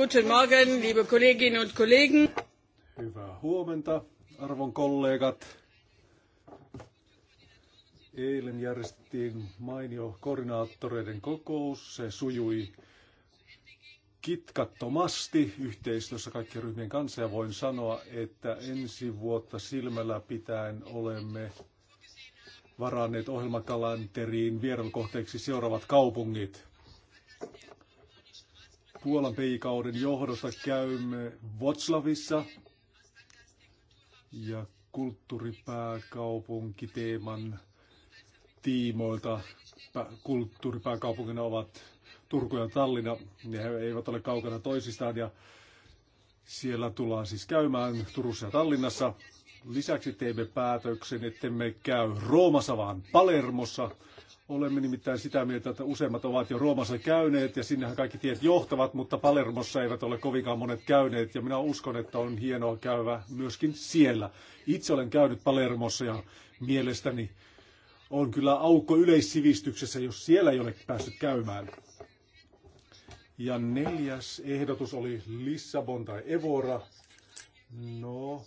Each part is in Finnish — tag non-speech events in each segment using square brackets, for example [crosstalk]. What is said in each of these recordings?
Guten Morgen, liebe Kolleginnen und Kollegen. Hyvää huomenta, arvon kollegat. Eilen järjestettiin mainio koordinaattoreiden kokous. Se sujui kitkattomasti yhteistyössä kaikkien ryhmien kanssa ja voin sanoa, että ensi vuotta silmällä pitäen olemme varanneet ohjelmakalanteriin vierailukohteeksi seuraavat kaupungit. Puolan peikauden johdosta käymme Votslavissa ja kulttuuripääkaupunkiteeman tiimoilta kulttuuripääkaupunkina ovat Turku ja Tallinna. Ne eivät ole kaukana toisistaan ja siellä tullaan siis käymään Turussa ja Tallinnassa. Lisäksi teemme päätöksen, että me käy Roomassa, vaan Palermossa. Olemme nimittäin sitä mieltä, että useimmat ovat jo Roomassa käyneet ja sinnehän kaikki tiet johtavat, mutta Palermossa eivät ole kovinkaan monet käyneet ja minä uskon, että on hienoa käydä myöskin siellä. Itse olen käynyt Palermossa ja mielestäni on kyllä aukko yleissivistyksessä, jos siellä ei ole päässyt käymään. Ja neljäs ehdotus oli Lissabon tai Evora. No,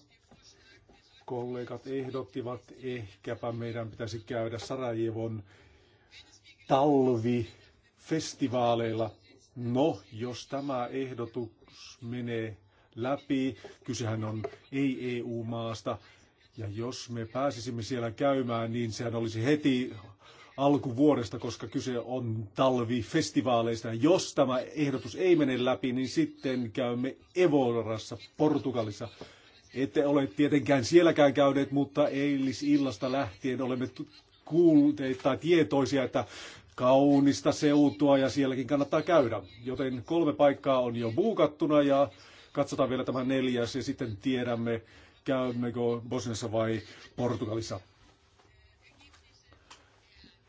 kollegat ehdottivat, ehkäpä meidän pitäisi käydä Sarajevon talvifestivaaleilla. No, jos tämä ehdotus menee läpi, kysehän on ei-EU-maasta, ja jos me pääsisimme siellä käymään, niin sehän olisi heti alkuvuodesta, koska kyse on talvifestivaaleista. Jos tämä ehdotus ei mene läpi, niin sitten käymme Evorassa, Portugalissa. Ette ole tietenkään sielläkään käyneet, mutta eilisillasta lähtien olemme kuulteita tai tietoisia, että kaunista seutua ja sielläkin kannattaa käydä. Joten kolme paikkaa on jo buukattuna ja katsotaan vielä tämä neljäs ja sitten tiedämme, käymmekö Bosniassa vai Portugalissa.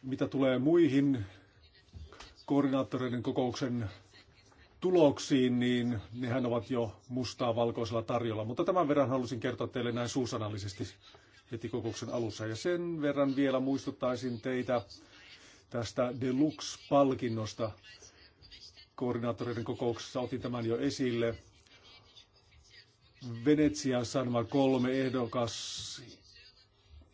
Mitä tulee muihin koordinaattoreiden kokouksen tuloksiin, niin nehän ovat jo mustaa valkoisella tarjolla. Mutta tämän verran halusin kertoa teille näin suusanallisesti heti kokouksen alussa. Ja sen verran vielä muistuttaisin teitä tästä Deluxe-palkinnosta. Koordinaattoreiden kokouksessa otin tämän jo esille. Venetsia Sanma kolme ehdokas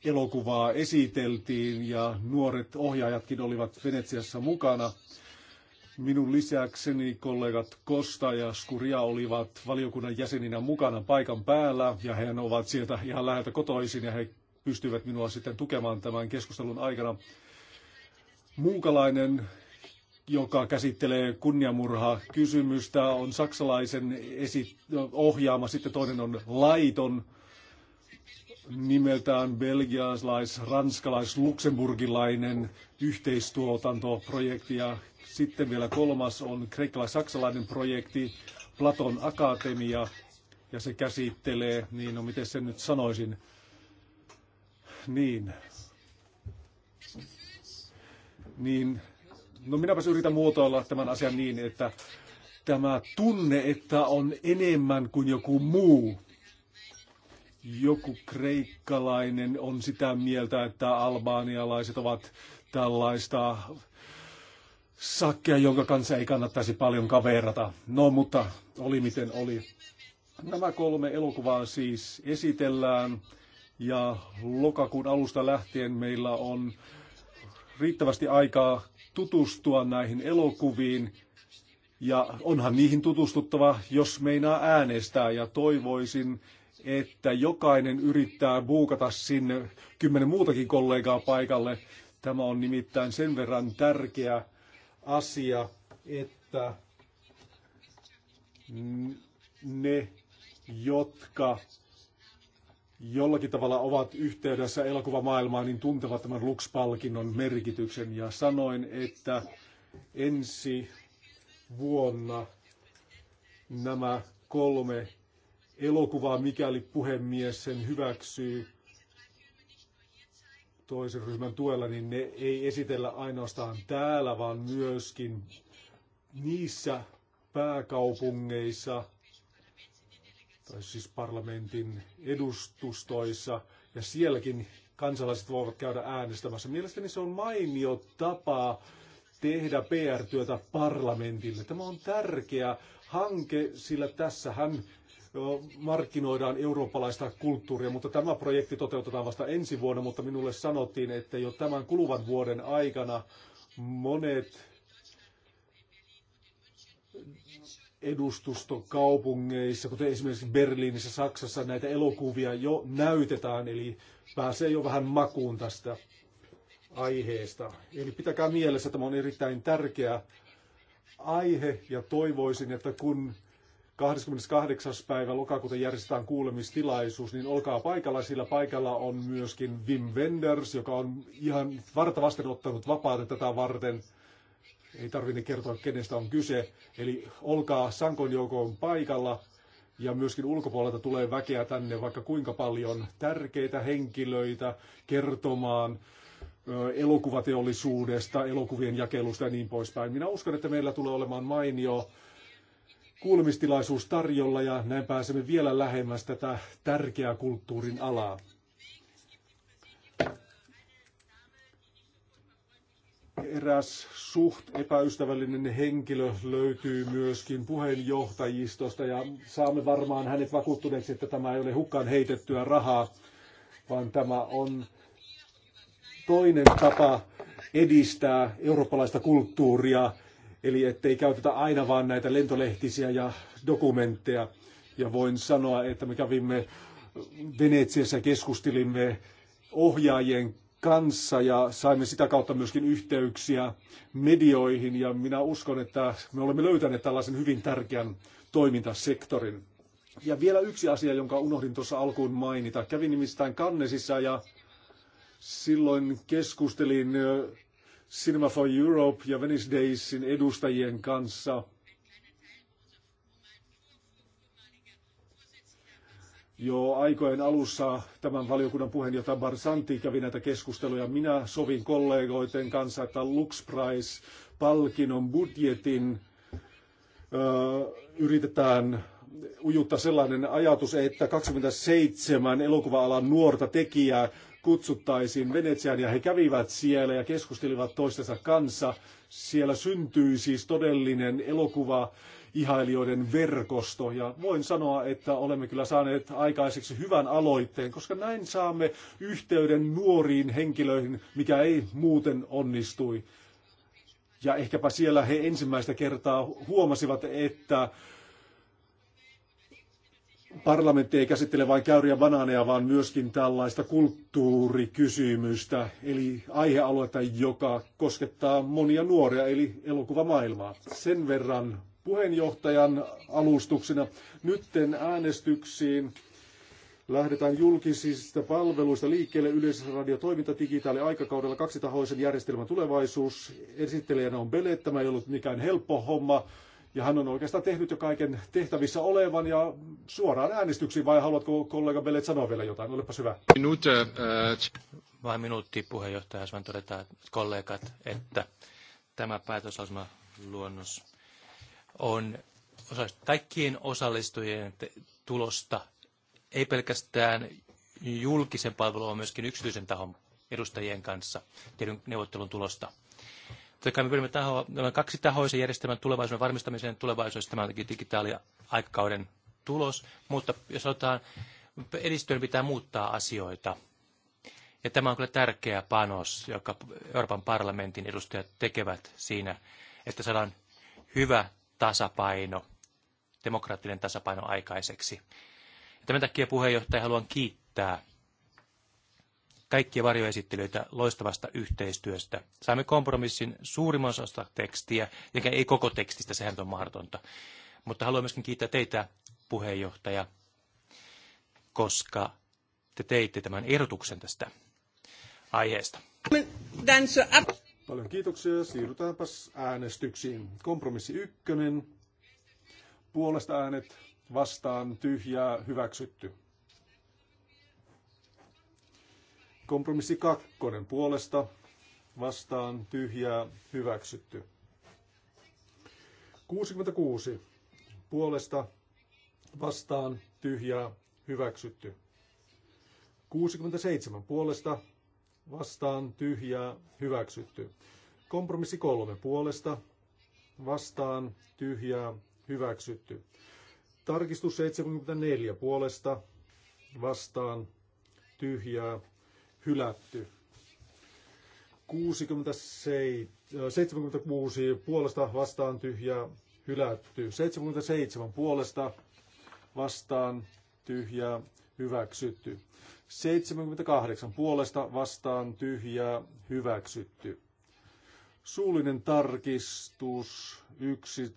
elokuvaa esiteltiin ja nuoret ohjaajatkin olivat Venetsiassa mukana. Minun lisäkseni kollegat Kosta ja Skuria olivat valiokunnan jäseninä mukana paikan päällä ja he ovat sieltä ihan läheltä kotoisin ja he pystyivät minua sitten tukemaan tämän keskustelun aikana. Muukalainen, joka käsittelee kunniamurhaa kysymystä, on saksalaisen esi- ohjaama, sitten toinen on laiton nimeltään belgialais, ranskalais, luksemburgilainen yhteistuotantoprojekti ja sitten vielä kolmas on kreikkalais-saksalainen projekti Platon Akatemia ja se käsittelee, niin no miten sen nyt sanoisin, niin, niin no minäpäs yritän muotoilla tämän asian niin, että tämä tunne, että on enemmän kuin joku muu, joku kreikkalainen on sitä mieltä, että albaanialaiset ovat tällaista sakkia, jonka kanssa ei kannattaisi paljon kaverata. No, mutta oli miten oli. Nämä kolme elokuvaa siis esitellään ja lokakuun alusta lähtien meillä on riittävästi aikaa tutustua näihin elokuviin ja onhan niihin tutustuttava, jos meinaa äänestää ja toivoisin, että jokainen yrittää buukata sinne kymmenen muutakin kollegaa paikalle. Tämä on nimittäin sen verran tärkeä asia, että ne, jotka jollakin tavalla ovat yhteydessä elokuvamaailmaan, niin tuntevat tämän Lux-palkinnon merkityksen. Ja sanoin, että ensi vuonna nämä kolme elokuvaa, mikäli puhemies sen hyväksyy toisen ryhmän tuella, niin ne ei esitellä ainoastaan täällä, vaan myöskin niissä pääkaupungeissa, tai siis parlamentin edustustoissa, ja sielläkin kansalaiset voivat käydä äänestämässä. Mielestäni se on mainio tapa tehdä PR-työtä parlamentille. Tämä on tärkeä hanke, sillä tässähän markkinoidaan eurooppalaista kulttuuria, mutta tämä projekti toteutetaan vasta ensi vuonna, mutta minulle sanottiin, että jo tämän kuluvan vuoden aikana monet edustustokaupungeissa, kuten esimerkiksi Berliinissä, Saksassa, näitä elokuvia jo näytetään, eli pääsee jo vähän makuun tästä aiheesta. Eli pitäkää mielessä, että tämä on erittäin tärkeä aihe ja toivoisin, että kun 28. päivä lokakuuta järjestetään kuulemistilaisuus, niin olkaa paikalla, sillä paikalla on myöskin Wim Wenders, joka on ihan vartavasten ottanut vapaata tätä varten. Ei tarvitse kertoa, kenestä on kyse. Eli olkaa Sankon joukoon paikalla ja myöskin ulkopuolelta tulee väkeä tänne vaikka kuinka paljon tärkeitä henkilöitä kertomaan elokuvateollisuudesta, elokuvien jakelusta ja niin poispäin. Minä uskon, että meillä tulee olemaan mainio kuulemistilaisuus tarjolla ja näin pääsemme vielä lähemmäs tätä tärkeää kulttuurin alaa. Eräs suht epäystävällinen henkilö löytyy myöskin puheenjohtajistosta ja saamme varmaan hänet vakuuttuneeksi, että tämä ei ole hukkaan heitettyä rahaa, vaan tämä on toinen tapa edistää eurooppalaista kulttuuria Eli ettei käytetä aina vaan näitä lentolehtisiä ja dokumentteja. Ja voin sanoa, että me kävimme Venetsiassa keskustelimme ohjaajien kanssa ja saimme sitä kautta myöskin yhteyksiä medioihin ja minä uskon, että me olemme löytäneet tällaisen hyvin tärkeän toimintasektorin. Ja vielä yksi asia, jonka unohdin tuossa alkuun mainita. Kävin nimittäin Kannesissa ja silloin keskustelin Cinema for Europe ja Venice Daysin edustajien kanssa. Jo aikojen alussa tämän valiokunnan puheenjohtaja Barsanti kävi näitä keskusteluja. Minä sovin kollegoiden kanssa, että Lux Prize-palkinnon budjetin ö, yritetään ujuttaa sellainen ajatus, että 27 elokuva-alan nuorta tekijää kutsuttaisiin Venetsiaan ja he kävivät siellä ja keskustelivat toistensa kanssa. Siellä syntyi siis todellinen elokuva ihailijoiden verkosto ja voin sanoa, että olemme kyllä saaneet aikaiseksi hyvän aloitteen, koska näin saamme yhteyden nuoriin henkilöihin, mikä ei muuten onnistui. Ja ehkäpä siellä he ensimmäistä kertaa huomasivat, että parlamentti ei käsittele vain käyriä banaaneja, vaan myöskin tällaista kulttuurikysymystä, eli aihealuetta, joka koskettaa monia nuoria, eli elokuvamaailmaa. Sen verran puheenjohtajan alustuksena nytten äänestyksiin. Lähdetään julkisista palveluista liikkeelle Yleisradio toiminta digitaali aikakaudella kaksitahoisen järjestelmän tulevaisuus. Esittelijänä on Bele, tämä ei ollut mikään helppo homma ja hän on oikeastaan tehnyt jo kaiken tehtävissä olevan ja suoraan äänestyksiin, vai haluatko kollega Bellet sanoa vielä jotain? Olepas hyvä. Minuutti. Äh... äh vain minuutti puheenjohtaja, jos vain todetaan kollegat, että tämä päätösasema luonnos on osa kaikkien osallistujien tulosta, ei pelkästään julkisen palvelun, vaan myöskin yksityisen tahon edustajien kanssa tehdyn neuvottelun tulosta. Totta me pyrimme taho, kaksi tahoisen järjestelmän tulevaisuuden varmistamiseen tulevaisuudessa tämä onkin digitaalia aikakauden tulos, mutta jos otetaan edistön pitää muuttaa asioita. Ja tämä on kyllä tärkeä panos, joka Euroopan parlamentin edustajat tekevät siinä, että saadaan hyvä tasapaino, demokraattinen tasapaino aikaiseksi. Ja tämän takia puheenjohtaja haluan kiittää kaikkia varjoesittelyitä loistavasta yhteistyöstä. Saimme kompromissin suurimman osasta tekstiä, eikä ei koko tekstistä, sehän on mahdotonta. Mutta haluan myöskin kiittää teitä, puheenjohtaja, koska te teitte tämän ehdotuksen tästä aiheesta. Paljon kiitoksia. Siirrytäänpäs äänestyksiin. Kompromissi ykkönen. Puolesta äänet vastaan tyhjää hyväksytty. Kompromissi kakkonen puolesta vastaan tyhjää hyväksytty. 66 puolesta vastaan tyhjää hyväksytty. 67 puolesta vastaan tyhjää hyväksytty. Kompromissi kolme puolesta vastaan tyhjää hyväksytty. Tarkistus 74 puolesta vastaan tyhjää hylätty. 67, 76 puolesta vastaan tyhjä hylätty. 77 puolesta vastaan tyhjä hyväksytty. 78 puolesta vastaan tyhjä hyväksytty. Suullinen tarkistus 1,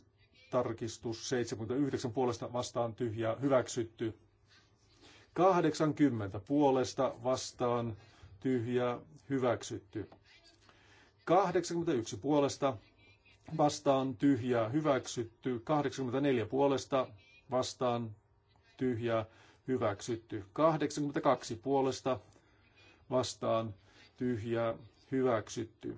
tarkistus 79 puolesta vastaan tyhjä hyväksytty. 80 puolesta vastaan tyhjää hyväksytty. 81 puolesta vastaan tyhjää hyväksytty. 84 puolesta vastaan tyhjää hyväksytty. 82 puolesta vastaan tyhjää hyväksytty.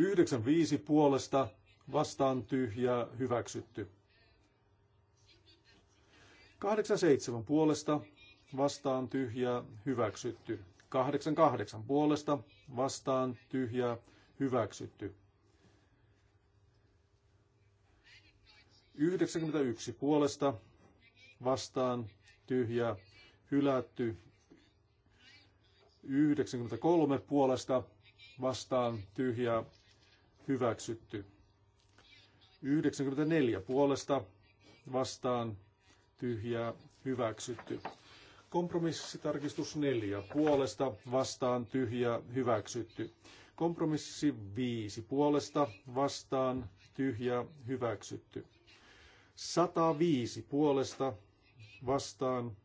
95 puolesta vastaan tyhjää hyväksytty. 87 puolesta vastaan tyhjää hyväksytty. 88 puolesta vastaan tyhjää hyväksytty. 91 puolesta vastaan tyhjää hylätty. 93 puolesta vastaan tyhjää hyväksytty. 94 puolesta vastaan tyhjää hyväksytty. Kompromissitarkistus 4 puolesta vastaan tyhjää hyväksytty. Kompromissi 5 puolesta vastaan tyhjää hyväksytty. 105 puolesta vastaan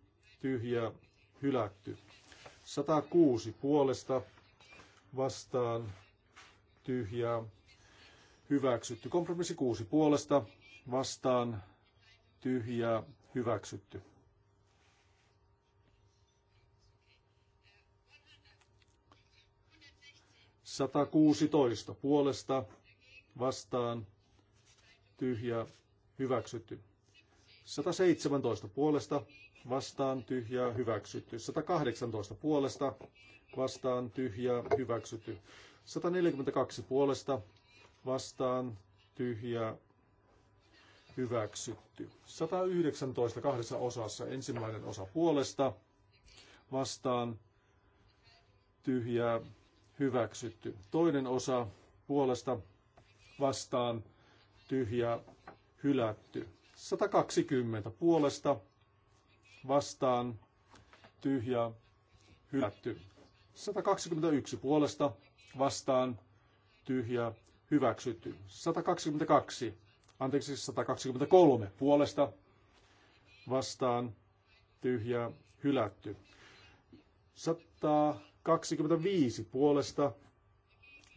tyhjää hylätty. 106 puolesta vastaan tyhjää hyväksytty. Kompromissi kuusi puolesta vastaan tyhjää hyväksytty. Sata kuusitoista puolesta vastaan tyhjä hyväksytty. 117 puolesta vastaan tyhjää hyväksytty. 118 puolesta vastaan tyhjää hyväksytty. 142 puolesta vastaan tyhjää hyväksytty. 119 kahdessa osassa ensimmäinen osa puolesta vastaan tyhjää hyväksytty. Toinen osa puolesta vastaan tyhjää hylätty. 120 puolesta vastaan tyhjää hylätty. 121 puolesta vastaan tyhjää hyväksytty. 122, anteeksi 123 puolesta vastaan tyhjää hylätty. 125 puolesta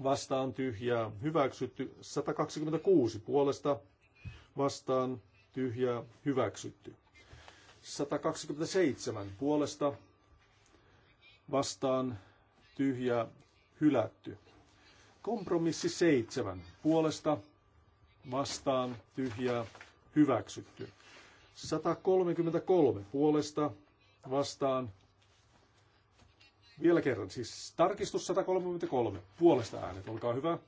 vastaan tyhjää hyväksytty. 126 puolesta vastaan tyhjää hyväksytty. 127 puolesta vastaan tyhjää hylätty. Kompromissi seitsemän. Puolesta vastaan tyhjää hyväksytty. 133 puolesta vastaan. Vielä kerran, siis tarkistus 133 puolesta äänet, olkaa hyvä.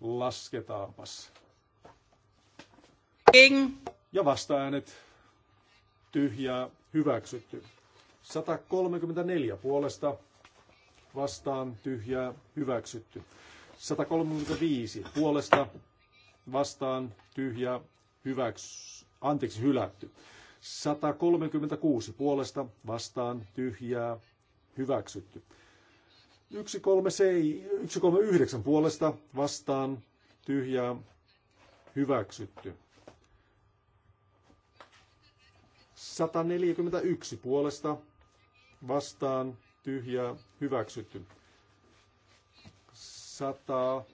Lasketaanpas. King. Ja vasta-äänet tyhjää hyväksytty. 134 puolesta vastaan tyhjää hyväksytty. 135 puolesta vastaan tyhjää hyväksy, anteeksi hylätty. 136 puolesta vastaan tyhjää hyväksytty. 139 puolesta vastaan tyhjää hyväksytty. 141 puolesta vastaan tyhjää hyväksytty. 100,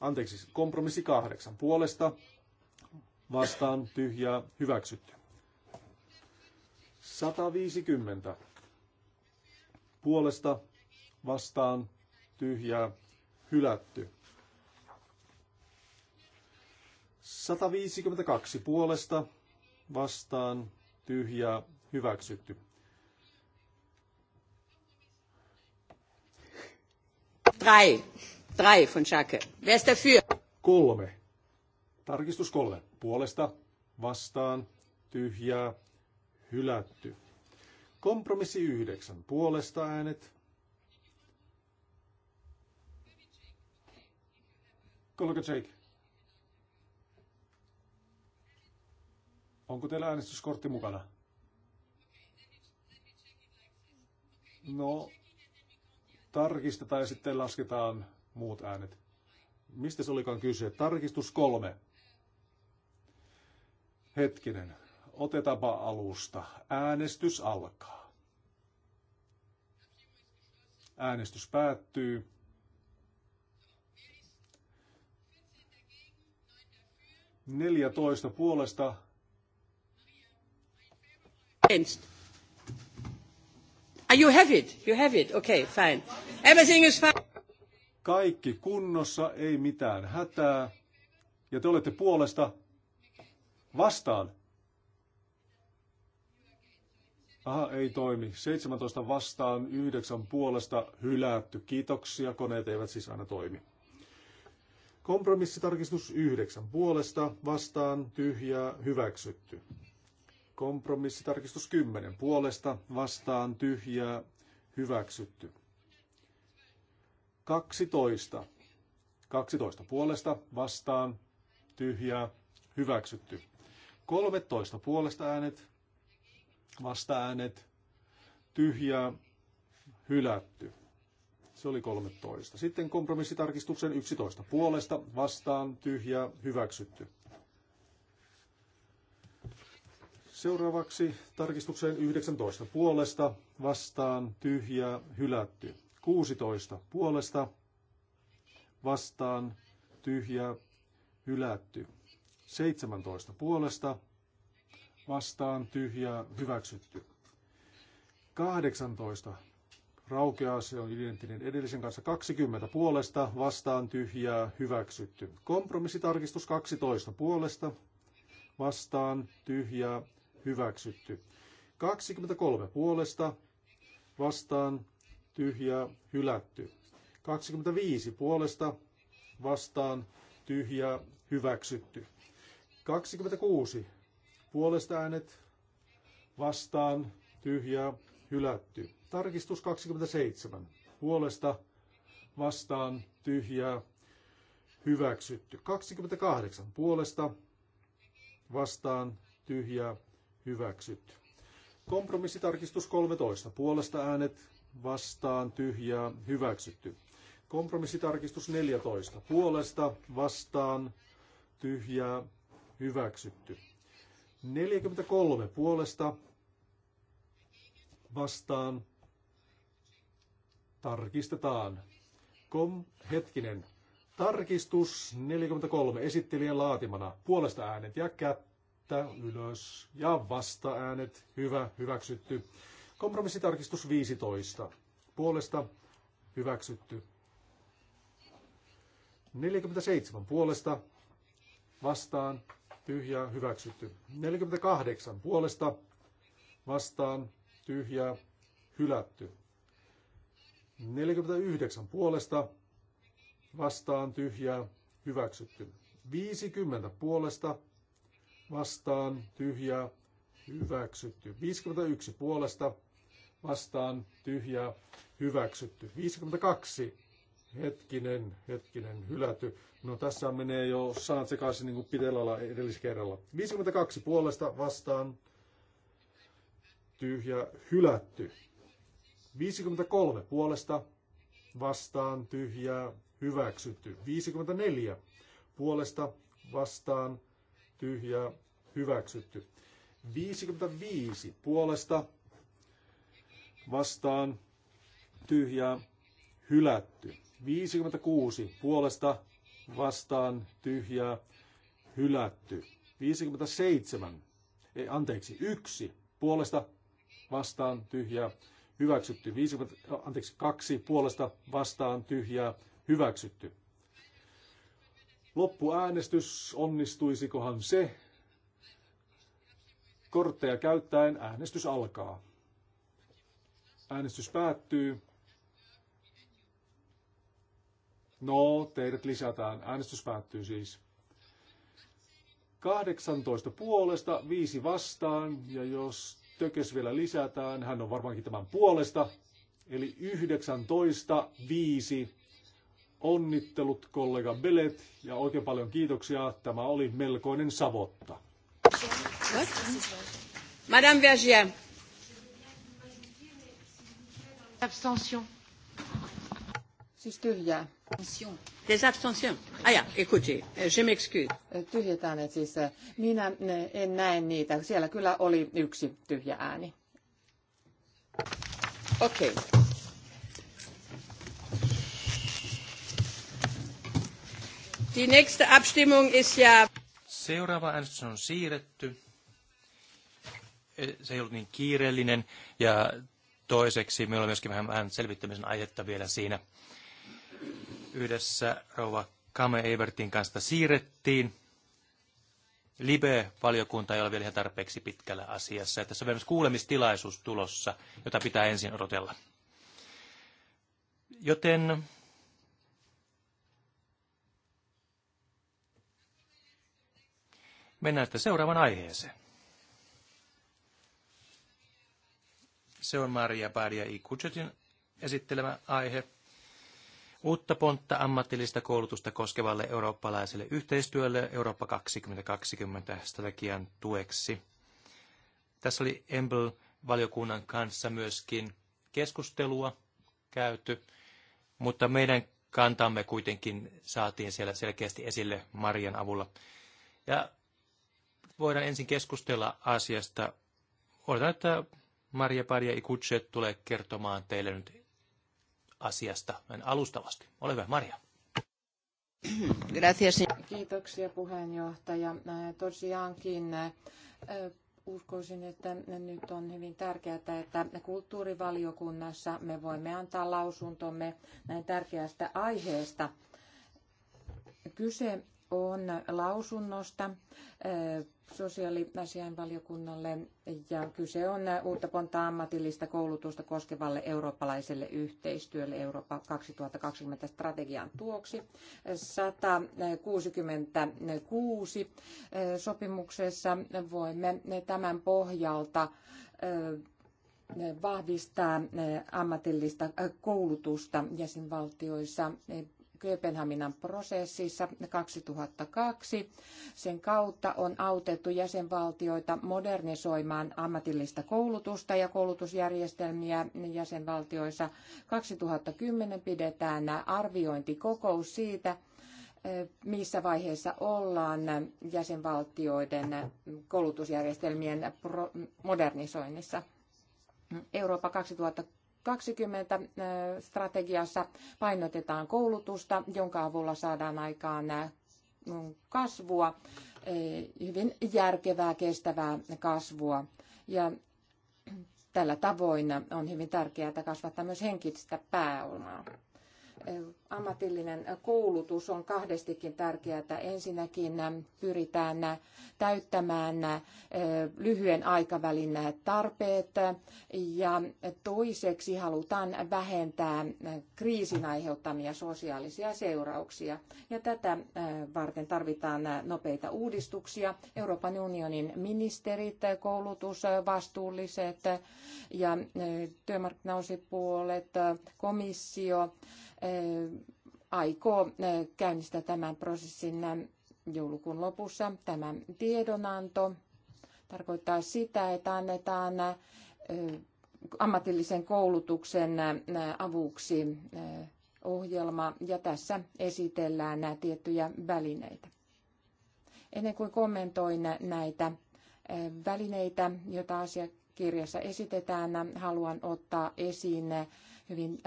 anteeksi, kompromissi kahdeksan puolesta vastaan tyhjää hyväksytty. 150 puolesta vastaan tyhjää hylätty. 152 puolesta vastaan tyhjää hyväksytty. Drei. Drei von Schacke. Wer ist dafür? Kolme. Tarkistus kolme. Puolesta, vastaan, tyhjää, hylätty. Kompromissi yhdeksän. Puolesta äänet. Kollega Jake. Onko teillä äänestyskortti mukana? No, tarkistetaan ja sitten lasketaan muut äänet. Mistä se olikaan kyse? Tarkistus kolme. Hetkinen. Otetaanpa alusta. Äänestys alkaa. Äänestys päättyy. Neljätoista puolesta. Ensin. Ah, you have it, you have it, okay, fine. Everything is fine. Kaikki kunnossa, ei mitään hätää. Ja te olette puolesta vastaan. Aha, ei toimi. 17 vastaan, 9 puolesta hylätty. Kiitoksia, koneet eivät siis aina toimi. Kompromissitarkistus 9 puolesta vastaan, tyhjää, hyväksytty. Kompromissitarkistus 10. Puolesta vastaan tyhjää hyväksytty. 12. 12. Puolesta vastaan tyhjää hyväksytty. 13. Puolesta äänet vasta äänet tyhjää hylätty. Se oli 13. Sitten kompromissitarkistuksen 11. Puolesta vastaan tyhjää hyväksytty. Seuraavaksi tarkistukseen 19 puolesta vastaan tyhjää hylätty. 16 puolesta vastaan tyhjää hylätty. 17 puolesta vastaan tyhjää hyväksytty. 18 raukeaa, se on identtinen edellisen kanssa 20 puolesta, vastaan tyhjää, hyväksytty. Kompromissitarkistus 12 puolesta, vastaan tyhjää, hyväksytty. 23 puolesta vastaan tyhjää hylätty. 25 puolesta vastaan tyhjää hyväksytty. 26 puolesta äänet vastaan tyhjää hylätty. Tarkistus 27 puolesta vastaan tyhjää hyväksytty. 28 puolesta vastaan tyhjää hyväksytty. Kompromissitarkistus 13. Puolesta äänet vastaan tyhjää hyväksytty. Kompromissitarkistus 14. Puolesta vastaan tyhjää hyväksytty. 43. Puolesta vastaan tarkistetaan. Kom, hetkinen. Tarkistus 43 esittelijän laatimana. Puolesta äänet ja kättä että ylös ja vasta äänet hyvä, hyväksytty. Kompromissitarkistus 15, puolesta hyväksytty. 47 puolesta vastaan tyhjää hyväksytty. 48 puolesta vastaan tyhjää hylätty. 49 puolesta vastaan tyhjää hyväksytty. 50 puolesta vastaan tyhjä, hyväksytty. 51 puolesta vastaan tyhjä, hyväksytty. 52 hetkinen, hetkinen, hylätty. No tässä menee jo sanat sekaisin niin kuin Pitelalla edelliskerralla. 52 puolesta vastaan tyhjä hylätty. 53 puolesta vastaan tyhjä, hyväksytty. 54 puolesta vastaan tyhjää hyväksytty. 55 puolesta vastaan tyhjää hylätty. 56 puolesta vastaan tyhjää hylätty. 57, ei anteeksi, yksi puolesta vastaan tyhjää hyväksytty. 50, anteeksi, kaksi puolesta vastaan tyhjää hyväksytty. Loppuäänestys, onnistuisikohan se? Kortteja käyttäen äänestys alkaa. Äänestys päättyy. No, teidät lisätään. Äänestys päättyy siis. 18 puolesta, 5 vastaan, ja jos tökes vielä lisätään, hän on varmaankin tämän puolesta, eli 19, 5 Onnittelut kollega Belet ja oikein paljon kiitoksia. Tämä oli melkoinen savotta. Madame Vergier. Abstention. Siis tyhjää. Des abstentions. Ah ja, écoutez, je m'excuse. Tyhjät äänet siis. Minä eh, en näe niitä. Siellä kyllä oli yksi tyhjä ääni. Okei. Okay. Die nächste Abstimmung ist ja... Seuraava äänestys on siirretty. Se ei ollut niin kiireellinen ja toiseksi meillä on myöskin vähän selvittämisen aihetta vielä siinä. Yhdessä rouva Kame Evertin kanssa siirrettiin. Libe-valiokunta ei ole vielä ihan tarpeeksi pitkällä asiassa. Ja tässä on myös kuulemistilaisuus tulossa, jota pitää ensin odotella. Joten Mennään sitten seuraavan aiheeseen. Se on Maria Badia I. Kutsutin esittelemä aihe. Uutta pontta ammatillista koulutusta koskevalle eurooppalaiselle yhteistyölle Eurooppa 2020 strategian tueksi. Tässä oli Emble valiokunnan kanssa myöskin keskustelua käyty, mutta meidän kantamme kuitenkin saatiin siellä selkeästi esille Marian avulla. Ja voidaan ensin keskustella asiasta. Odotan, että Maria Padia Ikutse tulee kertomaan teille nyt asiasta näin alustavasti. Ole hyvä, Maria. Kiitoksia puheenjohtaja. Tosiaankin uskoisin, että nyt on hyvin tärkeää, että kulttuurivaliokunnassa me voimme antaa lausuntomme näin tärkeästä aiheesta. Kyse on lausunnosta eh, sosiaaliasiainvaliokunnalle ja kyse on uutta ponta ammatillista koulutusta koskevalle eurooppalaiselle yhteistyölle Eurooppa 2020 strategian tuoksi. 166 eh, sopimuksessa voimme tämän pohjalta eh, vahvistaa ammatillista koulutusta jäsenvaltioissa Kööpenhaminan prosessissa 2002. Sen kautta on autettu jäsenvaltioita modernisoimaan ammatillista koulutusta ja koulutusjärjestelmiä jäsenvaltioissa. 2010 pidetään arviointikokous siitä, missä vaiheessa ollaan jäsenvaltioiden koulutusjärjestelmien modernisoinnissa. Eurooppa 2020 2020 strategiassa painotetaan koulutusta, jonka avulla saadaan aikaan kasvua, hyvin järkevää, kestävää kasvua. Ja tällä tavoin on hyvin tärkeää kasvattaa myös henkistä pääomaa ammatillinen koulutus on kahdestikin tärkeää. Ensinnäkin pyritään täyttämään lyhyen aikavälin tarpeet ja toiseksi halutaan vähentää kriisin aiheuttamia sosiaalisia seurauksia. Ja tätä varten tarvitaan nopeita uudistuksia. Euroopan unionin ministerit, koulutusvastuulliset ja työmarkkinaosipuolet, komissio, aikoo käynnistää tämän prosessin joulukuun lopussa. Tämä tiedonanto tarkoittaa sitä, että annetaan ammatillisen koulutuksen avuksi ohjelma ja tässä esitellään nämä tiettyjä välineitä. Ennen kuin kommentoin näitä välineitä, joita asiakirjassa esitetään, haluan ottaa esiin hyvin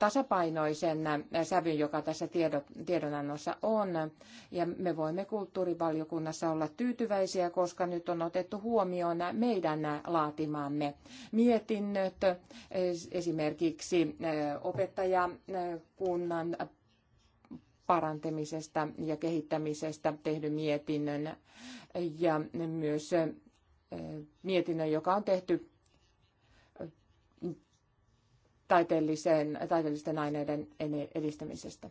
tasapainoisen sävyn, joka tässä tiedonannossa on. Ja me voimme kulttuurivaliokunnassa olla tyytyväisiä, koska nyt on otettu huomioon meidän laatimamme mietinnöt, esimerkiksi eh, opettajakunnan parantamisesta ja kehittämisestä tehdyn mietinnön ja myös eh, mietinnön, joka on tehty taiteellisen, taiteellisten aineiden edistämisestä.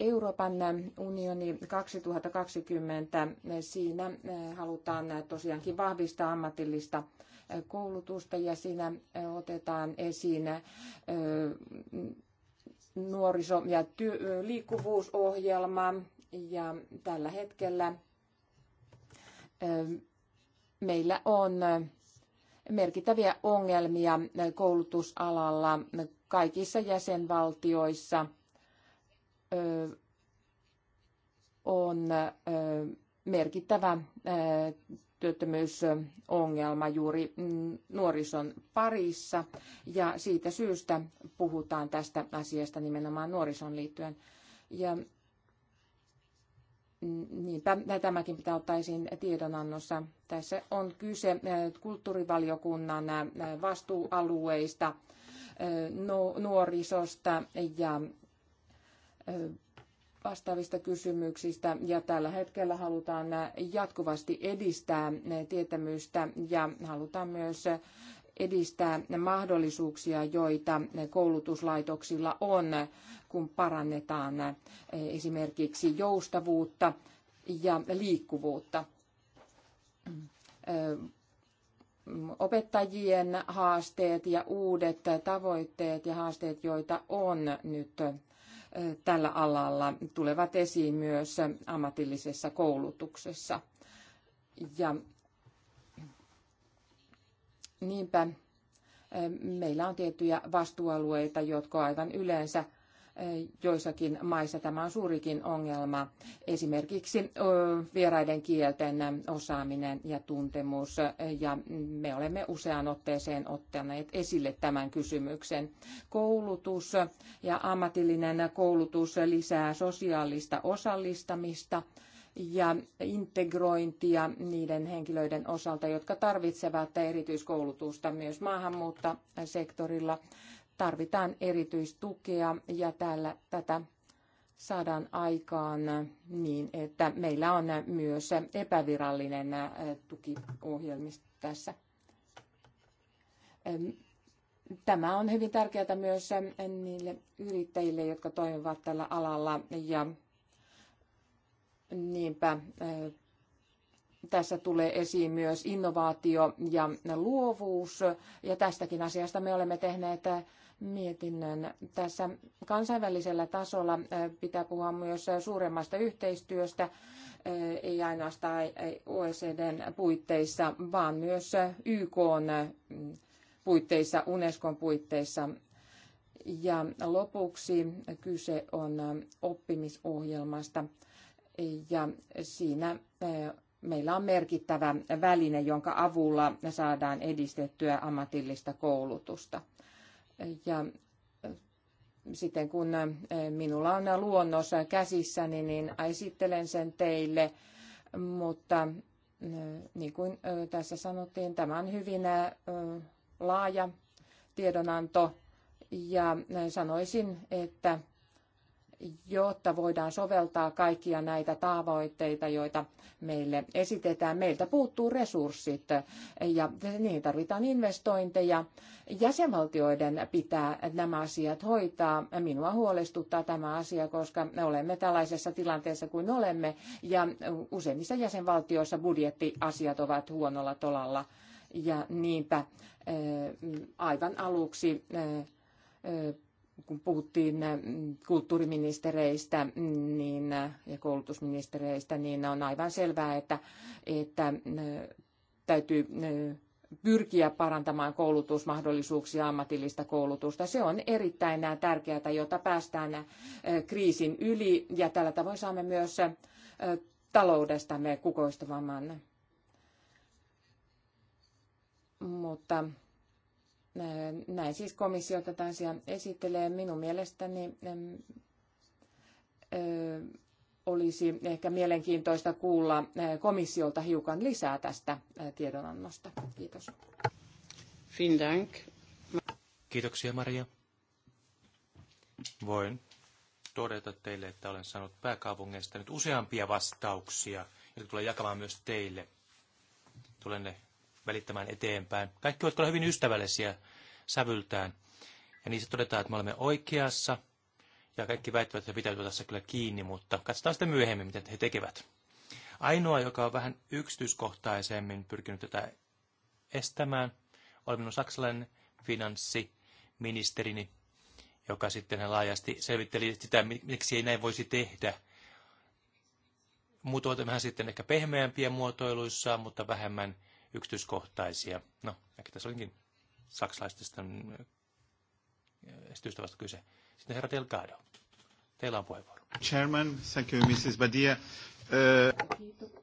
Euroopan unioni 2020, siinä eh, halutaan tosiaankin vahvistaa ammatillista eh, koulutusta ja siinä eh, otetaan esiin nuoriso- ja ty- liikkuvuusohjelma ja tällä hetkellä meillä on merkittäviä ongelmia koulutusalalla kaikissa jäsenvaltioissa. On merkittävä työttömyysongelma juuri mm, nuorison parissa ja siitä syystä puhutaan tästä asiasta nimenomaan nuorison liittyen. Ja Niinpä tämäkin pitää ottaa esiin tiedonannossa. Tässä on kyse kulttuurivaliokunnan vastuualueista, nuorisosta ja vastaavista kysymyksistä. Ja tällä hetkellä halutaan jatkuvasti edistää tietämystä ja halutaan myös edistää mahdollisuuksia, joita koulutuslaitoksilla on, kun parannetaan esimerkiksi joustavuutta ja liikkuvuutta. Opettajien haasteet ja uudet tavoitteet ja haasteet, joita on nyt tällä alalla, tulevat esiin myös ammatillisessa koulutuksessa. Ja Niinpä meillä on tiettyjä vastuualueita, jotka aivan yleensä joissakin maissa tämä on suurikin ongelma. Esimerkiksi vieraiden kielten osaaminen ja tuntemus, ja me olemme useaan otteeseen ottaneet esille tämän kysymyksen. Koulutus ja ammatillinen koulutus lisää sosiaalista osallistamista ja integrointia niiden henkilöiden osalta, jotka tarvitsevat erityiskoulutusta myös maahanmuuttosektorilla. Tarvitaan erityistukea ja täällä tätä saadaan aikaan niin, että meillä on myös epävirallinen tukiohjelmisto tässä. Tämä on hyvin tärkeää myös niille yrittäjille, jotka toimivat tällä alalla ja Niinpä tässä tulee esiin myös innovaatio ja luovuus, ja tästäkin asiasta me olemme tehneet mietinnön. Tässä kansainvälisellä tasolla pitää puhua myös suuremmasta yhteistyöstä, ei ainoastaan OECDn puitteissa, vaan myös YKn puitteissa, Unescon puitteissa. Ja lopuksi kyse on oppimisohjelmasta ja siinä eh, meillä on merkittävä väline, jonka avulla saadaan edistettyä ammatillista koulutusta. Ja eh, sitten kun eh, minulla on luonnos käsissäni, niin esittelen sen teille, mutta niin kuin tässä sanottiin, tämä on hyvin laaja tiedonanto ja sanoisin, että jotta voidaan soveltaa kaikkia näitä tavoitteita, joita meille esitetään. Meiltä puuttuu resurssit ja niin tarvitaan investointeja. Jäsenvaltioiden pitää nämä asiat hoitaa. Minua huolestuttaa tämä asia, koska me olemme tällaisessa tilanteessa kuin olemme ja useimmissa jäsenvaltioissa budjettiasiat ovat huonolla tolalla. Ja niinpä eh, aivan aluksi eh, eh, kun puhuttiin mm, kulttuuriministereistä mm, niin, äh, ja koulutusministereistä, niin on aivan selvää, että, että äh, täytyy äh, pyrkiä parantamaan koulutusmahdollisuuksia, ammatillista koulutusta. Se on erittäin tärkeää, jotta päästään kriisin yli ja tällä tavoin saamme myös taloudestamme kukoistavamman. Mutta näin siis komissio tätä asiaa esittelee. Minun mielestäni olisi ehkä mielenkiintoista kuulla komissiolta hiukan lisää tästä tiedonannosta. Kiitos. Kiitoksia Maria. Voin todeta teille, että olen saanut pääkaupungeista nyt useampia vastauksia, jotka tulee jakamaan myös teille. Tulen ne välittämään eteenpäin. Kaikki ovat hyvin ystävällisiä sävyltään. Ja niissä todetaan, että me olemme oikeassa. Ja kaikki väittävät, että pitäytyy tässä kyllä kiinni, mutta katsotaan sitten myöhemmin, mitä he tekevät. Ainoa, joka on vähän yksityiskohtaisemmin pyrkinyt tätä estämään, oli minun saksalainen finanssiministerini, joka sitten laajasti selvitteli sitä, miksi ei näin voisi tehdä. Muut ovat vähän sitten ehkä pehmeämpiä muotoiluissaan, mutta vähemmän yksityiskohtaisia. No, ehkä tässä olikin saksalaisesta mm, esitystä vasta kyse. Sitten herra Delgado, teillä on puheenvuoro. Chairman, thank you, Mrs. Badia. Uh...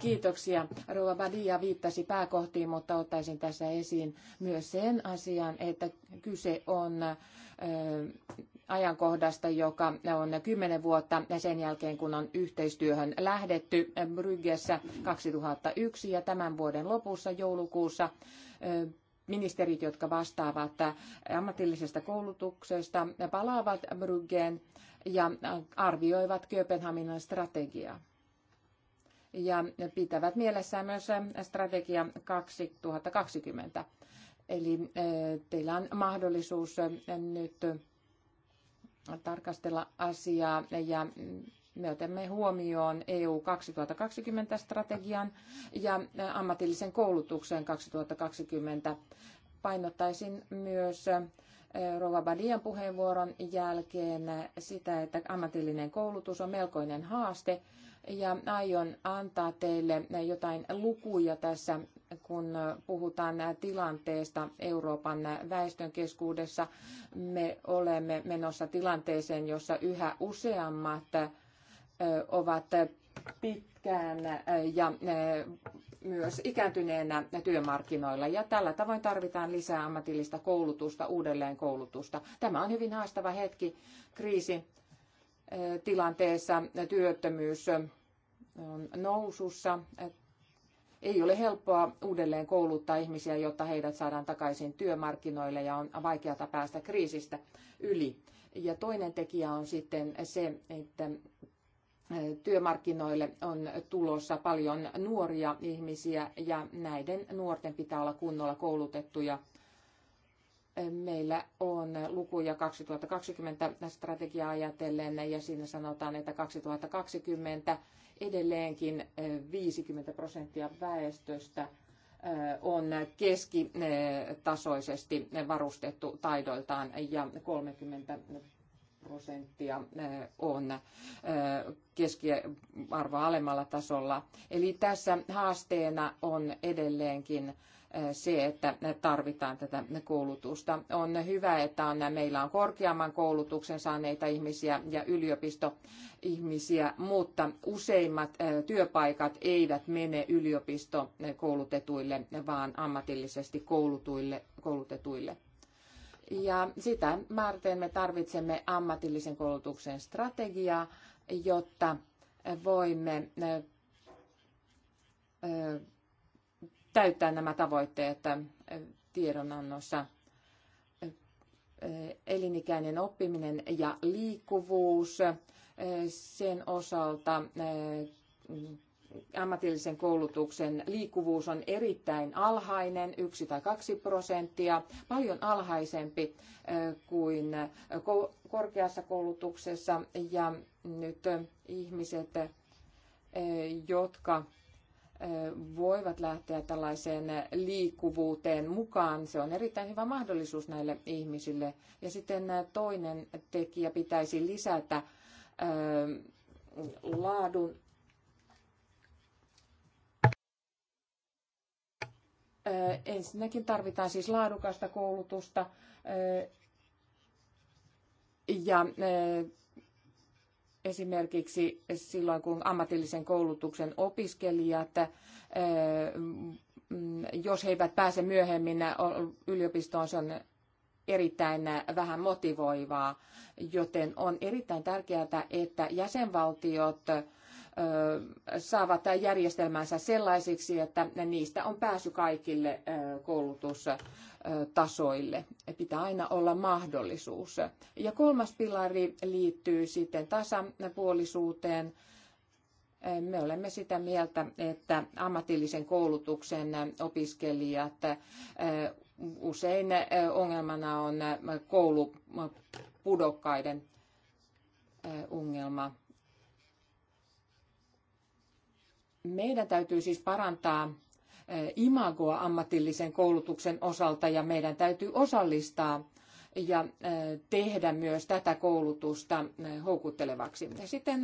Kiitoksia. Rouva Badia viittasi pääkohtiin, mutta ottaisin tässä esiin myös sen asian, että kyse on uh, ajankohdasta, joka on kymmenen vuotta sen jälkeen, kun on yhteistyöhön lähdetty Bryggessä 2001 ja tämän vuoden lopussa joulukuussa ministerit, jotka vastaavat ammatillisesta koulutuksesta, palaavat Bryggeen ja arvioivat Kööpenhaminan strategiaa. Ja pitävät mielessään myös strategia 2020. Eli teillä on mahdollisuus nyt tarkastella asiaa ja me otamme huomioon EU 2020-strategian ja ammatillisen koulutuksen 2020. Painottaisin myös äh, Rova Badian puheenvuoron jälkeen sitä, että ammatillinen koulutus on melkoinen haaste ja aion antaa teille jotain lukuja tässä kun puhutaan tilanteesta Euroopan väestön keskuudessa, me olemme menossa tilanteeseen, jossa yhä useammat ovat pitkään ja myös ikääntyneenä työmarkkinoilla. Ja tällä tavoin tarvitaan lisää ammatillista koulutusta, uudelleenkoulutusta. Tämä on hyvin haastava hetki kriisi tilanteessa työttömyys on nousussa. Ei ole helppoa uudelleen kouluttaa ihmisiä, jotta heidät saadaan takaisin työmarkkinoille ja on vaikeata päästä kriisistä yli. Ja toinen tekijä on sitten se, että työmarkkinoille on tulossa paljon nuoria ihmisiä ja näiden nuorten pitää olla kunnolla koulutettuja. Meillä on lukuja 2020 strategiaa ajatellen ja siinä sanotaan, että 2020 edelleenkin 50 prosenttia väestöstä on keskitasoisesti varustettu taidoiltaan ja 30 prosenttia on keskiarvoa alemmalla tasolla. Eli tässä haasteena on edelleenkin se, että tarvitaan tätä koulutusta. On hyvä, että on, meillä on korkeamman koulutuksen saaneita ihmisiä ja yliopistoihmisiä, mutta useimmat työpaikat eivät mene yliopistokoulutetuille, vaan ammatillisesti koulutuille, koulutetuille. Ja sitä varten me tarvitsemme ammatillisen koulutuksen strategiaa, jotta voimme täyttää nämä tavoitteet äh, tiedonannossa. Äh, elinikäinen oppiminen ja liikkuvuus äh, sen osalta ammatillisen koulutuksen liikkuvuus on erittäin alhainen, yksi tai kaksi prosenttia, paljon alhaisempi kuin korkeassa koulutuksessa. Ja nyt ihmiset, jotka voivat lähteä tällaiseen liikkuvuuteen mukaan. Se on erittäin hyvä mahdollisuus näille ihmisille. Ja sitten toinen tekijä pitäisi lisätä laadun Ensinnäkin tarvitaan siis laadukasta koulutusta ja esimerkiksi silloin, kun ammatillisen koulutuksen opiskelijat, mm, jos he eivät pääse myöhemmin yliopistoon, se on erittäin vähän motivoivaa, joten on erittäin tärkeää, että jäsenvaltiot saavat järjestelmänsä sellaisiksi, että niistä on pääsy kaikille koulutusalueille tasoille. Pitää aina olla mahdollisuus. Ja kolmas pilari liittyy sitten tasapuolisuuteen. Me olemme sitä mieltä, että ammatillisen koulutuksen opiskelijat usein ongelmana on koulupudokkaiden ongelma. Meidän täytyy siis parantaa Eh, imagoa ammatillisen koulutuksen osalta ja meidän täytyy osallistaa ja eh, tehdä myös tätä koulutusta eh, houkuttelevaksi. Sitten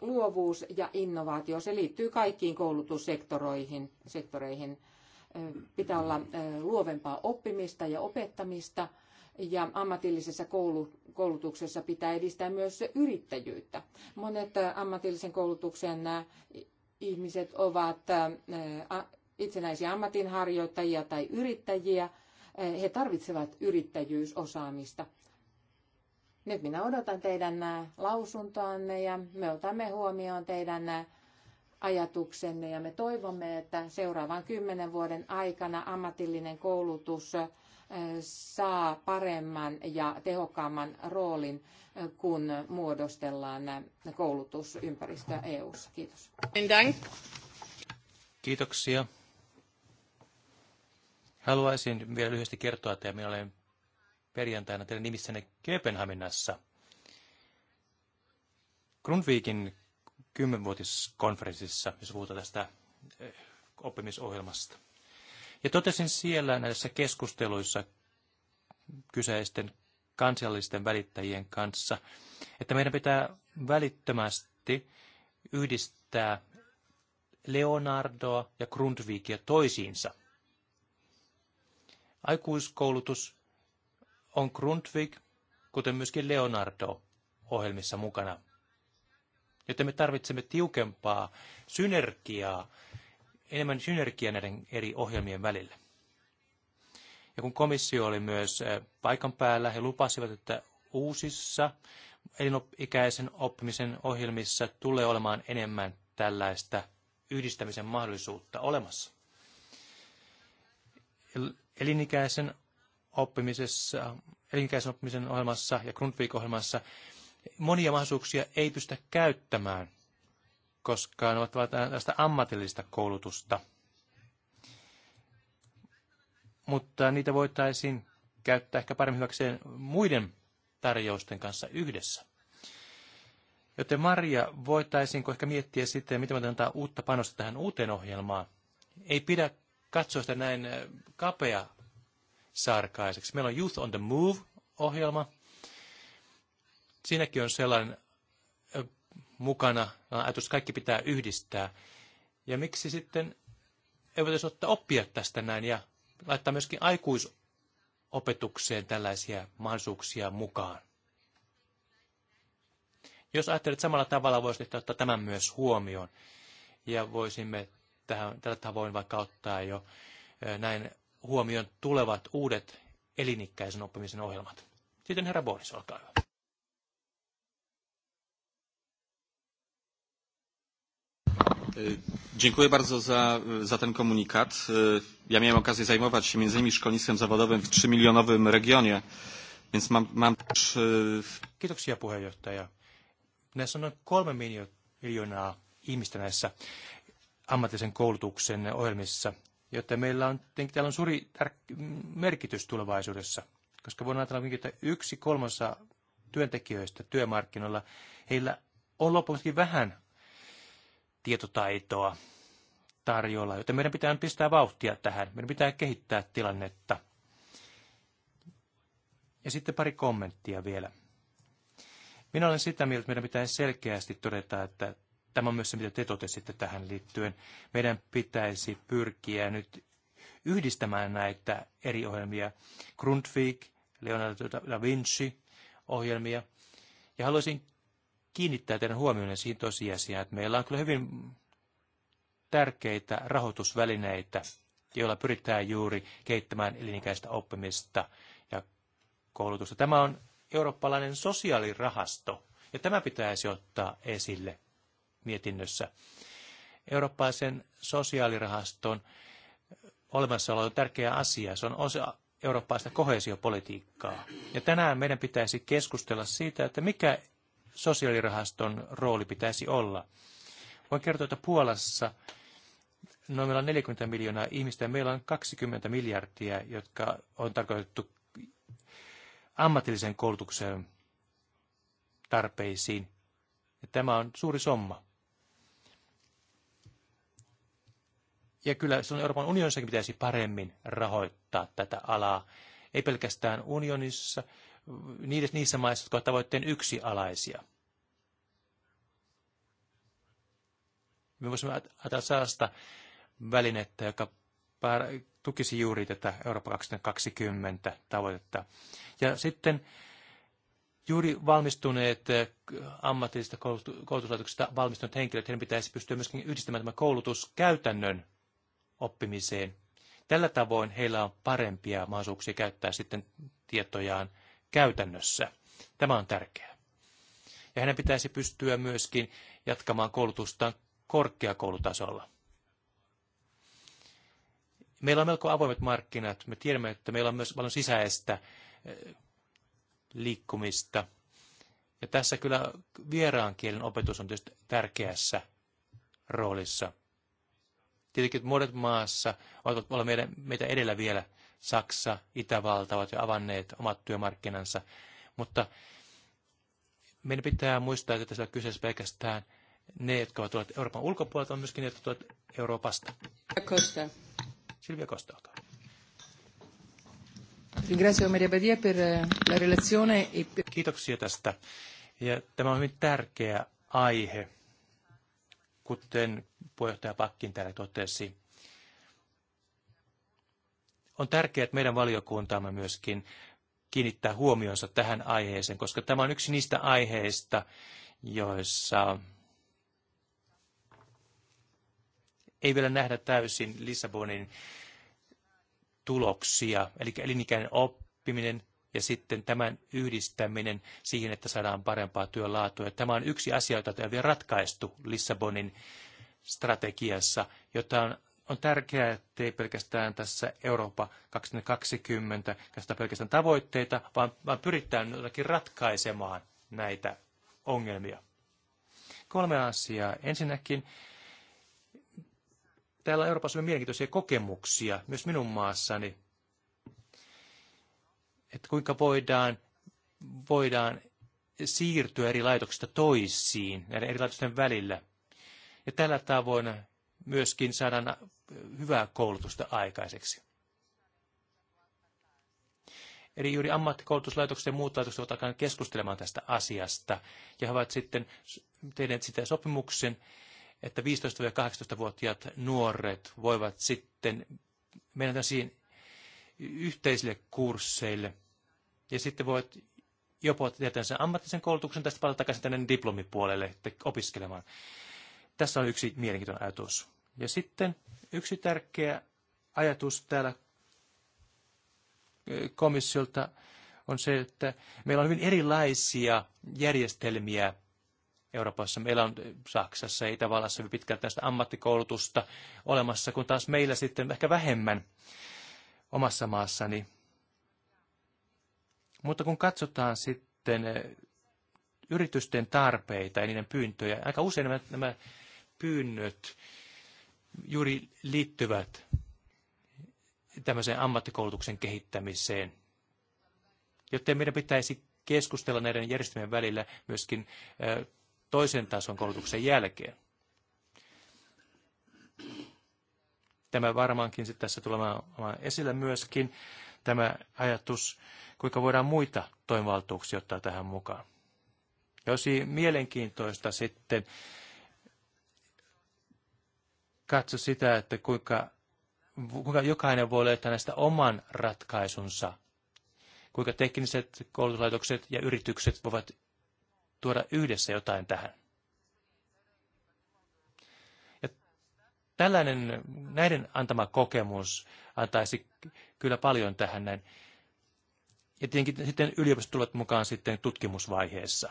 luovuus ja innovaatio, se liittyy kaikkiin koulutussektoreihin. Sektoreihin. Pitää olla luovempaa oppimista ja opettamista ja ammatillisessa koulutuksessa pitää edistää myös yrittäjyyttä. Monet ammatillisen koulutuksen ihmiset ovat itsenäisiä ammatinharjoittajia tai yrittäjiä. He tarvitsevat yrittäjyysosaamista. Nyt minä odotan teidän lausuntoanne ja me otamme huomioon teidän ajatuksenne ja me toivomme, että seuraavan kymmenen vuoden aikana ammatillinen koulutus saa paremman ja tehokkaamman roolin, kun muodostellaan koulutusympäristöä EU-ssa. Kiitos. Kiitoksia. Haluaisin vielä lyhyesti kertoa, että minä olen perjantaina teidän nimissänne Kööpenhaminassa Grundvikin kymmenvuotiskonferenssissa, jos puhutaan tästä eh, oppimisohjelmasta. Ja totesin siellä näissä keskusteluissa kyseisten kansallisten välittäjien kanssa, että meidän pitää välittömästi yhdistää Leonardoa ja Grundvikia toisiinsa. Aikuiskoulutus on Grundvig, kuten myöskin Leonardo, ohjelmissa mukana. Joten me tarvitsemme tiukempaa synergiaa enemmän synergiaa näiden eri ohjelmien välillä. Ja kun komissio oli myös paikan päällä, he lupasivat, että uusissa elinikäisen oppimisen ohjelmissa tulee olemaan enemmän tällaista yhdistämisen mahdollisuutta olemassa. Elinikäisen oppimisessa, elinikäisen oppimisen ohjelmassa ja Grundtvig-ohjelmassa monia mahdollisuuksia ei pystytä käyttämään – koska ne ovat tällaista ammatillista koulutusta. Mutta niitä voitaisiin käyttää ehkä paremmin hyväkseen muiden tarjousten kanssa yhdessä. Joten Maria, voitaisiinko ehkä miettiä sitten, miten voidaan antaa uutta panosta tähän uuteen ohjelmaan? Ei pidä katsoa sitä näin äh, kapea sarkaiseksi. Meillä on Youth on the Move-ohjelma. Siinäkin on sellainen mukana. Ajatus kaikki pitää yhdistää. Ja miksi sitten ei voitaisiin ottaa oppia tästä näin ja laittaa myöskin aikuisopetukseen tällaisia mahdollisuuksia mukaan? Jos ajattelet samalla tavalla, voisi ottaa tämän myös huomioon. Ja voisimme tähän, tällä tavoin vaikka ottaa jo näin huomioon tulevat uudet elinikäisen oppimisen ohjelmat. Sitten herra Boris olkaa hyvä. E, dziękuję bardzo za, za ten komunikat. E, ja miałem okazję zajmować się między innymi szkolnictwem zawodowym w 3-milionowym regionie, więc mam, mam też... E, Kiitoksia puheenjohtaja. Näissä on noin kolme miljoonaa ihmistä näissä ammatillisen koulutuksen ohjelmissa, joten meillä on, täällä on suuri merkitys tulevaisuudessa, koska voidaan ajatella, että yksi kolmasa työntekijöistä työmarkkinoilla, heillä on loppuun vähän tietotaitoa tarjolla, joten meidän pitää pistää vauhtia tähän. Meidän pitää kehittää tilannetta. Ja sitten pari kommenttia vielä. Minä olen sitä mieltä, että meidän pitää selkeästi todeta, että tämä on myös se, mitä te totesitte tähän liittyen. Meidän pitäisi pyrkiä nyt yhdistämään näitä eri ohjelmia. Grundtvig, Leonardo da Vinci ohjelmia. Ja haluaisin kiinnittää teidän huomioon siihen tosiasiaan, että meillä on kyllä hyvin tärkeitä rahoitusvälineitä, joilla pyritään juuri kehittämään elinikäistä oppimista ja koulutusta. Tämä on eurooppalainen sosiaalirahasto, ja tämä pitäisi ottaa esille mietinnössä. Eurooppalaisen sosiaalirahaston olemassaolo on tärkeä asia. Se on osa eurooppalaista kohesiopolitiikkaa. Ja tänään meidän pitäisi keskustella siitä, että mikä sosiaalirahaston rooli pitäisi olla. Voin kertoa, että Puolassa noin meillä on 40 miljoonaa ihmistä ja meillä on 20 miljardia, jotka on tarkoitettu ammatillisen koulutuksen tarpeisiin. Ja tämä on suuri somma. Ja kyllä on Euroopan unionissakin pitäisi paremmin rahoittaa tätä alaa. Ei pelkästään unionissa, niissä, niissä maissa, jotka ovat tavoitteen yksi alaisia. Me voisimme ajatella sellaista välinettä, joka tukisi juuri tätä Eurooppa 2020 tavoitetta. Ja sitten juuri valmistuneet eh, ammatillisista koulutuslaitoksista valmistuneet henkilöt, heidän pitäisi pystyä myöskin yhdistämään tämä koulutus käytännön oppimiseen. Tällä tavoin heillä on parempia mahdollisuuksia käyttää sitten tietojaan käytännössä. Tämä on tärkeää. Ja hänen pitäisi pystyä myöskin jatkamaan koulutustaan korkeakoulutasolla. Meillä on melko avoimet markkinat. Me tiedämme, että meillä on myös paljon sisäistä eh, liikkumista. Ja tässä kyllä vieraan kielen opetus on tietysti tärkeässä roolissa. Tietenkin monet maassa ovat meidän, meitä edellä vielä Saksa, Itävalta ovat jo avanneet omat työmarkkinansa, mutta meidän pitää muistaa, että tässä on kyseessä pelkästään ne, jotka ovat tulleet Euroopan ulkopuolelta, on myöskin ne, jotka tulevat Euroopasta. Silvia Costa, olkaa. Ringrazio Maria Badia per la relazione. E Kiitoksia tästä. Ja tämä on hyvin tärkeä aihe, kuten puheenjohtaja Pakkin täällä totesi on tärkeää, että meidän valiokuntaamme myöskin kiinnittää huomionsa tähän aiheeseen, koska tämä on yksi niistä aiheista, joissa ei vielä nähdä täysin Lissabonin tuloksia, eli elinikäinen oppiminen ja sitten tämän yhdistäminen siihen, että saadaan parempaa työlaatua. Tämä on yksi asia, jota ei vielä ratkaistu Lissabonin strategiassa, jota on on tärkeää, ettei pelkästään tässä Eurooppa 2020 käsitä pelkästään tavoitteita, vaan, vaan pyritään jotakin ratkaisemaan näitä ongelmia. Kolme asiaa. Ensinnäkin täällä Euroopassa on mielenkiintoisia kokemuksia, myös minun maassani, että kuinka voidaan, voidaan siirtyä eri laitoksista toisiin, näiden eri laitosten välillä. Ja tällä tavoin myöskin saadaan hyvää koulutusta aikaiseksi. Eli juuri ammattikoulutuslaitokset ja muut laitokset ovat alkaneet keskustelemaan tästä asiasta. Ja he ovat sitten tehneet sitä sopimuksen, että 15-18-vuotiaat nuoret voivat sitten mennä siihen yhteisille kursseille. Ja sitten voit jopa tehdä sen ammattisen koulutuksen, tästä palata takaisin tänne diplomipuolelle opiskelemaan. Tässä on yksi mielenkiintoinen ajatus. Ja sitten yksi tärkeä ajatus täällä eh, komissiolta on se, että meillä on hyvin erilaisia järjestelmiä Euroopassa. Meillä on eh, Saksassa ja Itävallassa hyvin pitkälti tästä ammattikoulutusta olemassa, kun taas meillä sitten ehkä vähemmän omassa maassani. Mutta kun katsotaan sitten eh, yritysten tarpeita ja niiden pyyntöjä, aika usein nämä, nämä pyynnöt juuri liittyvät tämmöiseen ammattikoulutuksen kehittämiseen. Joten meidän pitäisi keskustella näiden järjestelmien välillä myöskin toisen tason koulutuksen jälkeen. Tämä varmaankin sitten tässä tulemaan esillä myöskin tämä ajatus, kuinka voidaan muita toimivaltuuksia ottaa tähän mukaan. Ja olisi mielenkiintoista sitten katso sitä, että kuinka, kuinka jokainen voi löytää näistä oman ratkaisunsa, kuinka tekniset koulutuslaitokset ja yritykset voivat tuoda yhdessä jotain tähän. Ja tällainen, näiden antama kokemus antaisi kyllä paljon tähän näin. Ja tietenkin sitten yliopistot tulevat mukaan sitten tutkimusvaiheessa.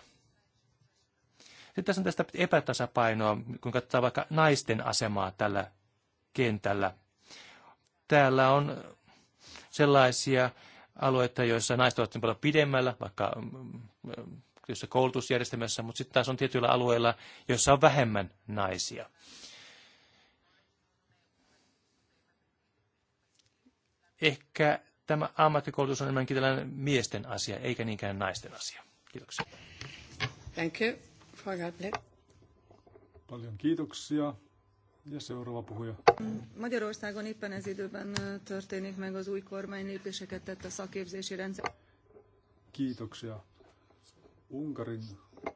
Sitten tässä on tästä epätasapainoa, kun katsotaan vaikka naisten asemaa tällä kentällä. Täällä on sellaisia alueita, joissa naiset ovat paljon pidemmällä, vaikka mm, mm, jossa koulutusjärjestelmässä, mutta sitten taas on tietyillä alueilla, joissa on vähemmän naisia. Ehkä tämä ammattikoulutus on enemmänkin tällainen miesten asia, eikä niinkään naisten asia. Kiitoksia. Thank you. Paljon kiitoksia. Ja seuraava puhuja. Magyarországon éppen ez időben történik meg az új kormány lépéseket tett a szakképzési rendszer. Kiitoksia. Unkarin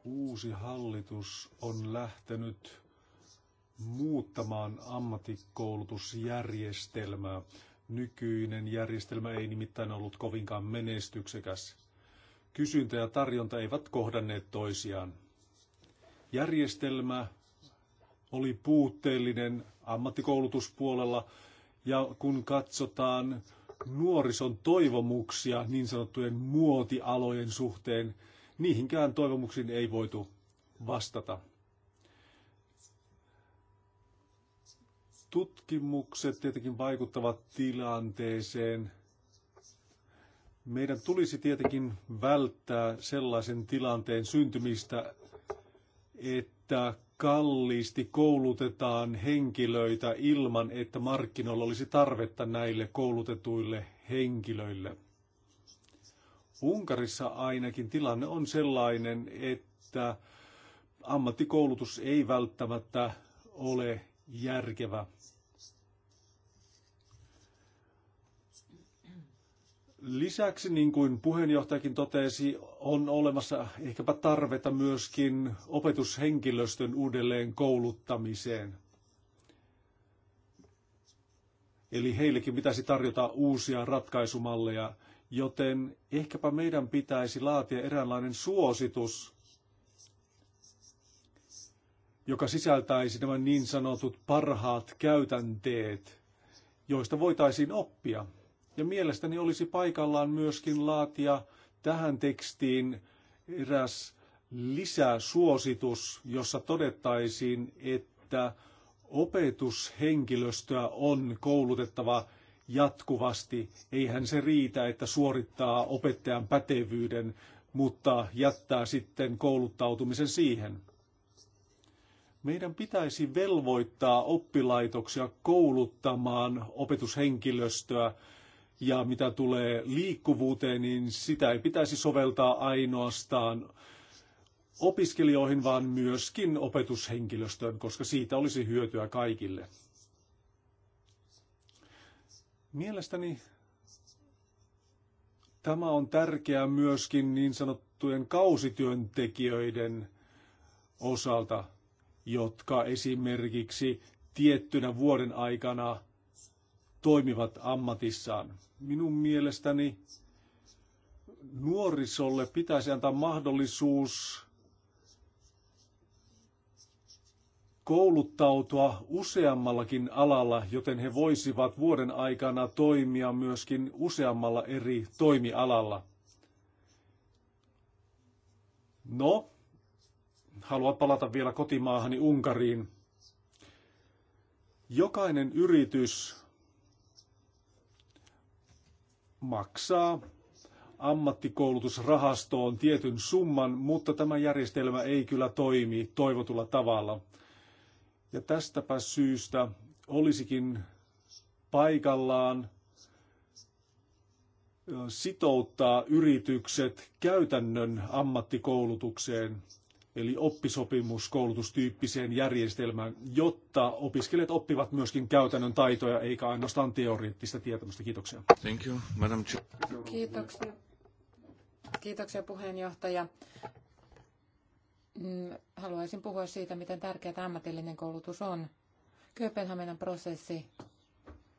uusi hallitus on lähtenyt muuttamaan ammattikoulutusjärjestelmää. Nykyinen järjestelmä ei nimittäin ollut kovinkaan menestyksekäs. Kysyntä ja tarjonta eivät kohdanneet toisiaan järjestelmä oli puutteellinen ammattikoulutuspuolella ja kun katsotaan nuorison toivomuksia niin sanottujen muotialojen suhteen, niihinkään toivomuksiin ei voitu vastata. Tutkimukset tietenkin vaikuttavat tilanteeseen. Meidän tulisi tietenkin välttää sellaisen tilanteen syntymistä, että kalliisti koulutetaan henkilöitä ilman, että markkinoilla olisi tarvetta näille koulutetuille henkilöille. Unkarissa ainakin tilanne on sellainen, että ammattikoulutus ei välttämättä ole järkevä. Lisäksi, niin kuin puheenjohtajakin totesi, on olemassa ehkäpä tarvetta myöskin opetushenkilöstön uudelleen kouluttamiseen. Eli heillekin pitäisi tarjota uusia ratkaisumalleja, joten ehkäpä meidän pitäisi laatia eräänlainen suositus, joka sisältäisi nämä niin sanotut parhaat käytänteet, joista voitaisiin oppia. Ja mielestäni olisi paikallaan myöskin laatia tähän tekstiin eräs lisäsuositus, jossa todettaisiin, että opetushenkilöstöä on koulutettava jatkuvasti. Eihän se riitä, että suorittaa opettajan pätevyyden, mutta jättää sitten kouluttautumisen siihen. Meidän pitäisi velvoittaa oppilaitoksia kouluttamaan opetushenkilöstöä ja mitä tulee liikkuvuuteen, niin sitä ei pitäisi soveltaa ainoastaan opiskelijoihin, vaan myöskin opetushenkilöstöön, koska siitä olisi hyötyä kaikille. Mielestäni tämä on tärkeää myöskin niin sanottujen kausityöntekijöiden osalta, jotka esimerkiksi tiettynä vuoden aikana – toimivat ammatissaan. Minun mielestäni nuorisolle pitäisi antaa mahdollisuus kouluttautua useammallakin alalla, joten he voisivat vuoden aikana toimia myöskin useammalla eri toimialalla. No, haluan palata vielä kotimaahani Unkariin. Jokainen yritys maksaa ammattikoulutusrahastoon tietyn summan, mutta tämä järjestelmä ei kyllä toimi toivotulla tavalla. Ja tästäpä syystä olisikin paikallaan sitouttaa yritykset käytännön ammattikoulutukseen eli oppisopimuskoulutustyyppiseen järjestelmään, jotta opiskelijat oppivat myöskin käytännön taitoja, eikä ainoastaan teoreettista tietämystä. Kiitoksia. Thank you, Madam Kiitoksia. Kiitoksia puheenjohtaja. Mm, haluaisin puhua siitä, miten tärkeää ammatillinen koulutus on. Kööpenhaminan prosessi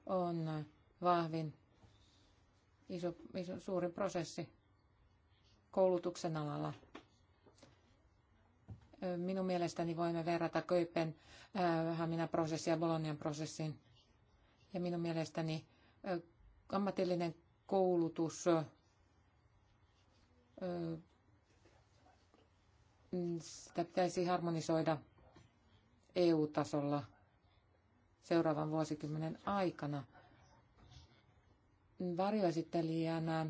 on vahvin, iso, iso, suurin prosessi koulutuksen alalla – Minun mielestäni voimme verrata Kööpenhaminan äh, prosessia ja Bolonian prosessiin. Ja minun mielestäni äh, ammatillinen koulutus äh, sitä pitäisi harmonisoida EU-tasolla seuraavan vuosikymmenen aikana. Varjoesittelijänä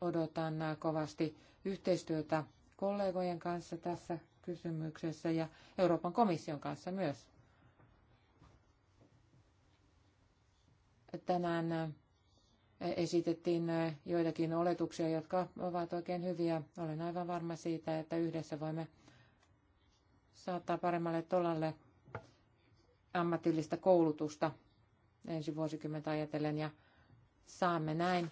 odotan kovasti yhteistyötä kollegojen kanssa tässä kysymyksessä ja Euroopan komission kanssa myös. Tänään esitettiin joitakin oletuksia, jotka ovat oikein hyviä. Olen aivan varma siitä, että yhdessä voimme saattaa paremmalle tolalle ammatillista koulutusta ensi vuosikymmentä ajatellen ja saamme näin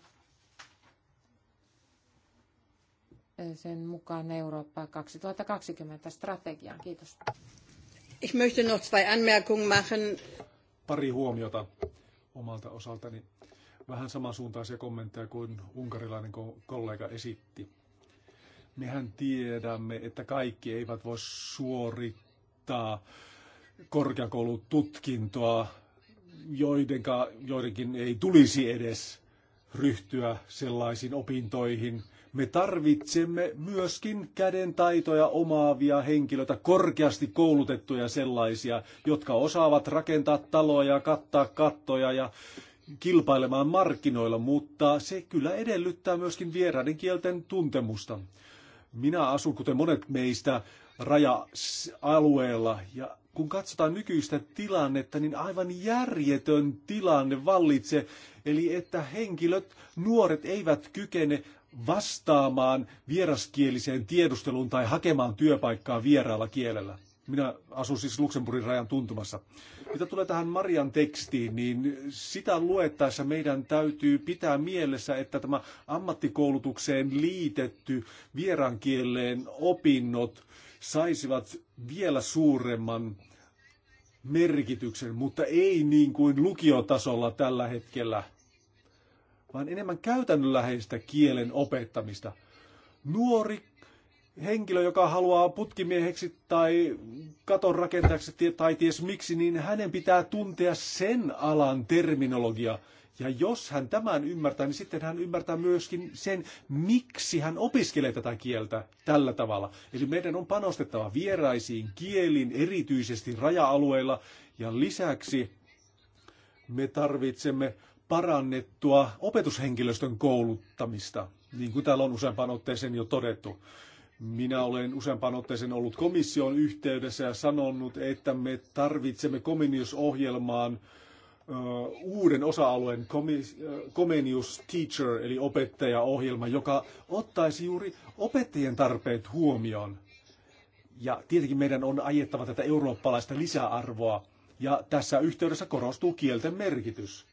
sen mukaan Eurooppa 2020 strategiaan. Kiitos. Ich möchte noch zwei Anmerkungen machen. Pari huomiota omalta osaltani. Vähän samansuuntaisia kommentteja kuin unkarilainen kollega esitti. Mehän tiedämme, että kaikki eivät voi suorittaa korkeakoulututkintoa, joidenka, joidenkin ei tulisi edes ryhtyä sellaisiin opintoihin – me tarvitsemme myöskin käden taitoja omaavia henkilöitä, korkeasti koulutettuja sellaisia, jotka osaavat rakentaa taloja, kattaa kattoja ja kilpailemaan markkinoilla, mutta se kyllä edellyttää myöskin vieraiden kielten tuntemusta. Minä asun, kuten monet meistä, raja-alueella ja kun katsotaan nykyistä tilannetta, niin aivan järjetön tilanne vallitse. Eli että henkilöt, nuoret eivät kykene vastaamaan vieraskieliseen tiedusteluun tai hakemaan työpaikkaa vieraalla kielellä. Minä asun siis Luxemburgin rajan tuntumassa. Mitä tulee tähän Marian tekstiin, niin sitä luettaessa meidän täytyy pitää mielessä, että tämä ammattikoulutukseen liitetty vierankieleen opinnot saisivat vielä suuremman merkityksen, mutta ei niin kuin lukiotasolla tällä hetkellä – vaan enemmän käytännönläheistä kielen opettamista. Nuori henkilö, joka haluaa putkimieheksi tai katon rakentajaksi tai ties miksi, niin hänen pitää tuntea sen alan terminologia. Ja jos hän tämän ymmärtää, niin sitten hän ymmärtää myöskin sen, miksi hän opiskelee tätä kieltä tällä tavalla. Eli meidän on panostettava vieraisiin kieliin, erityisesti raja-alueilla, ja lisäksi me tarvitsemme parannettua opetushenkilöstön kouluttamista, niin kuin täällä on useampaan otteeseen jo todettu. Minä olen useampaan otteeseen ollut komission yhteydessä ja sanonut, että me tarvitsemme komeniusohjelmaan uuden osa-alueen Comenius Teacher, eli opettajaohjelma, joka ottaisi juuri opettajien tarpeet huomioon. Ja tietenkin meidän on ajettava tätä eurooppalaista lisäarvoa, ja tässä yhteydessä korostuu kielten merkitys.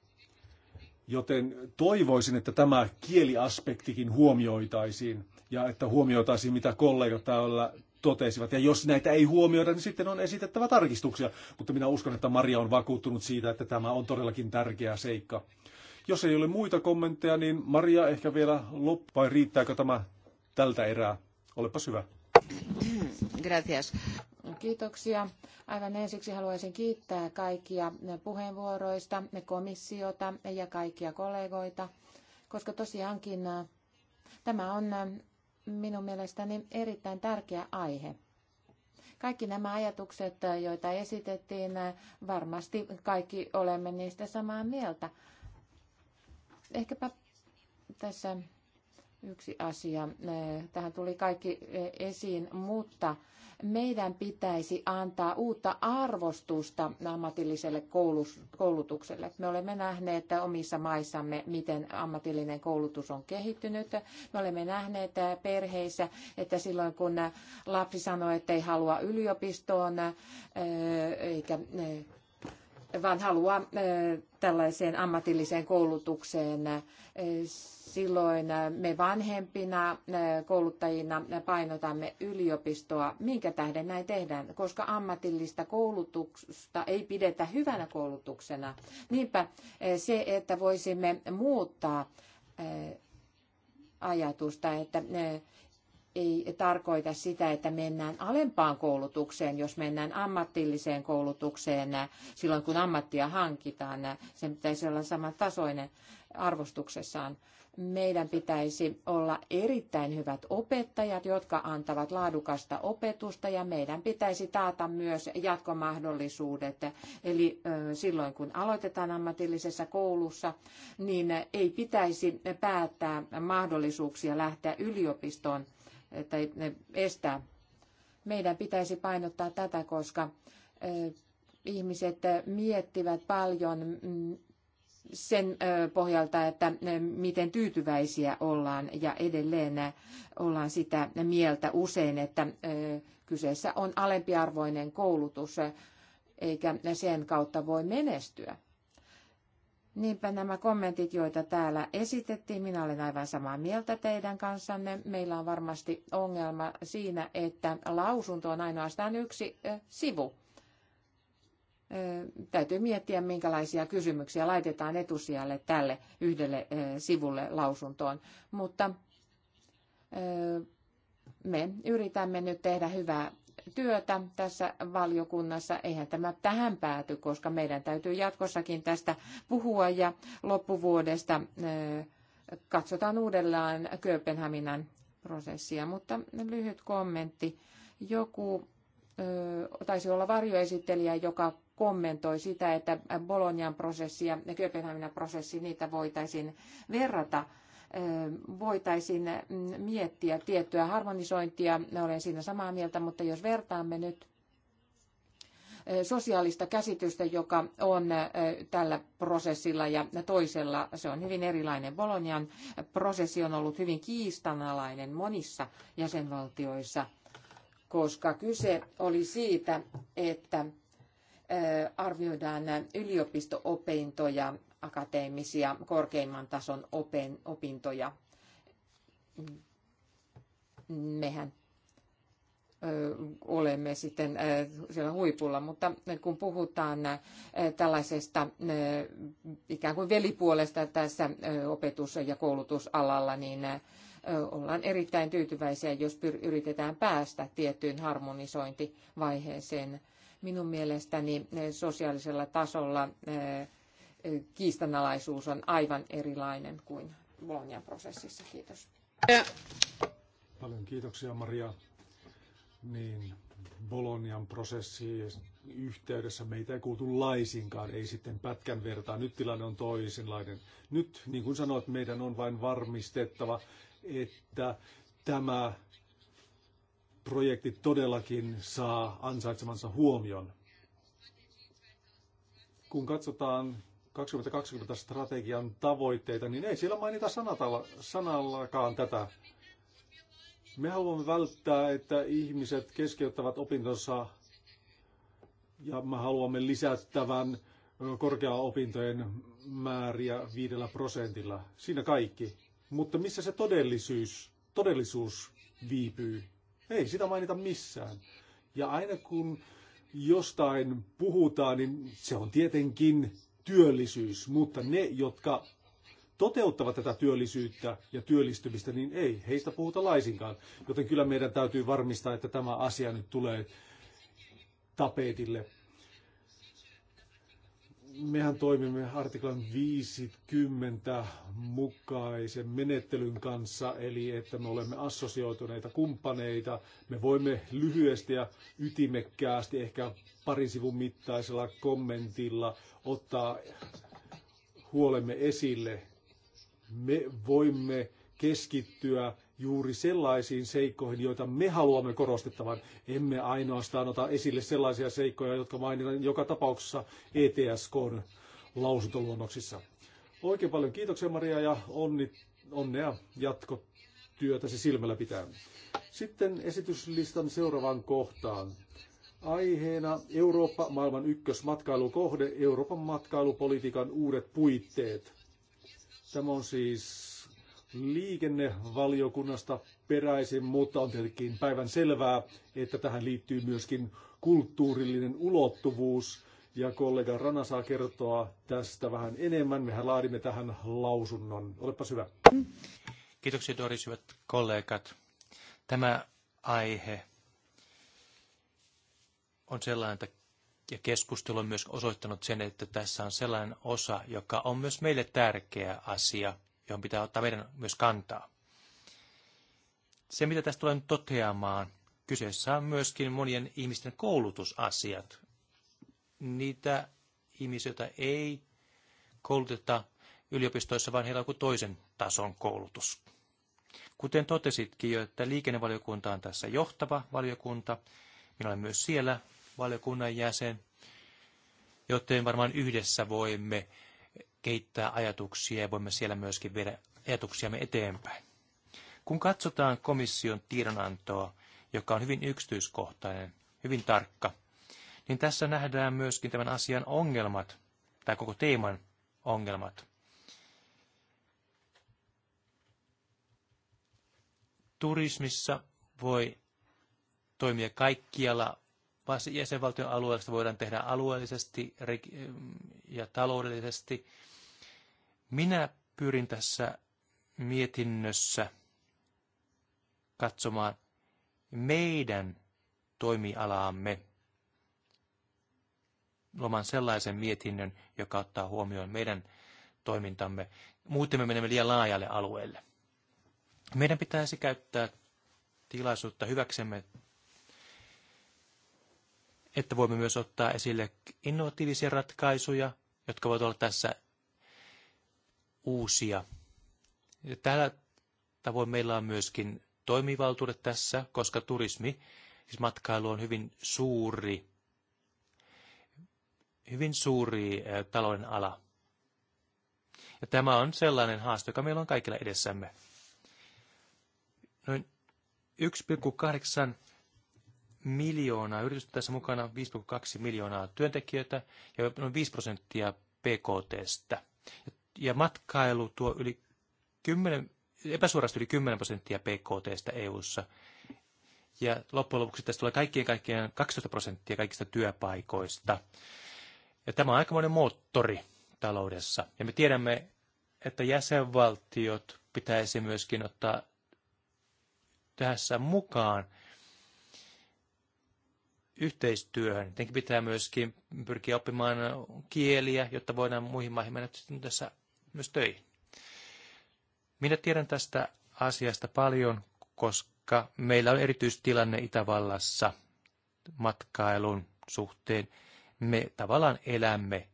Joten toivoisin, että tämä kieliaspektikin huomioitaisiin ja että huomioitaisiin, mitä kollegat täällä totesivat. Ja jos näitä ei huomioida, niin sitten on esitettävä tarkistuksia. Mutta minä uskon, että Maria on vakuuttunut siitä, että tämä on todellakin tärkeä seikka. Jos ei ole muita kommentteja, niin Maria ehkä vielä loppu, vai riittääkö tämä tältä erää? Olepas hyvä. Gracias. Kiitoksia. Aivan ensiksi haluaisin kiittää kaikkia puheenvuoroista, komissiota ja kaikkia kollegoita, koska tosiaankin äh, tämä on äh, minun mielestäni erittäin tärkeä aihe. Kaikki nämä ajatukset, äh, joita esitettiin, varmasti kaikki olemme niistä samaa mieltä. Ehkäpä tässä yksi asia. Tähän tuli kaikki esiin, mutta meidän pitäisi antaa uutta arvostusta ammatilliselle koulutukselle. Me olemme nähneet että omissa maissamme, miten ammatillinen koulutus on kehittynyt. Me olemme nähneet perheissä, että silloin kun lapsi sanoo, että ei halua yliopistoon eikä vaan haluaa tällaiseen ammatilliseen koulutukseen. Silloin me vanhempina kouluttajina painotamme yliopistoa. Minkä tähden näin tehdään? Koska ammatillista koulutusta ei pidetä hyvänä koulutuksena. Niinpä se, että voisimme muuttaa ajatusta, että ei tarkoita sitä, että mennään alempaan koulutukseen, jos mennään ammatilliseen koulutukseen silloin, kun ammattia hankitaan. Sen pitäisi olla samantasoinen arvostuksessaan. Meidän pitäisi olla erittäin hyvät opettajat, jotka antavat laadukasta opetusta ja meidän pitäisi taata myös jatkomahdollisuudet. Eli silloin kun aloitetaan ammatillisessa koulussa, niin ei pitäisi päättää mahdollisuuksia lähteä yliopistoon että ne estää. Meidän pitäisi painottaa tätä, koska ihmiset miettivät paljon mm, sen pohjalta, että miten tyytyväisiä ollaan ja edelleen ollaan sitä mieltä usein, että kyseessä on alempiarvoinen koulutus eikä sen kautta voi menestyä. Niinpä nämä kommentit, joita täällä esitettiin, minä olen aivan samaa mieltä teidän kanssanne. Meillä on varmasti ongelma siinä, että lausunto on ainoastaan yksi sivu. Täytyy miettiä, minkälaisia kysymyksiä laitetaan etusijalle tälle yhdelle sivulle lausuntoon. Mutta me yritämme nyt tehdä hyvää työtä tässä valiokunnassa. Eihän tämä tähän pääty, koska meidän täytyy jatkossakin tästä puhua ja loppuvuodesta katsotaan uudelleen Kööpenhaminan prosessia. Mutta lyhyt kommentti. Joku taisi olla varjoesittelijä, joka kommentoi sitä, että Bolognan prosessi ja Kööpenhaminan prosessi, niitä voitaisiin verrata voitaisiin miettiä tiettyä harmonisointia, olen siinä samaa mieltä, mutta jos vertaamme nyt sosiaalista käsitystä, joka on tällä prosessilla ja toisella. Se on hyvin erilainen. Bolonian prosessi on ollut hyvin kiistanalainen monissa jäsenvaltioissa, koska kyse oli siitä, että arvioidaan yliopisto-opintoja akateemisia korkeimman tason opintoja. Mehän olemme sitten siellä huipulla, mutta kun puhutaan tällaisesta ikään kuin velipuolesta tässä opetus- ja koulutusalalla, niin ollaan erittäin tyytyväisiä, jos yritetään päästä tiettyyn harmonisointivaiheeseen. Minun mielestäni sosiaalisella tasolla kiistanalaisuus on aivan erilainen kuin Bolognan prosessissa. Kiitos. Paljon kiitoksia Maria. Niin, Bolonian prosessin yhteydessä meitä ei kuultu laisinkaan, ei sitten pätkän vertaa. Nyt tilanne on toisenlainen. Nyt, niin kuin sanoit, meidän on vain varmistettava, että tämä projekti todellakin saa ansaitsemansa huomion. Kun katsotaan 2020 strategian tavoitteita, niin ei siellä mainita sanatalla, sanallakaan tätä. Me haluamme välttää, että ihmiset keskeyttävät opintonsa ja me haluamme lisättävän korkea-opintojen määriä viidellä prosentilla. Siinä kaikki. Mutta missä se todellisuus, todellisuus viipyy? Ei sitä mainita missään. Ja aina kun jostain puhutaan, niin se on tietenkin työllisyys, mutta ne, jotka toteuttavat tätä työllisyyttä ja työllistymistä, niin ei, heistä puhuta laisinkaan. Joten kyllä meidän täytyy varmistaa, että tämä asia nyt tulee tapetille. Mehän toimimme artiklan 50 mukaisen menettelyn kanssa, eli että me olemme assosioituneita kumppaneita. Me voimme lyhyesti ja ytimekkäästi, ehkä parin sivun mittaisella kommentilla ottaa huolemme esille. Me voimme keskittyä juuri sellaisiin seikkoihin, joita me haluamme korostettavan. Emme ainoastaan ota esille sellaisia seikkoja, jotka mainitaan joka tapauksessa ETSKn lausuntoluonnoksissa. Oikein paljon kiitoksia Maria ja onni, onnea jatkotyötäsi silmällä pitää. Sitten esityslistan seuraavaan kohtaan. Aiheena Eurooppa, maailman ykkösmatkailukohde, Euroopan matkailupolitiikan uudet puitteet. Tämä on siis liikennevaliokunnasta peräisin, mutta on tietenkin päivän selvää, että tähän liittyy myöskin kulttuurillinen ulottuvuus. Ja kollega Rana saa kertoa tästä vähän enemmän. Mehän laadimme tähän lausunnon. Olepa hyvä. Kiitoksia Doris, hyvät kollegat. Tämä aihe on sellainen, että ja keskustelu on myös osoittanut sen, että tässä on sellainen osa, joka on myös meille tärkeä asia, johon pitää ottaa meidän myös kantaa. Se, mitä tästä tulen toteamaan, kyseessä on myöskin monien ihmisten koulutusasiat. Niitä ihmisiä, joita ei kouluteta yliopistoissa, vaan heillä on joku toisen tason koulutus. Kuten totesitkin jo, että liikennevaliokunta on tässä johtava valiokunta, minä olen myös siellä valiokunnan jäsen, joten varmaan yhdessä voimme kehittää ajatuksia ja voimme siellä myöskin viedä ajatuksiamme eteenpäin. Kun katsotaan komission tiedonantoa, joka on hyvin yksityiskohtainen, hyvin tarkka, niin tässä nähdään myöskin tämän asian ongelmat, tai koko teeman ongelmat. Turismissa voi toimia kaikkialla vaan jäsenvaltion alueellista voidaan tehdä alueellisesti ja taloudellisesti. Minä pyrin tässä mietinnössä katsomaan meidän toimialaamme loman sellaisen mietinnön, joka ottaa huomioon meidän toimintamme. Muuten me menemme liian laajalle alueelle. Meidän pitäisi käyttää tilaisuutta hyväksemme että voimme myös ottaa esille innovatiivisia ratkaisuja, jotka voivat olla tässä uusia. Ja täällä tavoin meillä on myöskin toimivaltuudet tässä, koska turismi, siis matkailu on hyvin suuri, hyvin suuri talouden ala. Ja tämä on sellainen haaste, joka meillä on kaikilla edessämme. Noin 1,8 miljoonaa yritystä tässä mukana, 5,2 miljoonaa työntekijöitä ja noin 5 prosenttia PKTstä. Ja matkailu tuo yli 10, epäsuorasti yli 10 prosenttia PKTstä EU-ssa. Ja loppujen lopuksi tästä tulee kaikkien kaikkiaan 12 prosenttia kaikista työpaikoista. Ja tämä on aikamoinen moottori taloudessa. Ja me tiedämme, että jäsenvaltiot pitäisi myöskin ottaa tässä mukaan – yhteistyöhön. Tietenkin pitää myöskin pyrkiä oppimaan kieliä, jotta voidaan muihin maihin mennä tässä myös töihin. Minä tiedän tästä asiasta paljon, koska meillä on erityistilanne Itävallassa matkailun suhteen. Me tavallaan elämme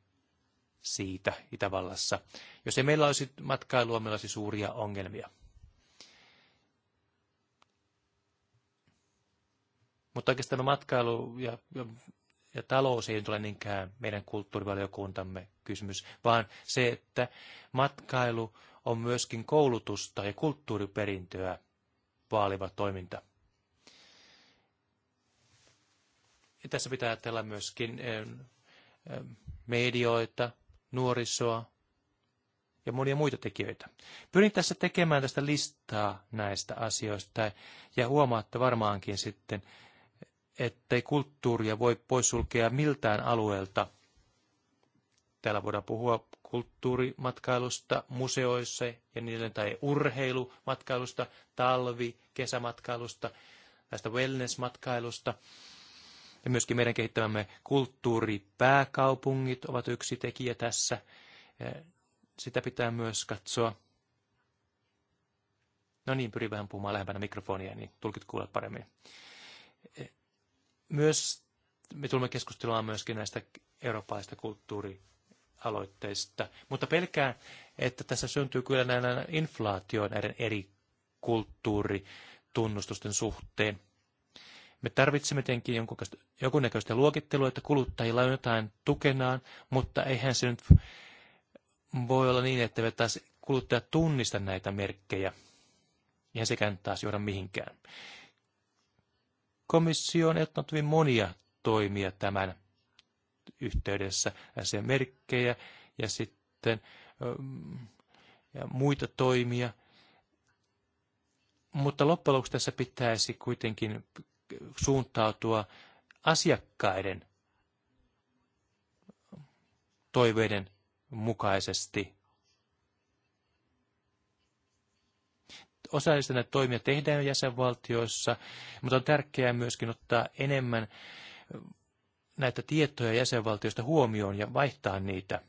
siitä Itävallassa. Jos ei meillä olisi matkailua, meillä olisi suuria ongelmia. Mutta oikeastaan tämä matkailu ja, ja, ja talous ei ole niinkään meidän kulttuurivaliokuntamme kysymys, vaan se, että matkailu on myöskin koulutusta ja kulttuuriperintöä vaaliva toiminta. Ja tässä pitää ajatella myöskin medioita, nuorisoa ja monia muita tekijöitä. Pyrin tässä tekemään tästä listaa näistä asioista ja huomaatte varmaankin sitten, ettei kulttuuria voi poissulkea miltään alueelta. Täällä voidaan puhua kulttuurimatkailusta museoissa ja niiden tai urheilumatkailusta, talvi, kesämatkailusta, tästä wellness-matkailusta. Ja myöskin meidän kehittämämme kulttuuripääkaupungit ovat yksi tekijä tässä. Sitä pitää myös katsoa. No niin, pyri vähän puhumaan lähempänä mikrofonia, niin tulkit kuulet paremmin. Myös me tulemme keskustelemaan myöskin näistä eurooppalaisista kulttuurialoitteista, mutta pelkään, että tässä syntyy kyllä näin inflaatio näiden eri kulttuuritunnustusten suhteen. Me tarvitsemme tietenkin jonkunnäköistä luokittelua, että kuluttajilla on jotain tukenaan, mutta eihän se nyt voi olla niin, että me taas kuluttajat tunnista näitä merkkejä. Eihän sekään taas johda mihinkään. Komissio on ottanut hyvin monia toimia tämän yhteydessä, näisiä merkkejä ja sitten ähm, ja muita toimia. Mutta loppujen lopuksi tässä pitäisi kuitenkin suuntautua asiakkaiden toiveiden mukaisesti osallisesti näitä toimia tehdään jo jäsenvaltioissa, mutta on tärkeää myöskin ottaa enemmän eh, näitä tietoja jäsenvaltioista huomioon ja vaihtaa niitä.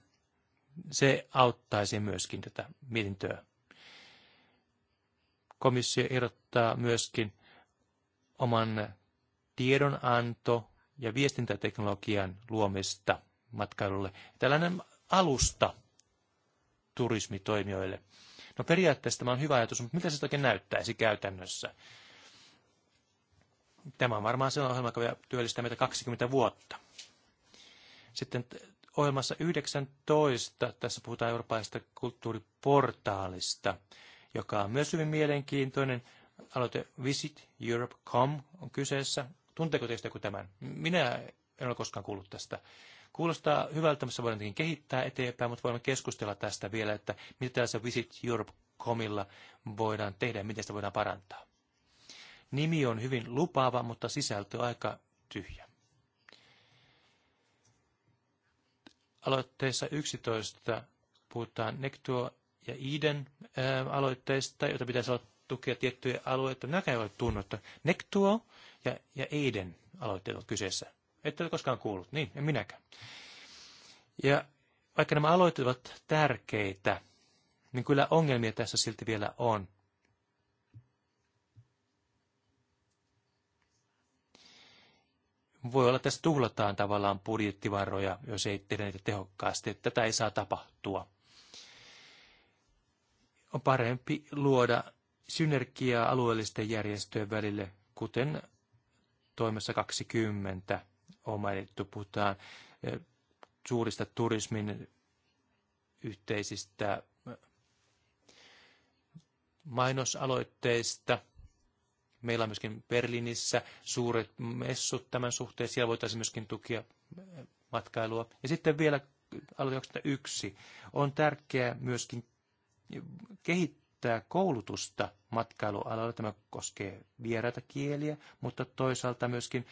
Se auttaisi myöskin tätä mietintöä. Komissio erottaa myöskin oman tiedonanto- ja viestintäteknologian luomista matkailulle. Tällainen alusta turismitoimijoille. No periaatteessa tämä on hyvä ajatus, mutta mitä se oikein näyttäisi käytännössä? Tämä on varmaan sellainen ohjelma, joka työllistää meitä 20 vuotta. Sitten ohjelmassa 19, tässä puhutaan eurooppalaisesta kulttuuriportaalista, joka on myös hyvin mielenkiintoinen. Aloite Visit Europe.com on kyseessä. Tunteeko teistä joku tämän? Minä en ole koskaan kuullut tästä. Kuulostaa hyvältä, missä voidaan kehittää eteenpäin, mutta voimme keskustella tästä vielä, että mitä tässä Visit Europe-komilla voidaan tehdä ja miten sitä voidaan parantaa. Nimi on hyvin lupaava, mutta sisältö aika tyhjä. Aloitteessa 11 puhutaan Nektuo ja Iden äh, aloitteista, joita pitäisi olla tukea tiettyjä alueita. Minäkään ei ole tunnu, että Nektuo ja, ja Iden aloitteet on kyseessä. Ette ole koskaan kuullut, niin, en minäkään. Ja vaikka nämä aloitteet ovat tärkeitä, niin kyllä ongelmia tässä silti vielä on. Voi olla, että tässä tuhlataan tavallaan budjettivaroja, jos ei tehdä niitä tehokkaasti. Tätä ei saa tapahtua. On parempi luoda synergiaa alueellisten järjestöjen välille, kuten toimessa 20 on mainittu. Puhutaan suurista turismin yhteisistä mainosaloitteista. Meillä on myöskin Berliinissä suuret messut tämän suhteen. Siellä voitaisiin myöskin tukia matkailua. Ja sitten vielä aloite 21. On tärkeää myöskin kehittää koulutusta matkailualalla. Tämä koskee vieraita kieliä, mutta toisaalta myöskin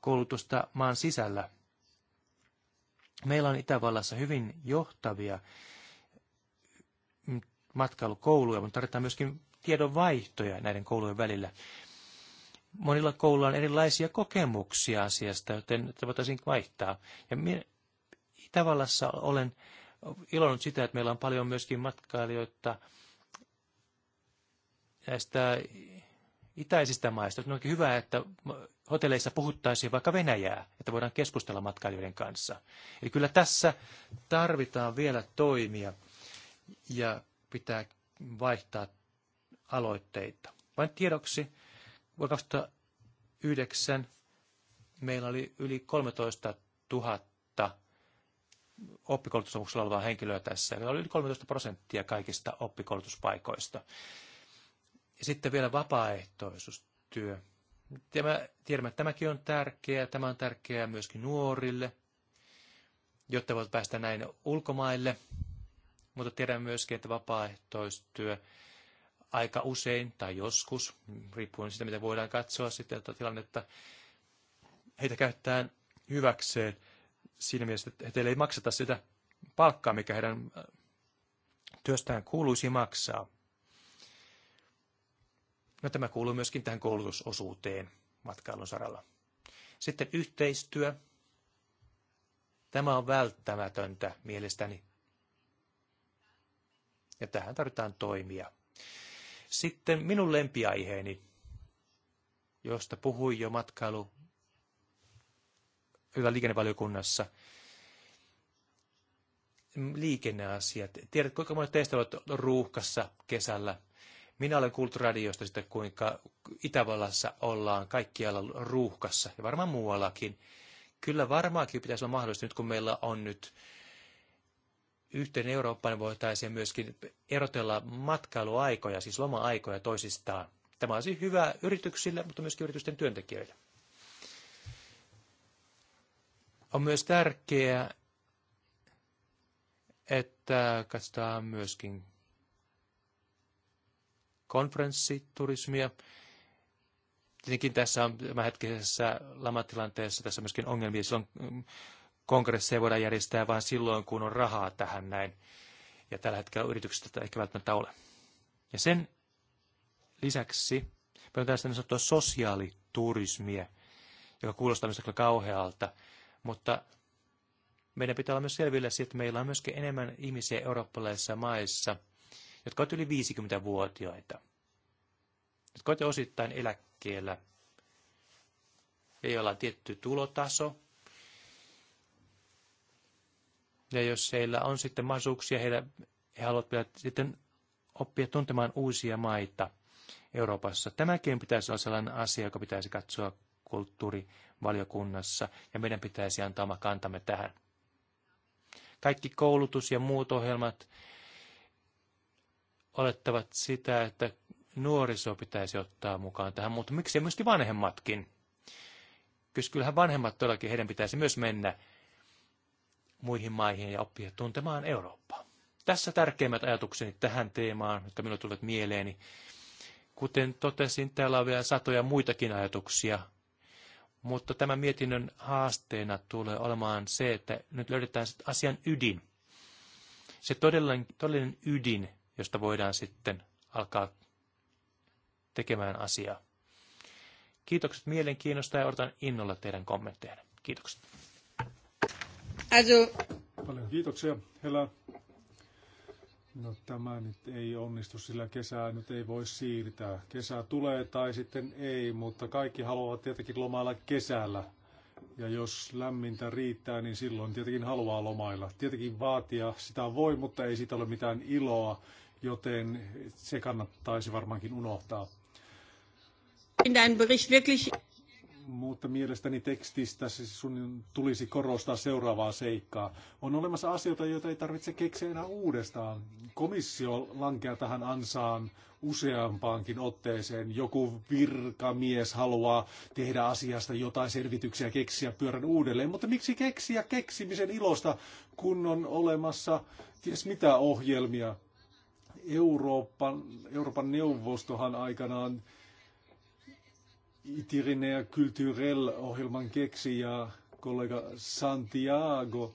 koulutusta maan sisällä. Meillä on Itävallassa hyvin johtavia matkailukouluja, mutta tarvitaan myöskin tiedonvaihtoja näiden koulujen välillä. Monilla kouluilla on erilaisia kokemuksia asiasta, joten tätä voitaisiin vaihtaa. Ja minä Itävallassa olen iloinen sitä, että meillä on paljon myöskin matkailijoita näistä itäisistä maista. Olisi onkin hyvä, että hotelleissa puhuttaisiin vaikka Venäjää, että voidaan keskustella matkailijoiden kanssa. Eli kyllä tässä tarvitaan vielä toimia ja pitää vaihtaa aloitteita. Vain tiedoksi, vuonna 2009 meillä oli yli 13 000 oppikoulutusomuksella olevaa henkilöä tässä. Meillä oli yli 13 prosenttia kaikista oppikoulutuspaikoista. Ja sitten vielä vapaaehtoisuustyö. Tämä, tiedämme, että tämäkin on tärkeää. Tämä on tärkeää myöskin nuorille, jotta voit päästä näin ulkomaille. Mutta tiedän myöskin, että vapaaehtoistyö aika usein tai joskus, riippuen siitä, mitä voidaan katsoa sitten että tilannetta, heitä käyttää hyväkseen siinä mielessä, että heille ei makseta sitä palkkaa, mikä heidän työstään kuuluisi maksaa. No tämä kuuluu myöskin tähän koulutusosuuteen matkailun saralla. Sitten yhteistyö. Tämä on välttämätöntä mielestäni. Ja tähän tarvitaan toimia. Sitten minun lempiaiheeni, josta puhuin jo matkailu hyvä liikennevaliokunnassa. Liikenneasiat. Tiedät, kuinka monet teistä ovat ruuhkassa kesällä minä olen kuullut radiosta sitä, kuinka Itävallassa ollaan kaikkialla ruuhkassa ja varmaan muuallakin. Kyllä varmaankin pitäisi olla mahdollista nyt, kun meillä on nyt yhteen Eurooppaan, niin voitaisiin myöskin erotella matkailuaikoja, siis loma-aikoja toisistaan. Tämä olisi hyvä yrityksille, mutta myöskin yritysten työntekijöille. On myös tärkeää, että katsotaan myöskin konferenssiturismia. Tietenkin tässä on tämänhetkisessä lamatilanteessa tässä on myöskin ongelmia. Silloin mm, kongresseja voidaan järjestää vain silloin, kun on rahaa tähän näin. Ja tällä hetkellä yrityksistä tätä ehkä välttämättä ole. Ja sen lisäksi meillä on tällaista niin sanottua sosiaaliturismia, joka kuulostaa myös kauhealta, mutta meidän pitää olla myös selvillä siitä, että meillä on myöskin enemmän ihmisiä eurooppalaisissa maissa – jotka ovat yli 50-vuotiaita, jotka ovat osittain eläkkeellä ja joilla on tietty tulotaso. Ja jos heillä on sitten mahdollisuuksia, heillä, he haluavat sitten oppia tuntemaan uusia maita Euroopassa. Tämäkin pitäisi olla sellainen asia, joka pitäisi katsoa kulttuurivaliokunnassa, ja meidän pitäisi antaa oma kantamme tähän. Kaikki koulutus ja muut ohjelmat, olettavat sitä, että nuoriso pitäisi ottaa mukaan tähän, mutta miksi myös vanhemmatkin? kyllähän vanhemmat todellakin, heidän pitäisi myös mennä muihin maihin ja oppia tuntemaan Eurooppaa. Tässä tärkeimmät ajatukseni tähän teemaan, jotka minulle tulevat mieleeni. Kuten totesin, täällä on vielä satoja muitakin ajatuksia, mutta tämän mietinnön haasteena tulee olemaan se, että nyt löydetään asian ydin. Se todellinen, todellinen ydin josta voidaan sitten alkaa tekemään asiaa. Kiitokset mielenkiinnosta ja odotan innolla teidän kommentteja. Kiitokset. Also. Paljon kiitoksia, Hela. No tämä nyt ei onnistu, sillä kesää nyt ei voi siirtää. Kesä tulee tai sitten ei, mutta kaikki haluavat tietenkin lomailla kesällä. Ja jos lämmintä riittää, niin silloin tietenkin haluaa lomailla. Tietenkin vaatia sitä voi, mutta ei siitä ole mitään iloa joten se kannattaisi varmaankin unohtaa. Mutta mielestäni tekstistä siis sun tulisi korostaa seuraavaa seikkaa. On olemassa asioita, joita ei tarvitse keksiä enää uudestaan. Komissio lankeaa tähän ansaan useampaankin otteeseen. Joku virkamies haluaa tehdä asiasta jotain selvityksiä, keksiä pyörän uudelleen. Mutta miksi keksiä keksimisen ilosta, kun on olemassa ties mitä ohjelmia, Euroopan, Euroopan neuvostohan aikanaan Itirine Culturel-ohjelman keksi ja kollega Santiago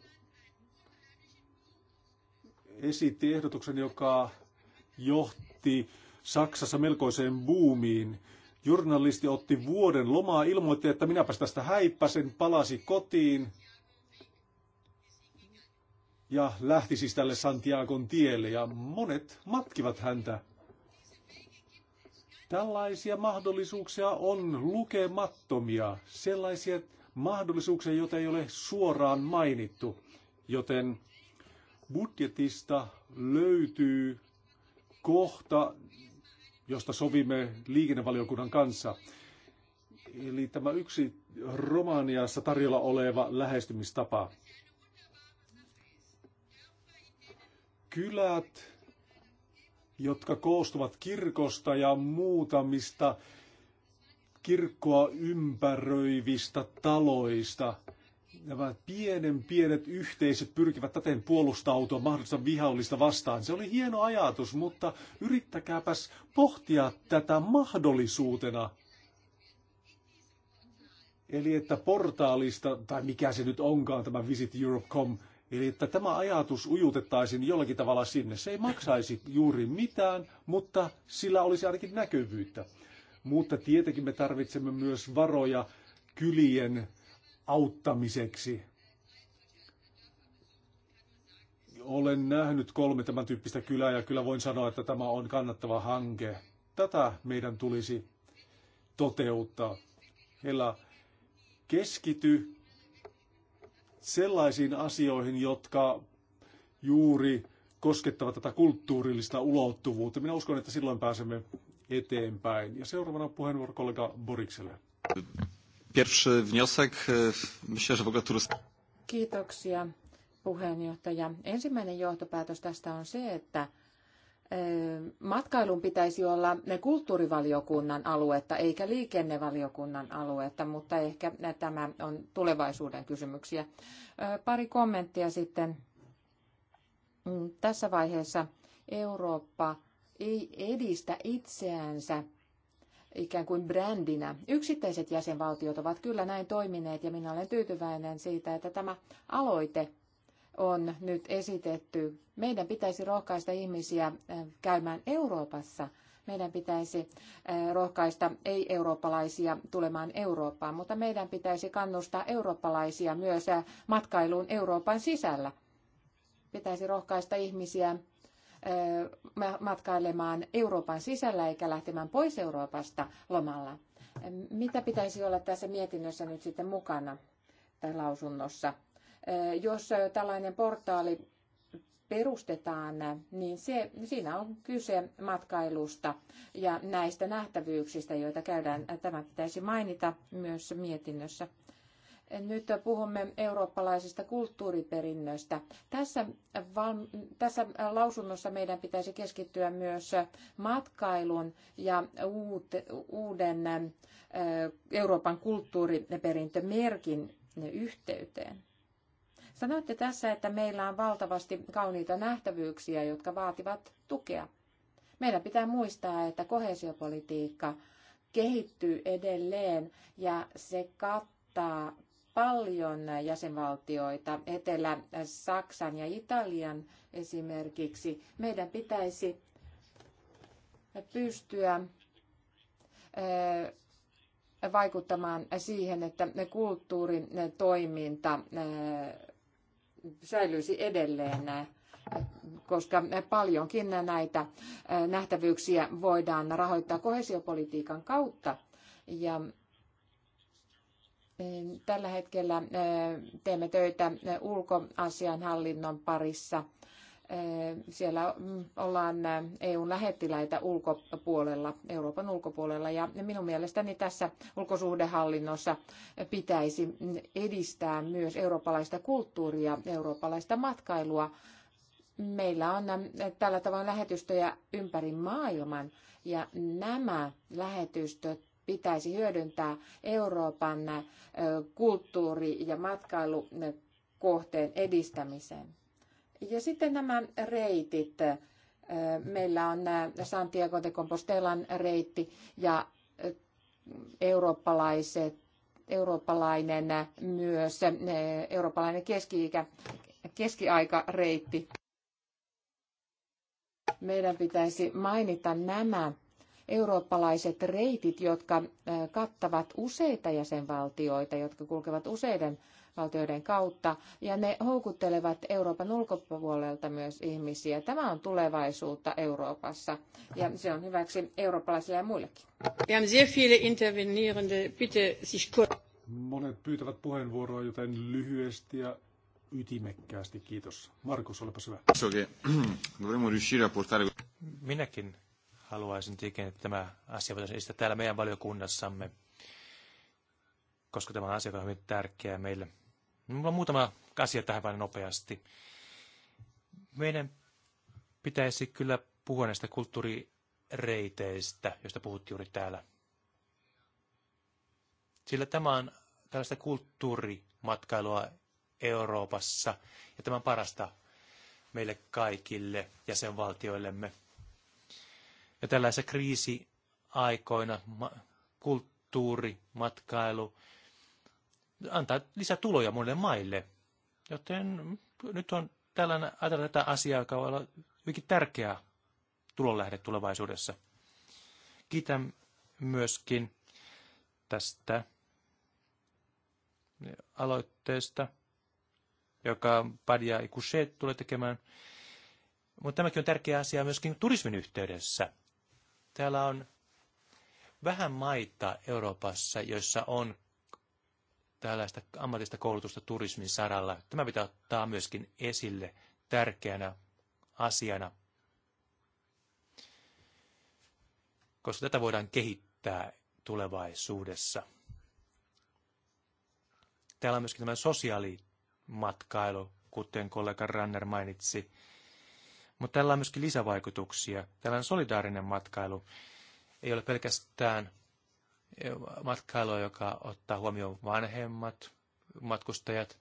esitti ehdotuksen, joka johti Saksassa melkoiseen buumiin. Journalisti otti vuoden lomaa, ilmoitti, että minäpäs tästä häippäsen, palasi kotiin, ja lähti siis tälle Santiagon tielle ja monet matkivat häntä. Tällaisia mahdollisuuksia on lukemattomia, sellaisia mahdollisuuksia, joita ei ole suoraan mainittu, joten budjetista löytyy kohta, josta sovimme liikennevaliokunnan kanssa. Eli tämä yksi Romaniassa tarjolla oleva lähestymistapa. kylät, jotka koostuvat kirkosta ja muutamista kirkkoa ympäröivistä taloista. Nämä pienen pienet yhteisöt pyrkivät täten puolustautua mahdollista vihollista vastaan. Se oli hieno ajatus, mutta yrittäkääpäs pohtia tätä mahdollisuutena. Eli että portaalista, tai mikä se nyt onkaan tämä Visit Europe.com Eli että tämä ajatus ujutettaisiin jollakin tavalla sinne. Se ei maksaisi juuri mitään, mutta sillä olisi ainakin näkyvyyttä. Mutta tietenkin me tarvitsemme myös varoja kylien auttamiseksi. Olen nähnyt kolme tämän tyyppistä kylää ja kyllä voin sanoa, että tämä on kannattava hanke. Tätä meidän tulisi toteuttaa. Heillä keskity sellaisiin asioihin, jotka juuri koskettavat tätä kulttuurillista ulottuvuutta. Minä uskon, että silloin pääsemme eteenpäin. Ja seuraavana puheenvuoro kollega Borikselle. Pierwszy wniosek, myślę, że w ogóle Kiitoksia puheenjohtaja. Ensimmäinen johtopäätös tästä on se, että matkailun pitäisi olla kulttuurivaliokunnan aluetta eikä liikennevaliokunnan aluetta, mutta ehkä tämä on tulevaisuuden kysymyksiä. Pari kommenttia sitten. Mm, tässä vaiheessa Eurooppa ei edistä itseänsä ikään kuin brändinä. Yksittäiset jäsenvaltiot ovat kyllä näin toimineet ja minä olen tyytyväinen siitä, että tämä aloite on nyt esitetty. Meidän pitäisi rohkaista ihmisiä äh, käymään Euroopassa. Meidän pitäisi äh, rohkaista ei-eurooppalaisia tulemaan Eurooppaan, mutta meidän pitäisi kannustaa eurooppalaisia myös äh, matkailuun Euroopan sisällä. Pitäisi rohkaista ihmisiä matkailemaan Euroopan sisällä eikä lähtemään pois Euroopasta lomalla. Mitä pitäisi olla tässä mietinnössä nyt sitten mukana tai lausunnossa? Jos tällainen portaali perustetaan, niin se, siinä on kyse matkailusta ja näistä nähtävyyksistä, joita käydään. Tämä pitäisi mainita myös mietinnössä. Nyt puhumme eurooppalaisesta kulttuuriperinnöstä. Tässä, val, tässä lausunnossa meidän pitäisi keskittyä myös matkailun ja uut, uuden Euroopan kulttuuriperintömerkin yhteyteen. Sanoitte tässä, että meillä on valtavasti kauniita nähtävyyksiä, jotka vaativat tukea. Meidän pitää muistaa, että kohesiopolitiikka kehittyy edelleen ja se kattaa paljon jäsenvaltioita, Etelä-Saksan ja Italian esimerkiksi. Meidän pitäisi pystyä eh, vaikuttamaan siihen, että kulttuurin eh, toiminta eh, säilyisi edelleen, koska paljonkin näitä nähtävyyksiä voidaan rahoittaa kohesiopolitiikan kautta. Ja eh, tällä hetkellä eh, teemme töitä ulkoasianhallinnon parissa – Eh, siellä ollaan eh, EUn lähettiläitä ulkopuolella, Euroopan ulkopuolella ja minun mielestäni tässä ulkosuhdehallinnossa pitäisi edistää myös eurooppalaista kulttuuria, eurooppalaista matkailua. Meillä on eh, tällä tavoin lähetystöjä ympäri maailman ja nämä lähetystöt pitäisi hyödyntää Euroopan kulttuuri- ja matkailukohteen edistämiseen. Ja sitten nämä reitit. Meillä on Santiago de Compostelan reitti ja eurooppalaiset, eurooppalainen myös, eurooppalainen keski-ikä, reitti. Meidän pitäisi mainita nämä eurooppalaiset reitit, jotka kattavat useita jäsenvaltioita, jotka kulkevat useiden valtioiden kautta, ja ne houkuttelevat Euroopan ulkopuolelta myös ihmisiä. Tämä on tulevaisuutta Euroopassa, ja se on hyväksi eurooppalaisille ja muillekin. Monet pyytävät puheenvuoroa, joten lyhyesti ja ytimekkäästi. Kiitos. Markus, olepa hyvä. [clears throat] Minäkin haluaisin tietenkin, että tämä asia voitaisiin esittää täällä meidän valiokunnassamme, koska tämä asia on hyvin tärkeä meille. Minulla on muutama asia tähän vain nopeasti. Meidän pitäisi kyllä puhua näistä kulttuurireiteistä, joista puhuttiin juuri täällä. Sillä tämä on tällaista kulttuurimatkailua Euroopassa, ja tämä on parasta meille kaikille jäsenvaltioillemme. Ja tällaisessa kriisiaikoina kulttuuri, matkailu antaa lisätuloja monille maille. Joten nyt on tällainen, ajatella tätä asiaa, joka voi olla hyvinkin tärkeä tulonlähde tulevaisuudessa. Kiitän myöskin tästä aloitteesta, joka Padia Ikushe tulee tekemään. Mutta tämäkin on tärkeä asia myöskin turismin yhteydessä. Täällä on vähän maita Euroopassa, joissa on tällaista ammatista koulutusta turismin saralla. Tämä pitää ottaa myöskin esille tärkeänä asiana, koska tätä voidaan kehittää tulevaisuudessa. Täällä on myöskin tämä sosiaalimatkailu, kuten kollega Ranner mainitsi. Mutta tällä on myöskin lisävaikutuksia. Tällainen solidaarinen matkailu ei ole pelkästään matkailua, joka ottaa huomioon vanhemmat matkustajat,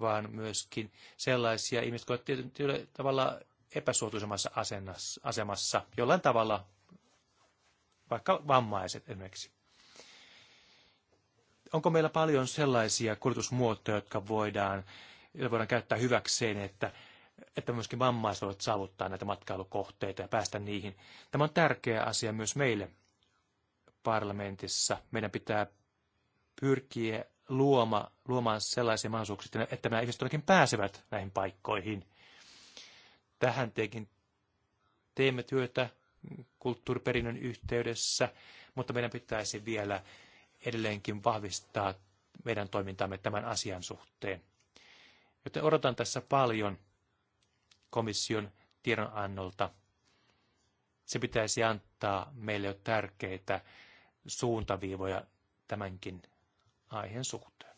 vaan myöskin sellaisia ihmisiä, jotka ovat tietyllä tavalla epäsuotuisemmassa asemassa, jollain tavalla vaikka vammaiset esimerkiksi. Onko meillä paljon sellaisia kuljetusmuotoja, jotka voidaan, joita voidaan käyttää hyväkseen, että, että myöskin vammaiset voivat saavuttaa näitä matkailukohteita ja päästä niihin? Tämä on tärkeä asia myös meille parlamentissa. Meidän pitää pyrkiä luoma, luomaan sellaisia mahdollisuuksia, että nämä ihmiset todellakin pääsevät näihin paikkoihin. Tähän tekin teemme työtä kulttuuriperinnön yhteydessä, mutta meidän pitäisi vielä edelleenkin vahvistaa meidän toimintamme tämän asian suhteen. Joten odotan tässä paljon komission tiedonannolta. Se pitäisi antaa meille jo tärkeitä suuntaviivoja tämänkin aiheen suhteen.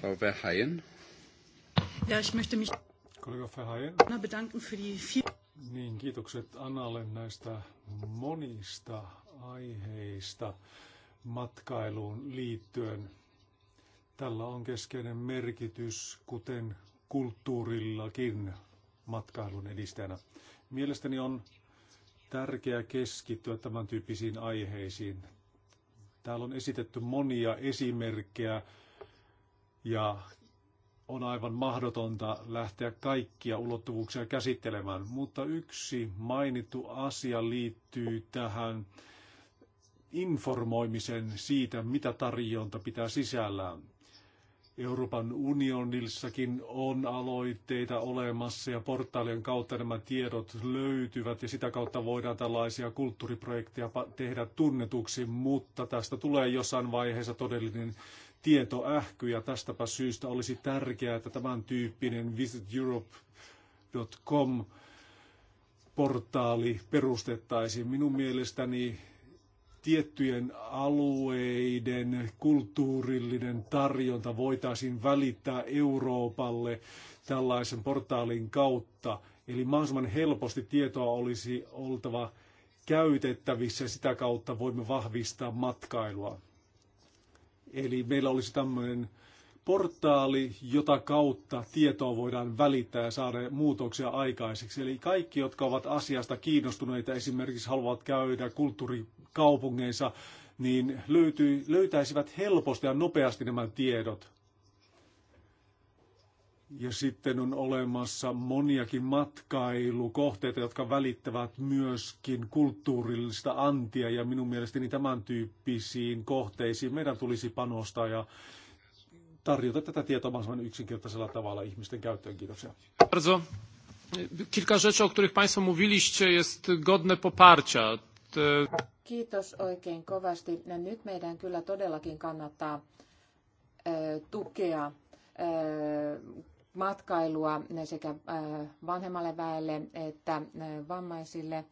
Frau Verheyen. Ja, ich möchte mich Kollega Verheyen. bedanken für die vier... Niin, kiitokset Annalle näistä monista aiheista matkailuun liittyen. Tällä on keskeinen merkitys, kuten kulttuurillakin matkailun edistäjänä. Mielestäni on tärkeää keskittyä tämän tyyppisiin aiheisiin. Täällä on esitetty monia esimerkkejä ja on aivan mahdotonta lähteä kaikkia ulottuvuuksia käsittelemään, mutta yksi mainittu asia liittyy tähän informoimisen siitä, mitä tarjonta pitää sisällään. Euroopan unionissakin on aloitteita olemassa ja portaalien kautta nämä tiedot löytyvät ja sitä kautta voidaan tällaisia kulttuuriprojekteja tehdä tunnetuksi, mutta tästä tulee jossain vaiheessa todellinen tietoähky ja tästäpä syystä olisi tärkeää, että tämän tyyppinen visiteurope.com portaali perustettaisiin. Minun mielestäni tiettyjen alueiden kulttuurillinen tarjonta voitaisiin välittää Euroopalle tällaisen portaalin kautta. Eli mahdollisimman helposti tietoa olisi oltava käytettävissä ja sitä kautta voimme vahvistaa matkailua. Eli meillä olisi tämmöinen portaali, jota kautta tietoa voidaan välittää ja saada muutoksia aikaiseksi. Eli kaikki, jotka ovat asiasta kiinnostuneita, esimerkiksi haluavat käydä kulttuuri- kaupungeissa, niin löytyy, löytäisivät helposti ja nopeasti nämä tiedot. Ja sitten on olemassa moniakin matkailukohteita, jotka välittävät myöskin kulttuurillista antia. Ja minun mielestäni tämän tyyppisiin kohteisiin meidän tulisi panostaa ja tarjota tätä tietoa mahdollisimman yksinkertaisella tavalla ihmisten käyttöön. Kiitoksia. Bardzo. Kilka rzeczy, o których Państwo mówiliście, jest godne poparcia. Kiitos oikein kovasti. Nyt meidän kyllä todellakin kannattaa tukea matkailua sekä vanhemmalle väelle että vammaisille.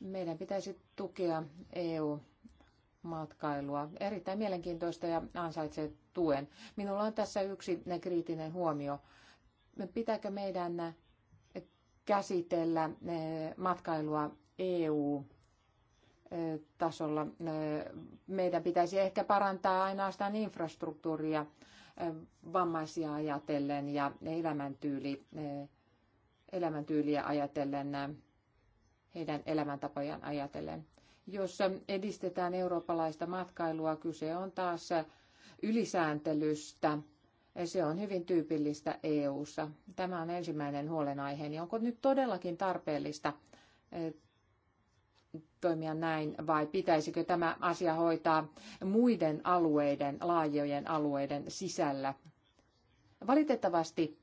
Meidän pitäisi tukea EU-matkailua. Erittäin mielenkiintoista ja ansaitsee tuen. Minulla on tässä yksi kriittinen huomio. Pitääkö meidän käsitellä matkailua EU tasolla. Meidän pitäisi ehkä parantaa ainoastaan infrastruktuuria eh, vammaisia ajatellen ja elämäntyyli, eh, elämäntyyliä ajatellen, eh, heidän elämäntapojaan ajatellen. Jos edistetään eurooppalaista matkailua, kyse on taas ylisääntelystä. Se on hyvin tyypillistä EU:ssa. Tämä on ensimmäinen huolenaihe. Onko nyt todellakin tarpeellista toimia näin vai pitäisikö tämä asia hoitaa muiden alueiden, laajojen alueiden sisällä? Valitettavasti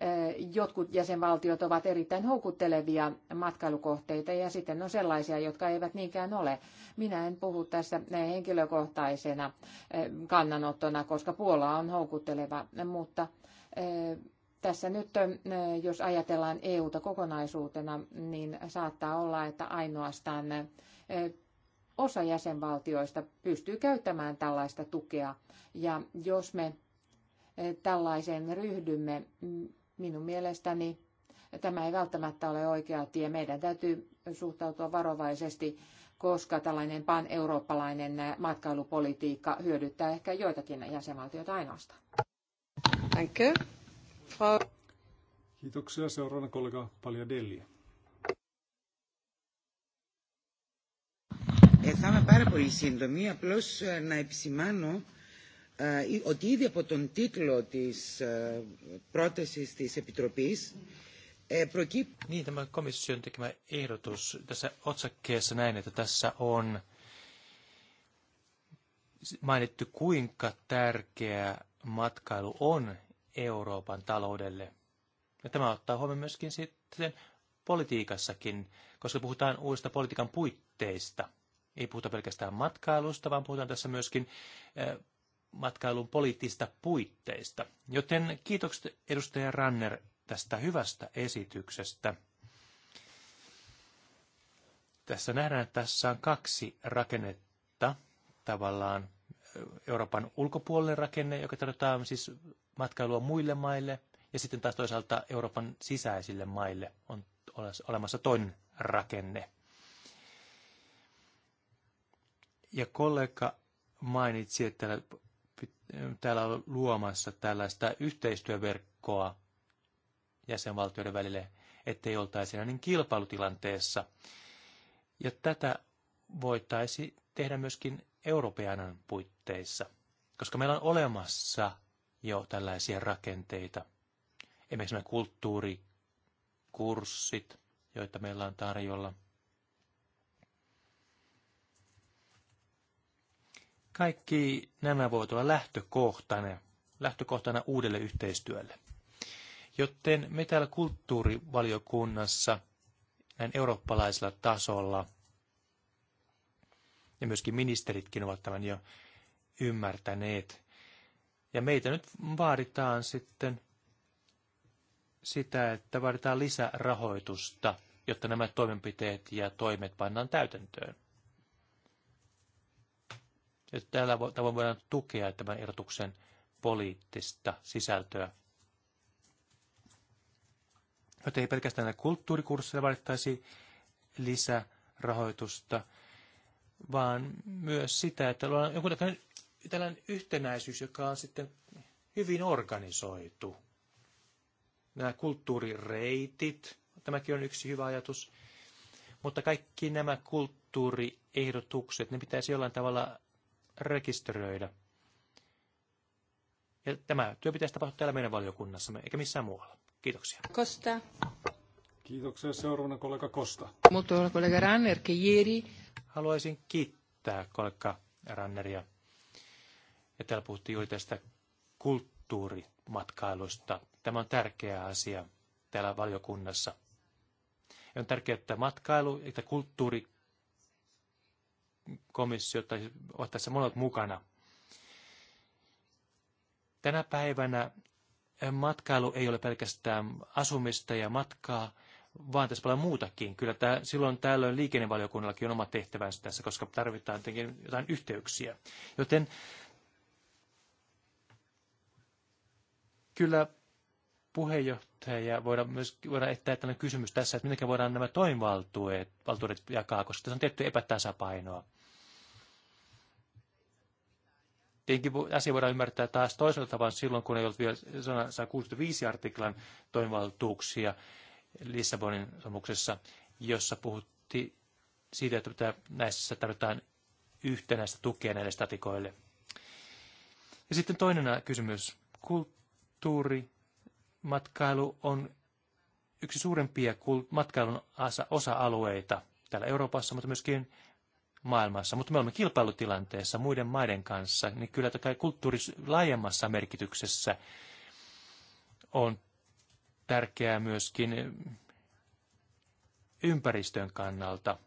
eh, jotkut jäsenvaltiot ovat erittäin houkuttelevia matkailukohteita ja sitten on sellaisia, jotka eivät niinkään ole. Minä en puhu tässä henkilökohtaisena eh, kannanottona, koska Puola on houkutteleva, mutta eh, tässä nyt, jos ajatellaan EUta kokonaisuutena, niin saattaa olla, että ainoastaan osa jäsenvaltioista pystyy käyttämään tällaista tukea. Ja jos me tällaiseen ryhdymme, minun mielestäni tämä ei välttämättä ole oikea tie. Meidän täytyy suhtautua varovaisesti, koska tällainen pan-eurooppalainen matkailupolitiikka hyödyttää ehkä joitakin jäsenvaltioita ainoastaan. Thank you. Kiitoksia. Seuraavana kollega Palja Delli. είμαι πάρα πολύ σύντομη, απλώς να επισημάνω ότι ήδη από τον τίτλο της πρότασης της Επιτροπής προκύπτει... Niin, tämä komission tekemä ehdotus tässä otsakkeessa näin, että tässä on mainittu, kuinka tärkeä matkailu on Euroopan taloudelle. Ja tämä ottaa huomioon myöskin sitten politiikassakin, koska puhutaan uudesta politiikan puitteista. Ei puhuta pelkästään matkailusta, vaan puhutaan tässä myöskin eh, matkailun poliittista puitteista. Joten kiitokset edustaja Ranner tästä hyvästä esityksestä. Tässä nähdään, että tässä on kaksi rakennetta tavallaan. Eh, Euroopan ulkopuolinen rakenne, joka tarjotaan siis matkailua muille maille ja sitten taas toisaalta Euroopan sisäisille maille on olemassa toinen rakenne. Ja kollega mainitsi, että täällä, täällä on luomassa tällaista yhteistyöverkkoa jäsenvaltioiden välille, ettei oltaisi niin kilpailutilanteessa. Ja tätä voitaisiin tehdä myöskin Euroopan puitteissa, koska meillä on olemassa jo tällaisia rakenteita. Esimerkiksi nämä kulttuurikurssit, joita meillä on tarjolla. Kaikki nämä voivat olla lähtökohtana, lähtökohtana uudelle yhteistyölle. Joten me täällä kulttuurivaliokunnassa näin eurooppalaisella tasolla, ja myöskin ministeritkin ovat tämän jo ymmärtäneet, ja meitä nyt vaaditaan sitten sitä, että vaaditaan lisärahoitusta, jotta nämä toimenpiteet ja toimet pannaan täytäntöön. Ja tällä tavoin voidaan tukea tämän erotuksen poliittista sisältöä. Että ei pelkästään näillä kulttuurikursseilla vaadittaisi lisärahoitusta, vaan myös sitä, että ollaan joku tällainen yhtenäisyys, joka on sitten hyvin organisoitu. Nämä kulttuurireitit, tämäkin on yksi hyvä ajatus. Mutta kaikki nämä kulttuuriehdotukset, ne pitäisi jollain tavalla rekisteröidä. Ja tämä työ pitäisi tapahtua täällä meidän valiokunnassamme, eikä missään muualla. Kiitoksia. Kosta. Kiitoksia seuraavana kollega Kosta. Mutta kollega Ranner, ieri... Haluaisin kiittää kollega Ranneria ja täällä puhuttiin juuri tästä kulttuurimatkailusta. Tämä on tärkeä asia täällä valiokunnassa. Ja on tärkeää, että matkailu ja kulttuurikomissio tai ovat tässä monet mukana. Tänä päivänä matkailu ei ole pelkästään asumista ja matkaa, vaan tässä paljon muutakin. Kyllä tämä, silloin tällöin liikennevaliokunnallakin on oma tehtävänsä tässä, koska tarvitaan jotain yhteyksiä. Joten kyllä puheenjohtaja voidaan myös voidaan etsiä tällainen kysymys tässä, että miten voidaan nämä toimivaltuudet valtuudet jakaa, koska tässä on tietty epätasapainoa. Tietenkin asia voidaan ymmärtää taas toisella tavalla silloin, kun ei ollut vielä 165 artiklan toimivaltuuksia Lissabonin sopimuksessa, jossa puhuttiin siitä, että pitää, näissä tarvitaan yhtenäistä tukea näille statikoille. Ja sitten toinen kysymys. Kult- kulttuuri, matkailu on yksi suurempia matkailun osa-alueita täällä Euroopassa, mutta myöskin maailmassa. Mutta me olemme kilpailutilanteessa muiden maiden kanssa, niin kyllä kai kulttuuri laajemmassa merkityksessä on tärkeää myöskin ympäristön kannalta,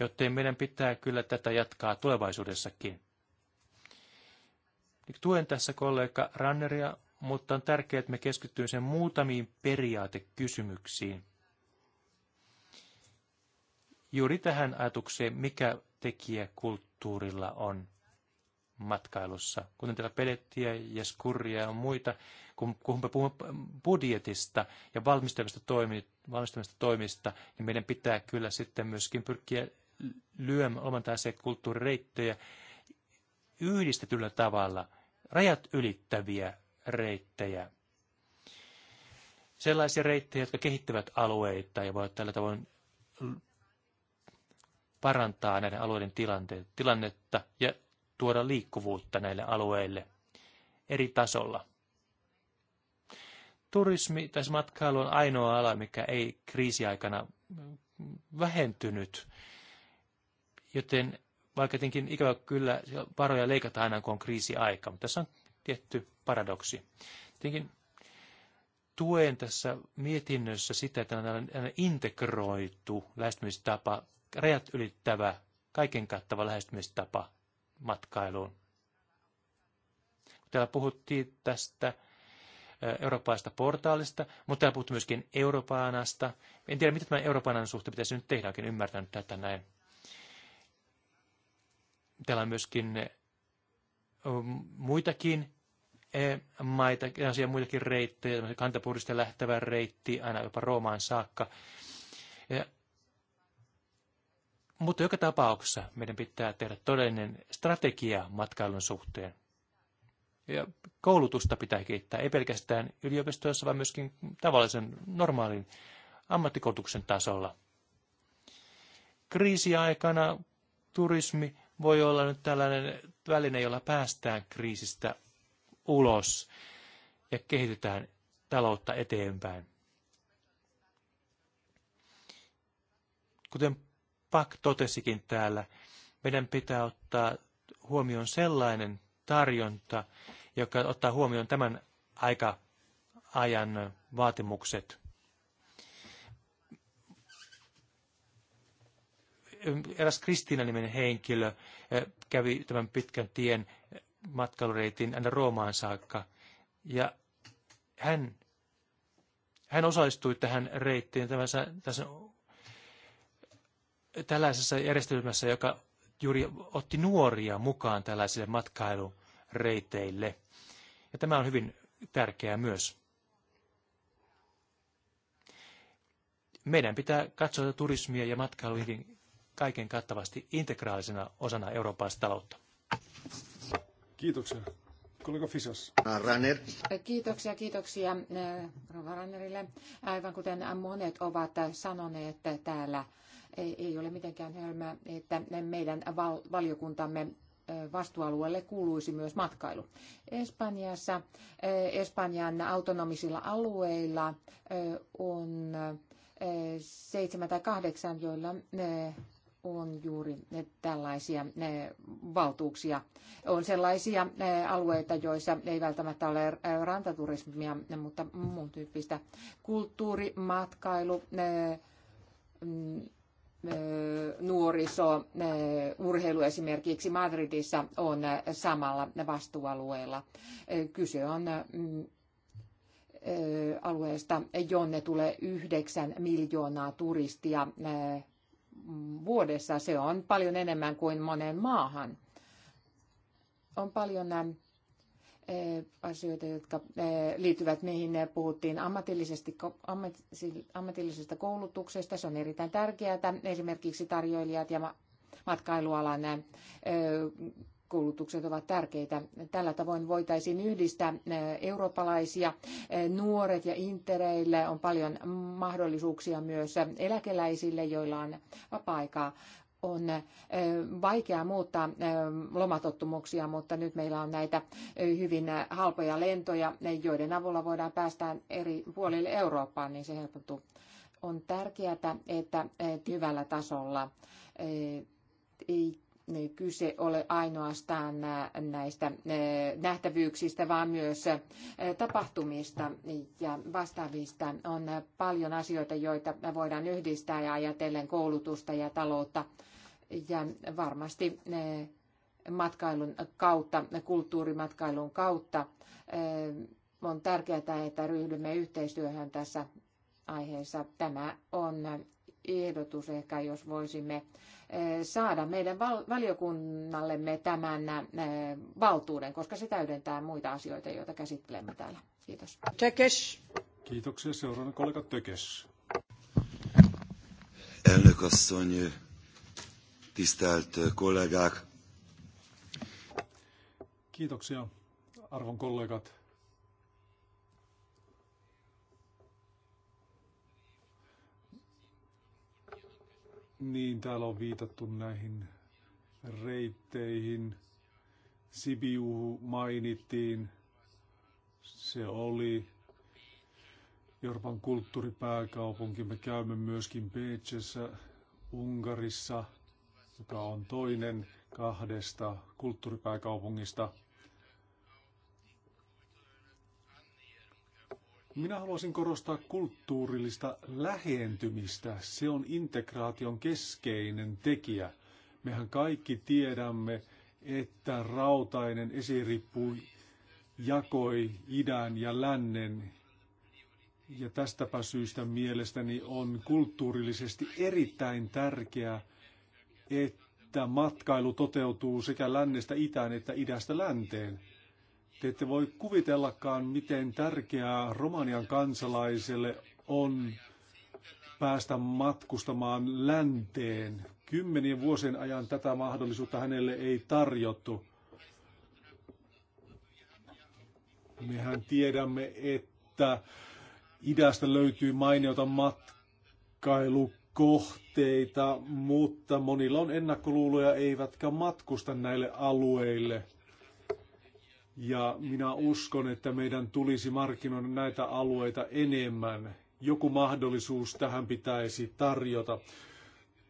joten meidän pitää kyllä tätä jatkaa tulevaisuudessakin. Niin tuen tässä kollega Ranneria mutta on tärkeää, että me keskittyy sen muutamiin periaatekysymyksiin. Juuri tähän ajatukseen, mikä tekijä kulttuurilla on matkailussa, kuten täällä pelettiä ja skurria ja muita, kun, kun me puhumme budjetista ja valmistelmista toimi, valmistavista toimista, niin meidän pitää kyllä sitten myöskin pyrkiä lyömään oman tällaisia kulttuurireittejä yhdistetyllä tavalla, rajat ylittäviä reittejä. Sellaisia reittejä, jotka kehittävät alueita ja voivat tällä tavoin parantaa näiden alueiden tilannetta ja tuoda liikkuvuutta näille alueille eri tasolla. Turismi tai matkailu on ainoa ala, mikä ei kriisiaikana vähentynyt, joten vaikka tietenkin ikävä kyllä varoja leikataan aina, kun on kriisiaika, mutta tässä on tietty paradoksi. Tietenkin tuen tässä mietinnössä sitä, että on tällainen integroitu lähestymistapa, rajat ylittävä, kaiken kattava lähestymistapa matkailuun. Täällä puhuttiin tästä eurooppalaisesta portaalista, mutta täällä puhuttiin myöskin Euroopanasta. En tiedä, mitä tämän Euroopanan suhteen pitäisi nyt tehdä, oikein ymmärtänyt tätä näin. Täällä on myöskin muitakin maita, ja muitakin reittejä, Kantapuudista lähtevä reitti, aina jopa Roomaan saakka. Ja, mutta joka tapauksessa meidän pitää tehdä todellinen strategia matkailun suhteen. Ja koulutusta pitää kehittää, ei pelkästään yliopistoissa, vaan myöskin tavallisen normaalin ammattikoulutuksen tasolla. Kriisiaikana turismi voi olla nyt tällainen väline, jolla päästään kriisistä ulos ja kehitetään taloutta eteenpäin. Kuten Pak totesikin täällä, meidän pitää ottaa huomioon sellainen tarjonta, joka ottaa huomioon tämän aika ajan vaatimukset. Eräs Kristiina-niminen henkilö eh, kävi tämän pitkän tien matkailureitin aina Roomaan saakka. Ja hän, hän osallistui tähän reittiin tämänsä, tässä, tällaisessa järjestelmässä, joka juuri otti nuoria mukaan tällaisille matkailureiteille. Ja tämä on hyvin tärkeää myös. Meidän pitää katsoa turismia ja matkailua kaiken kattavasti integraalisena osana Euroopan taloutta. Kiitoksia. Kollega Fisas. Runner. Kiitoksia, kiitoksia Rova Aivan kuten monet ovat sanoneet täällä, ei ole mitenkään hölmää, että meidän valiokuntamme vastuualueelle kuuluisi myös matkailu. Espanjassa, Espanjan autonomisilla alueilla on seitsemän tai kahdeksan, joilla on juuri tällaisia valtuuksia. On sellaisia alueita, joissa ei välttämättä ole rantaturismia, mutta muun tyyppistä kulttuuri, matkailu, mm, nuoriso, urheilu esimerkiksi Madridissa on samalla vastuualueella. Kyse on mm, alueesta, jonne tulee yhdeksän miljoonaa turistia vuodessa. Se on paljon enemmän kuin moneen maahan. On paljon asioita, jotka liittyvät niihin. Puhuttiin ammatillisesti, ammatillisesta koulutuksesta. Se on erittäin tärkeää. Esimerkiksi tarjoilijat ja matkailualan koulutukset ovat tärkeitä. Tällä tavoin voitaisiin yhdistää eurooppalaisia nuoret ja intereille. On paljon mahdollisuuksia myös eläkeläisille, joilla on vapaa-aikaa on vaikea muuttaa lomatottumuksia, mutta nyt meillä on näitä hyvin halpoja lentoja, joiden avulla voidaan päästä eri puolille Eurooppaan, niin se helpottuu. On tärkeää, että hyvällä tasolla kyse ole ainoastaan näistä nähtävyyksistä, vaan myös tapahtumista ja vastaavista. On paljon asioita, joita voidaan yhdistää ja ajatellen koulutusta ja taloutta. Ja varmasti matkailun kautta, kulttuurimatkailun kautta on tärkeää, että ryhdymme yhteistyöhön tässä aiheessa. Tämä on ehdotus ehkä, jos voisimme eh, saada meidän valiokunnallemme tämän eh, valtuuden, koska se täydentää muita asioita, joita käsittelemme täällä. Kiitos. Tökes. Kiitoksia. Seuraavana kollega Tökes. Elnök asszony, tisztelt kollégák. Kiitoksia, arvon kollegat. Niin, täällä on viitattu näihin reitteihin. Sibiu mainittiin. Se oli Euroopan kulttuuripääkaupunki. Me käymme myöskin Beetsissä, Unkarissa, joka on toinen kahdesta kulttuuripääkaupungista. Minä haluaisin korostaa kulttuurillista lähentymistä. Se on integraation keskeinen tekijä. Mehän kaikki tiedämme, että rautainen esirippu jakoi idän ja lännen. Ja tästäpä syystä mielestäni on kulttuurillisesti erittäin tärkeää, että matkailu toteutuu sekä lännestä itään että idästä länteen. Te ette voi kuvitellakaan, miten tärkeää Romanian kansalaiselle on päästä matkustamaan länteen. Kymmenien vuosien ajan tätä mahdollisuutta hänelle ei tarjottu. Mehän tiedämme, että idästä löytyy mainiota matkailukohteita, mutta monilla on ennakkoluuloja eivätkä matkusta näille alueille – ja minä uskon, että meidän tulisi markkinoida näitä alueita enemmän. Joku mahdollisuus tähän pitäisi tarjota.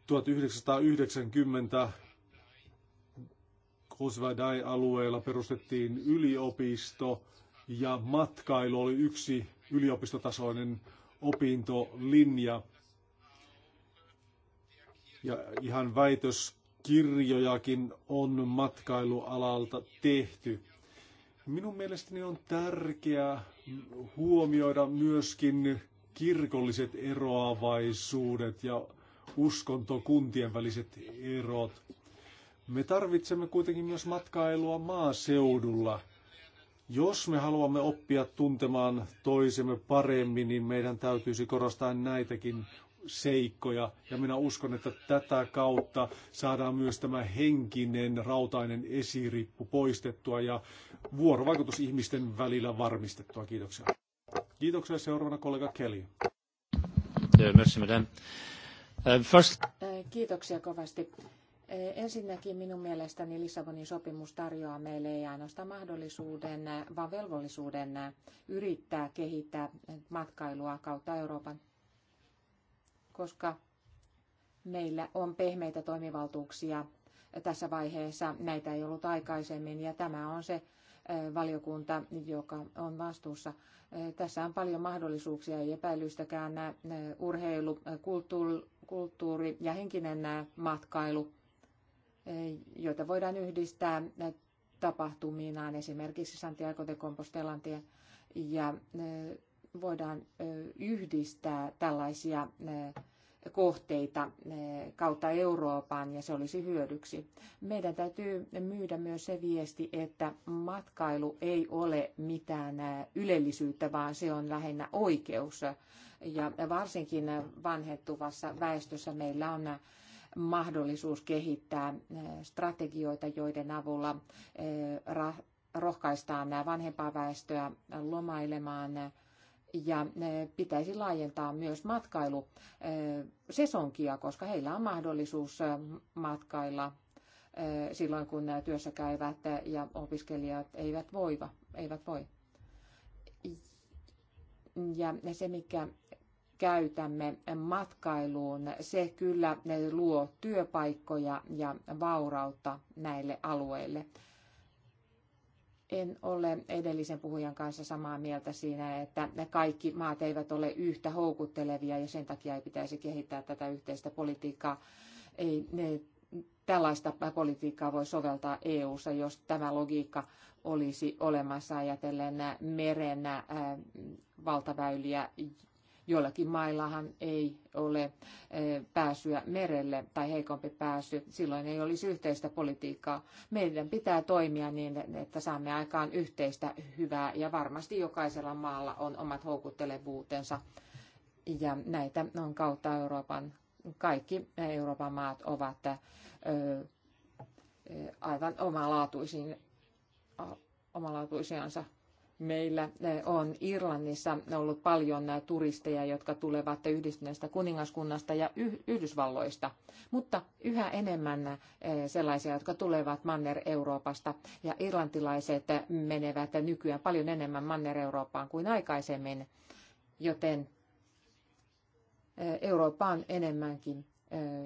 1990 Kosvadai-alueella perustettiin yliopisto ja matkailu oli yksi yliopistotasoinen opintolinja. Ja ihan väitöskirjojakin on matkailualalta tehty. Minun mielestäni on tärkeää huomioida myöskin kirkolliset eroavaisuudet ja uskontokuntien väliset erot. Me tarvitsemme kuitenkin myös matkailua maaseudulla. Jos me haluamme oppia tuntemaan toisemme paremmin, niin meidän täytyisi korostaa näitäkin seikkoja ja minä uskon, että tätä kautta saadaan myös tämä henkinen rautainen esirippu poistettua ja vuorovaikutus ihmisten välillä varmistettua. Kiitoksia. Kiitoksia seuraavana kollega Kelly. Merci, uh, First... Eh, kiitoksia kovasti. Eh, ensinnäkin minun mielestäni Lissabonin sopimus tarjoaa meille ei ainoastaan mahdollisuuden, eh, vaan velvollisuuden yrittää kehittää matkailua kautta Euroopan koska meillä on pehmeitä toimivaltuuksia tässä vaiheessa. Näitä ei ollut aikaisemmin ja tämä on se valiokunta, joka on vastuussa. Tässä on paljon mahdollisuuksia, ei epäilystäkään urheilu, kulttuuri ja henkinen matkailu, joita voidaan yhdistää tapahtumiin, esimerkiksi Santiago de Compostelan ja voidaan yhdistää tällaisia kohteita kautta Euroopan ja se olisi hyödyksi. Meidän täytyy myydä myös se viesti, että matkailu ei ole mitään ylellisyyttä, vaan se on lähinnä oikeus. Ja varsinkin vanhettuvassa väestössä meillä on mahdollisuus kehittää strategioita, joiden avulla rohkaistaan vanhempaa väestöä lomailemaan ja eh, pitäisi laajentaa myös matkailusesonkia, eh, koska heillä on mahdollisuus eh, matkailla silloin, kun työssä käyvät ja opiskelijat eivät, voiva, eivät voi. Ja se, mikä käytämme matkailuun, se kyllä luo työpaikkoja ja vaurautta näille alueille en ole edellisen puhujan kanssa samaa mieltä siinä, että kaikki maat eivät ole yhtä houkuttelevia ja sen takia ei pitäisi kehittää tätä yhteistä politiikkaa. Ei ne, tällaista politiikkaa voi soveltaa EU-ssa, jos tämä logiikka olisi olemassa ajatellen meren valtaväyliä Jollakin maillahan ei ole eh, pääsyä merelle tai heikompi pääsy. Silloin ei olisi yhteistä politiikkaa. Meidän pitää toimia niin, että saamme aikaan yhteistä hyvää ja varmasti jokaisella maalla on omat houkuttelevuutensa. Ja näitä on kautta Euroopan. Kaikki Euroopan maat ovat eh, eh, aivan omalaatuisiin omalaatuisiansa Meillä eh, on Irlannissa ollut paljon eh, turisteja, jotka tulevat yhdistyneestä kuningaskunnasta ja Yhdysvalloista, mutta yhä enemmän eh, sellaisia, jotka tulevat Manner-Euroopasta. Ja irlantilaiset menevät nykyään paljon enemmän Manner-Eurooppaan kuin aikaisemmin, joten Eurooppa on enemmänkin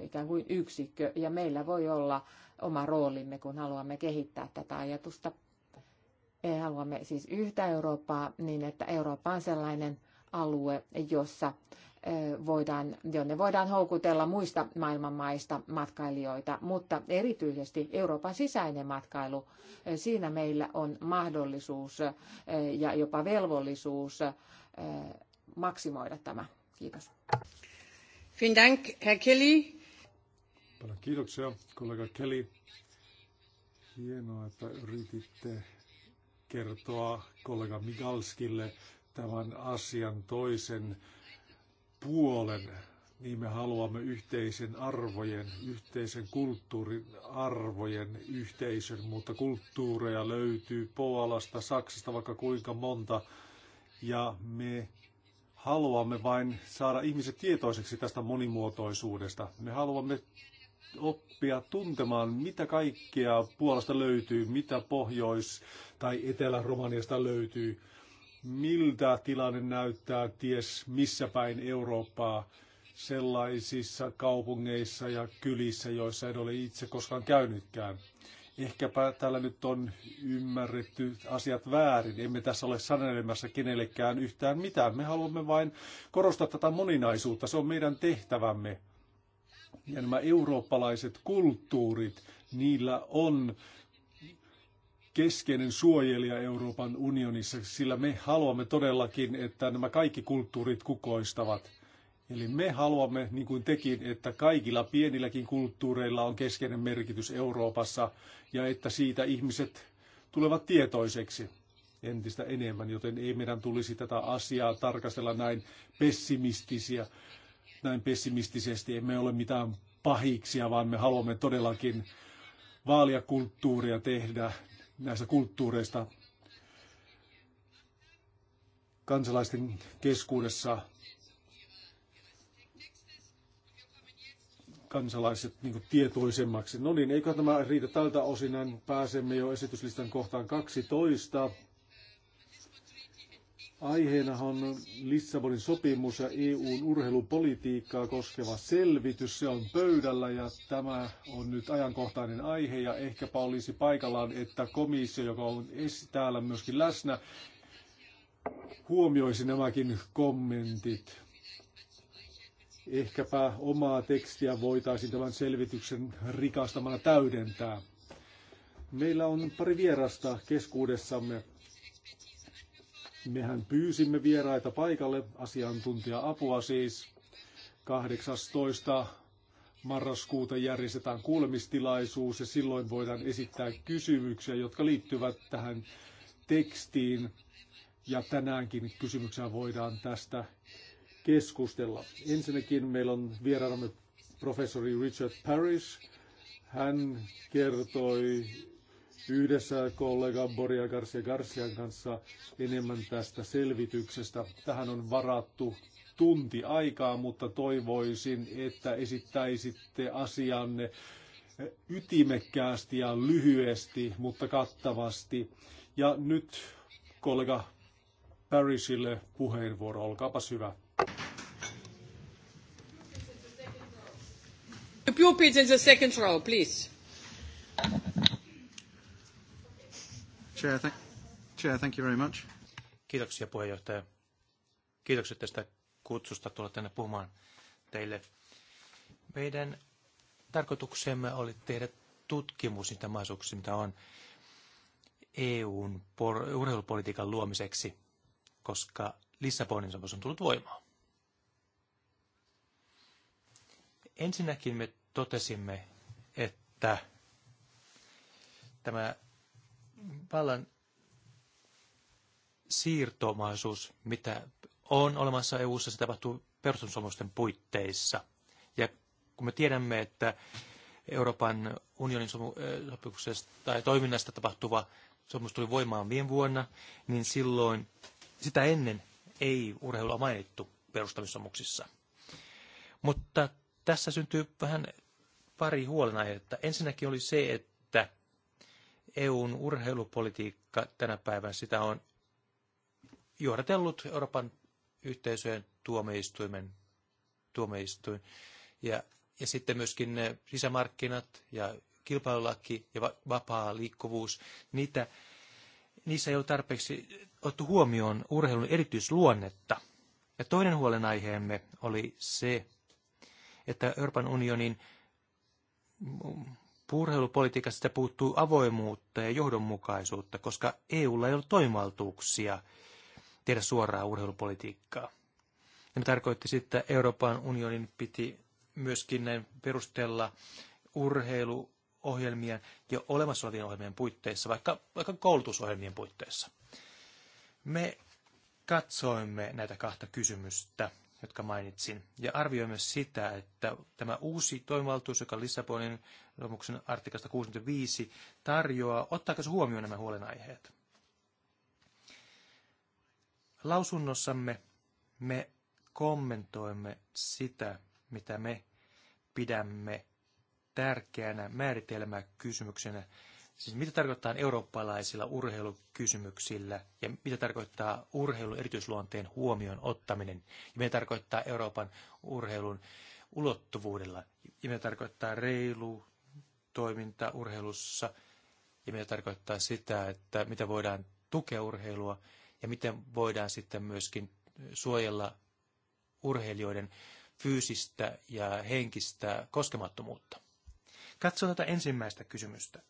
ikään kuin yksikkö, ja meillä voi olla oma roolimme, kun haluamme kehittää tätä ajatusta E, haluamme siis yhtä Eurooppaa niin, että Eurooppa on sellainen alue, jossa e, voidaan, jonne voidaan houkutella muista maailmanmaista matkailijoita, mutta erityisesti Euroopan sisäinen matkailu, e, siinä meillä on mahdollisuus ja jopa velvollisuus maksimoida tämä. Kiitos. Dank, Herr Kelly. Paljon kiitoksia, kollega Kelly. Hienoa, että yrititte kertoa kollega Migalskille tämän asian toisen puolen. Niin me haluamme yhteisen arvojen, yhteisen kulttuurin arvojen yhteisön, mutta kulttuureja löytyy Poalasta, Saksasta vaikka kuinka monta. Ja me haluamme vain saada ihmiset tietoiseksi tästä monimuotoisuudesta. Me haluamme oppia tuntemaan, mitä kaikkea Puolasta löytyy, mitä Pohjois- tai Etelä-Romaniasta löytyy, miltä tilanne näyttää ties missä päin Eurooppaa sellaisissa kaupungeissa ja kylissä, joissa en ole itse koskaan käynytkään. Ehkäpä täällä nyt on ymmärretty asiat väärin. Emme tässä ole sanelemassa kenellekään yhtään mitään. Me haluamme vain korostaa tätä moninaisuutta. Se on meidän tehtävämme. Ja nämä eurooppalaiset kulttuurit, niillä on keskeinen suojelija Euroopan unionissa, sillä me haluamme todellakin, että nämä kaikki kulttuurit kukoistavat. Eli me haluamme, niin kuin tekin, että kaikilla pienilläkin kulttuureilla on keskeinen merkitys Euroopassa ja että siitä ihmiset tulevat tietoiseksi entistä enemmän, joten ei meidän tulisi tätä asiaa tarkastella näin pessimistisiä näin pessimistisesti. Emme ole mitään pahiksia, vaan me haluamme todellakin vaalia kulttuuria tehdä näistä kulttuureista kansalaisten keskuudessa kansalaiset niin tietoisemmaksi. No niin, eikö tämä riitä tältä osin, näin pääsemme jo esityslistan kohtaan 12. Aiheenahan on Lissabonin sopimus ja EUn urheilupolitiikkaa koskeva selvitys. Se on pöydällä ja tämä on nyt ajankohtainen aihe ja ehkäpä olisi paikallaan, että komissio, joka on täällä myöskin läsnä, huomioisi nämäkin kommentit. Ehkäpä omaa tekstiä voitaisiin tämän selvityksen rikastamana täydentää. Meillä on pari vierasta keskuudessamme. Mehän pyysimme vieraita paikalle, asiantuntija-apua siis. 18. marraskuuta järjestetään kuulemistilaisuus ja silloin voidaan esittää kysymyksiä, jotka liittyvät tähän tekstiin. Ja tänäänkin kysymyksiä voidaan tästä keskustella. Ensinnäkin meillä on vieraamme professori Richard Parrish. Hän kertoi yhdessä kollega Boria Garcia Garcian kanssa enemmän tästä selvityksestä. Tähän on varattu tunti aikaa, mutta toivoisin, että esittäisitte asianne ytimekkäästi ja lyhyesti, mutta kattavasti. Ja nyt kollega Parisille puheenvuoro, olkaapas hyvä. Pupils in the second row, please. Chair, thank, Chair, thank you very much. Kiitoksia puheenjohtaja. Kiitokset tästä kutsusta tulla tänne puhumaan teille. Meidän tarkoituksemme oli tehdä tutkimus niitä mahdollisuuksia, mitä on EUn urheilupolitiikan luomiseksi, koska Lissabonin sopimus on tullut voimaan. Ensinnäkin me totesimme, että tämä vallan siirtomaisuus, mitä on olemassa EU-ssa, se tapahtuu perustussopimusten puitteissa. Ja kun me tiedämme, että Euroopan unionin sopimuksesta tai toiminnasta tapahtuva sopimus tuli voimaan viime vuonna, niin silloin sitä ennen ei urheilua mainittu perustamissomuksissa. Mutta tässä syntyy vähän pari huolenaihetta. Ensinnäkin oli se, että EUn urheilupolitiikka tänä päivänä, sitä on johdatellut Euroopan yhteisöjen tuomioistuimen tuomioistuin. Ja, ja sitten myöskin sisämarkkinat ja kilpailulaki ja vapaa liikkuvuus, niitä, niissä ei ole tarpeeksi otettu huomioon urheilun erityisluonnetta. Ja toinen huolenaiheemme oli se, että Euroopan unionin urheilupolitiikasta puuttuu avoimuutta ja johdonmukaisuutta, koska EUlla ei ole toimivaltuuksia tehdä suoraa urheilupolitiikkaa. Ja tarkoitti sitten, että Euroopan unionin piti myöskin näin perustella urheiluohjelmien ja olemassa olevien ohjelmien puitteissa, vaikka, vaikka koulutusohjelmien puitteissa. Me katsoimme näitä kahta kysymystä jotka mainitsin. Ja arvioi myös sitä, että tämä uusi toimivaltuus, joka Lissabonin sopimuksen artiklasta 65 tarjoaa, ottaako se huomioon nämä huolenaiheet? Lausunnossamme me kommentoimme sitä, mitä me pidämme tärkeänä määritelmäkysymyksenä kysymyksenä Siis mitä tarkoittaa eurooppalaisilla urheilukysymyksillä ja mitä tarkoittaa urheilun erityisluonteen huomioon ottaminen ja mitä tarkoittaa Euroopan urheilun ulottuvuudella ja mitä tarkoittaa reilu toiminta urheilussa ja mitä tarkoittaa sitä, että mitä voidaan tukea urheilua ja miten voidaan sitten myöskin suojella urheilijoiden fyysistä ja henkistä koskemattomuutta. Katso tätä ensimmäistä kysymystä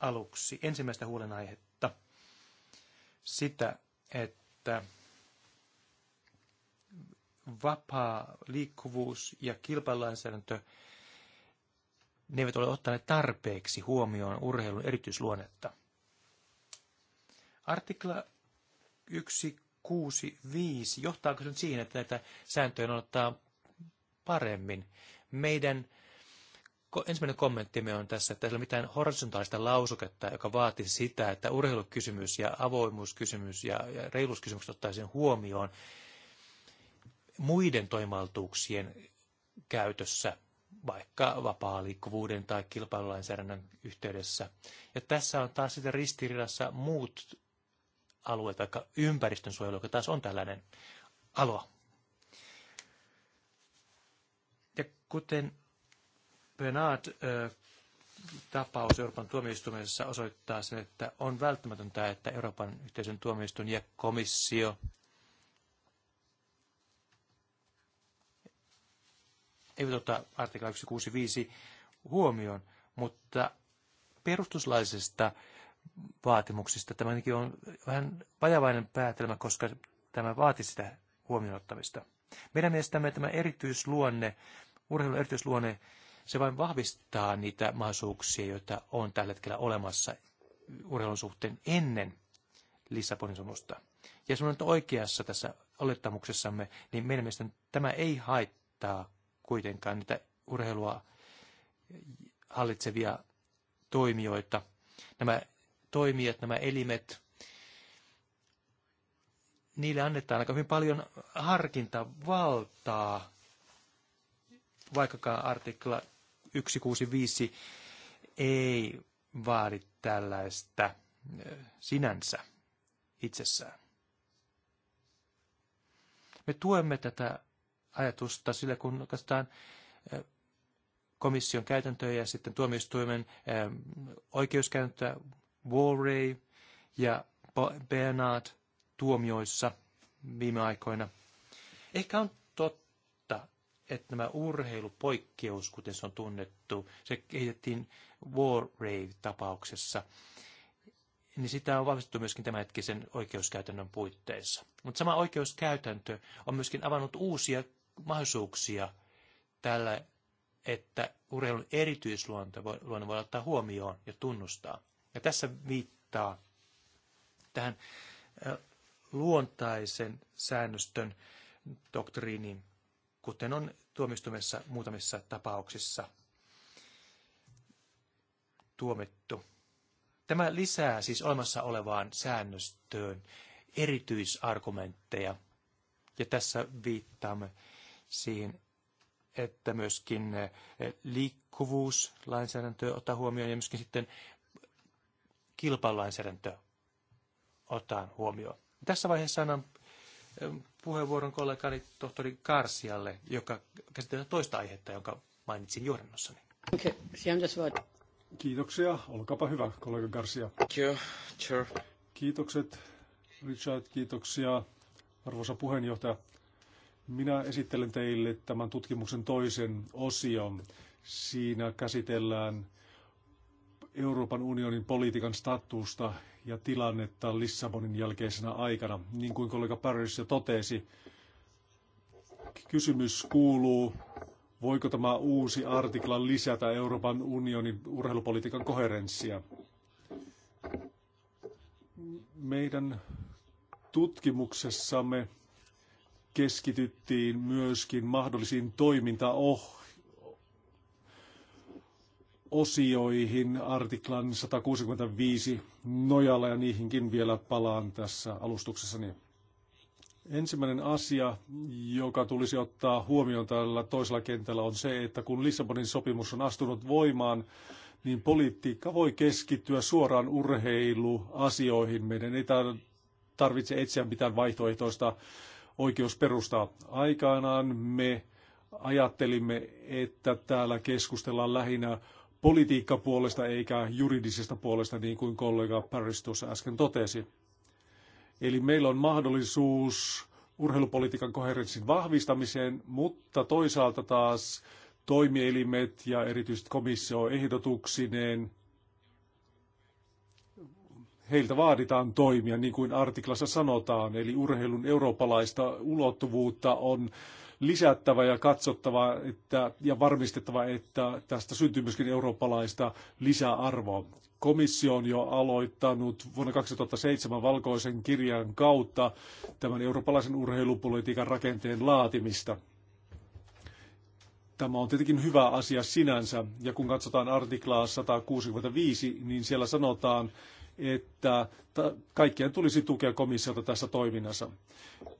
aluksi ensimmäistä huolenaihetta. Sitä, että vapaa liikkuvuus ja kilpailulainsäädäntö ne eivät ole ottaneet tarpeeksi huomioon urheilun erityisluonnetta. Artikla 165, johtaako se siihen, että näitä sääntöjä noudattaa paremmin? Meidän ensimmäinen kommenttimme on tässä, että ei ole mitään horisontaalista lausuketta, joka vaatisi sitä, että urheilukysymys ja avoimuuskysymys ja, ja reiluuskysymykset ottaisiin huomioon muiden toimivaltuuksien käytössä, vaikka vapaa liikkuvuuden tai kilpailulainsäädännön yhteydessä. Ja tässä on taas sitten ristiriidassa muut alueet, vaikka ympäristönsuojelu, joka taas on tällainen alo. Ja kuten Bernard-tapaus Euroopan tuomioistuimessa osoittaa sen, että on välttämätöntä, että Euroopan yhteisön tuomioistuin ja komissio eivät ota artikla 165 huomioon, mutta perustuslaisesta vaatimuksista tämä ainakin on vähän vajavainen päätelmä, koska tämä vaati sitä huomioon ottamista. Meidän mielestämme tämä erityisluonne, urheilun erityisluonne se vain vahvistaa niitä mahdollisuuksia, joita on tällä hetkellä olemassa urheilun suhteen ennen Lissabonin sopimusta. Ja jos on oikeassa tässä olettamuksessamme, niin meidän mielestä tämä ei haittaa kuitenkaan niitä urheilua hallitsevia toimijoita. Nämä toimijat, nämä elimet, niille annetaan aika hyvin paljon harkintavaltaa, vaikkakaan artikla 165 ei vaadi tällaista eh, sinänsä itsessään. Me tuemme tätä ajatusta sillä, kun katsotaan eh, komission käytäntöjä ja sitten tuomioistuimen eh, oikeuskäyttöä Warray ja Bernard tuomioissa viime aikoina. Ehkä on että nämä urheilupoikkeus, kuten se on tunnettu, se kehitettiin War Rave-tapauksessa, niin sitä on vahvistettu myöskin tämänhetkisen oikeuskäytännön puitteissa. Mutta sama oikeuskäytäntö on myöskin avannut uusia mahdollisuuksia tällä, että urheilun erityisluonto voi, voi ottaa huomioon ja tunnustaa. Ja tässä viittaa tähän luontaisen säännöstön doktriinin kuten on tuomistumessa muutamissa tapauksissa tuomittu. Tämä lisää siis olemassa olevaan säännöstöön erityisargumentteja. Ja tässä viittaamme siihen, että myöskin eh, liikkuvuus lainsäädäntö ottaa huomioon ja myöskin sitten kilpailulainsäädäntö ottaa huomioon. Tässä vaiheessa annan puheenvuoron kollegani tohtori Karsialle, joka käsittelee toista aihetta, jonka mainitsin johdannossani. Kiitoksia. Olkaapa hyvä, kollega Garcia. Kiitokset, Richard. Kiitoksia, arvoisa puheenjohtaja. Minä esittelen teille tämän tutkimuksen toisen osion. Siinä käsitellään Euroopan unionin politiikan statusta ja tilannetta Lissabonin jälkeisenä aikana. Niin kuin kollega Paris jo totesi, kysymys kuuluu, voiko tämä uusi artikla lisätä Euroopan unionin urheilupolitiikan koherenssia? Meidän tutkimuksessamme keskityttiin myöskin mahdollisiin toimintaohjelmiin osioihin artiklan 165 nojalla ja niihinkin vielä palaan tässä alustuksessani. Ensimmäinen asia, joka tulisi ottaa huomioon tällä toisella kentällä, on se, että kun Lissabonin sopimus on astunut voimaan, niin politiikka voi keskittyä suoraan urheiluasioihin. Meidän ei tarvitse etsiä mitään vaihtoehtoista oikeusperustaa. Aikanaan me ajattelimme, että täällä keskustellaan lähinnä politiikkapuolesta eikä juridisesta puolesta, niin kuin kollega Paris tuossa äsken totesi. Eli meillä on mahdollisuus urheilupolitiikan koherenssin vahvistamiseen, mutta toisaalta taas toimielimet ja erityisesti komissio ehdotuksineen, heiltä vaaditaan toimia, niin kuin artiklassa sanotaan, eli urheilun eurooppalaista ulottuvuutta on lisättävä ja katsottava että, ja varmistettava, että tästä syntyy myöskin eurooppalaista lisäarvoa. Komissio on jo aloittanut vuonna 2007 valkoisen kirjan kautta tämän eurooppalaisen urheilupolitiikan rakenteen laatimista. Tämä on tietenkin hyvä asia sinänsä, ja kun katsotaan artiklaa 165, niin siellä sanotaan, että kaikkien tulisi tukea komissiota tässä toiminnassa.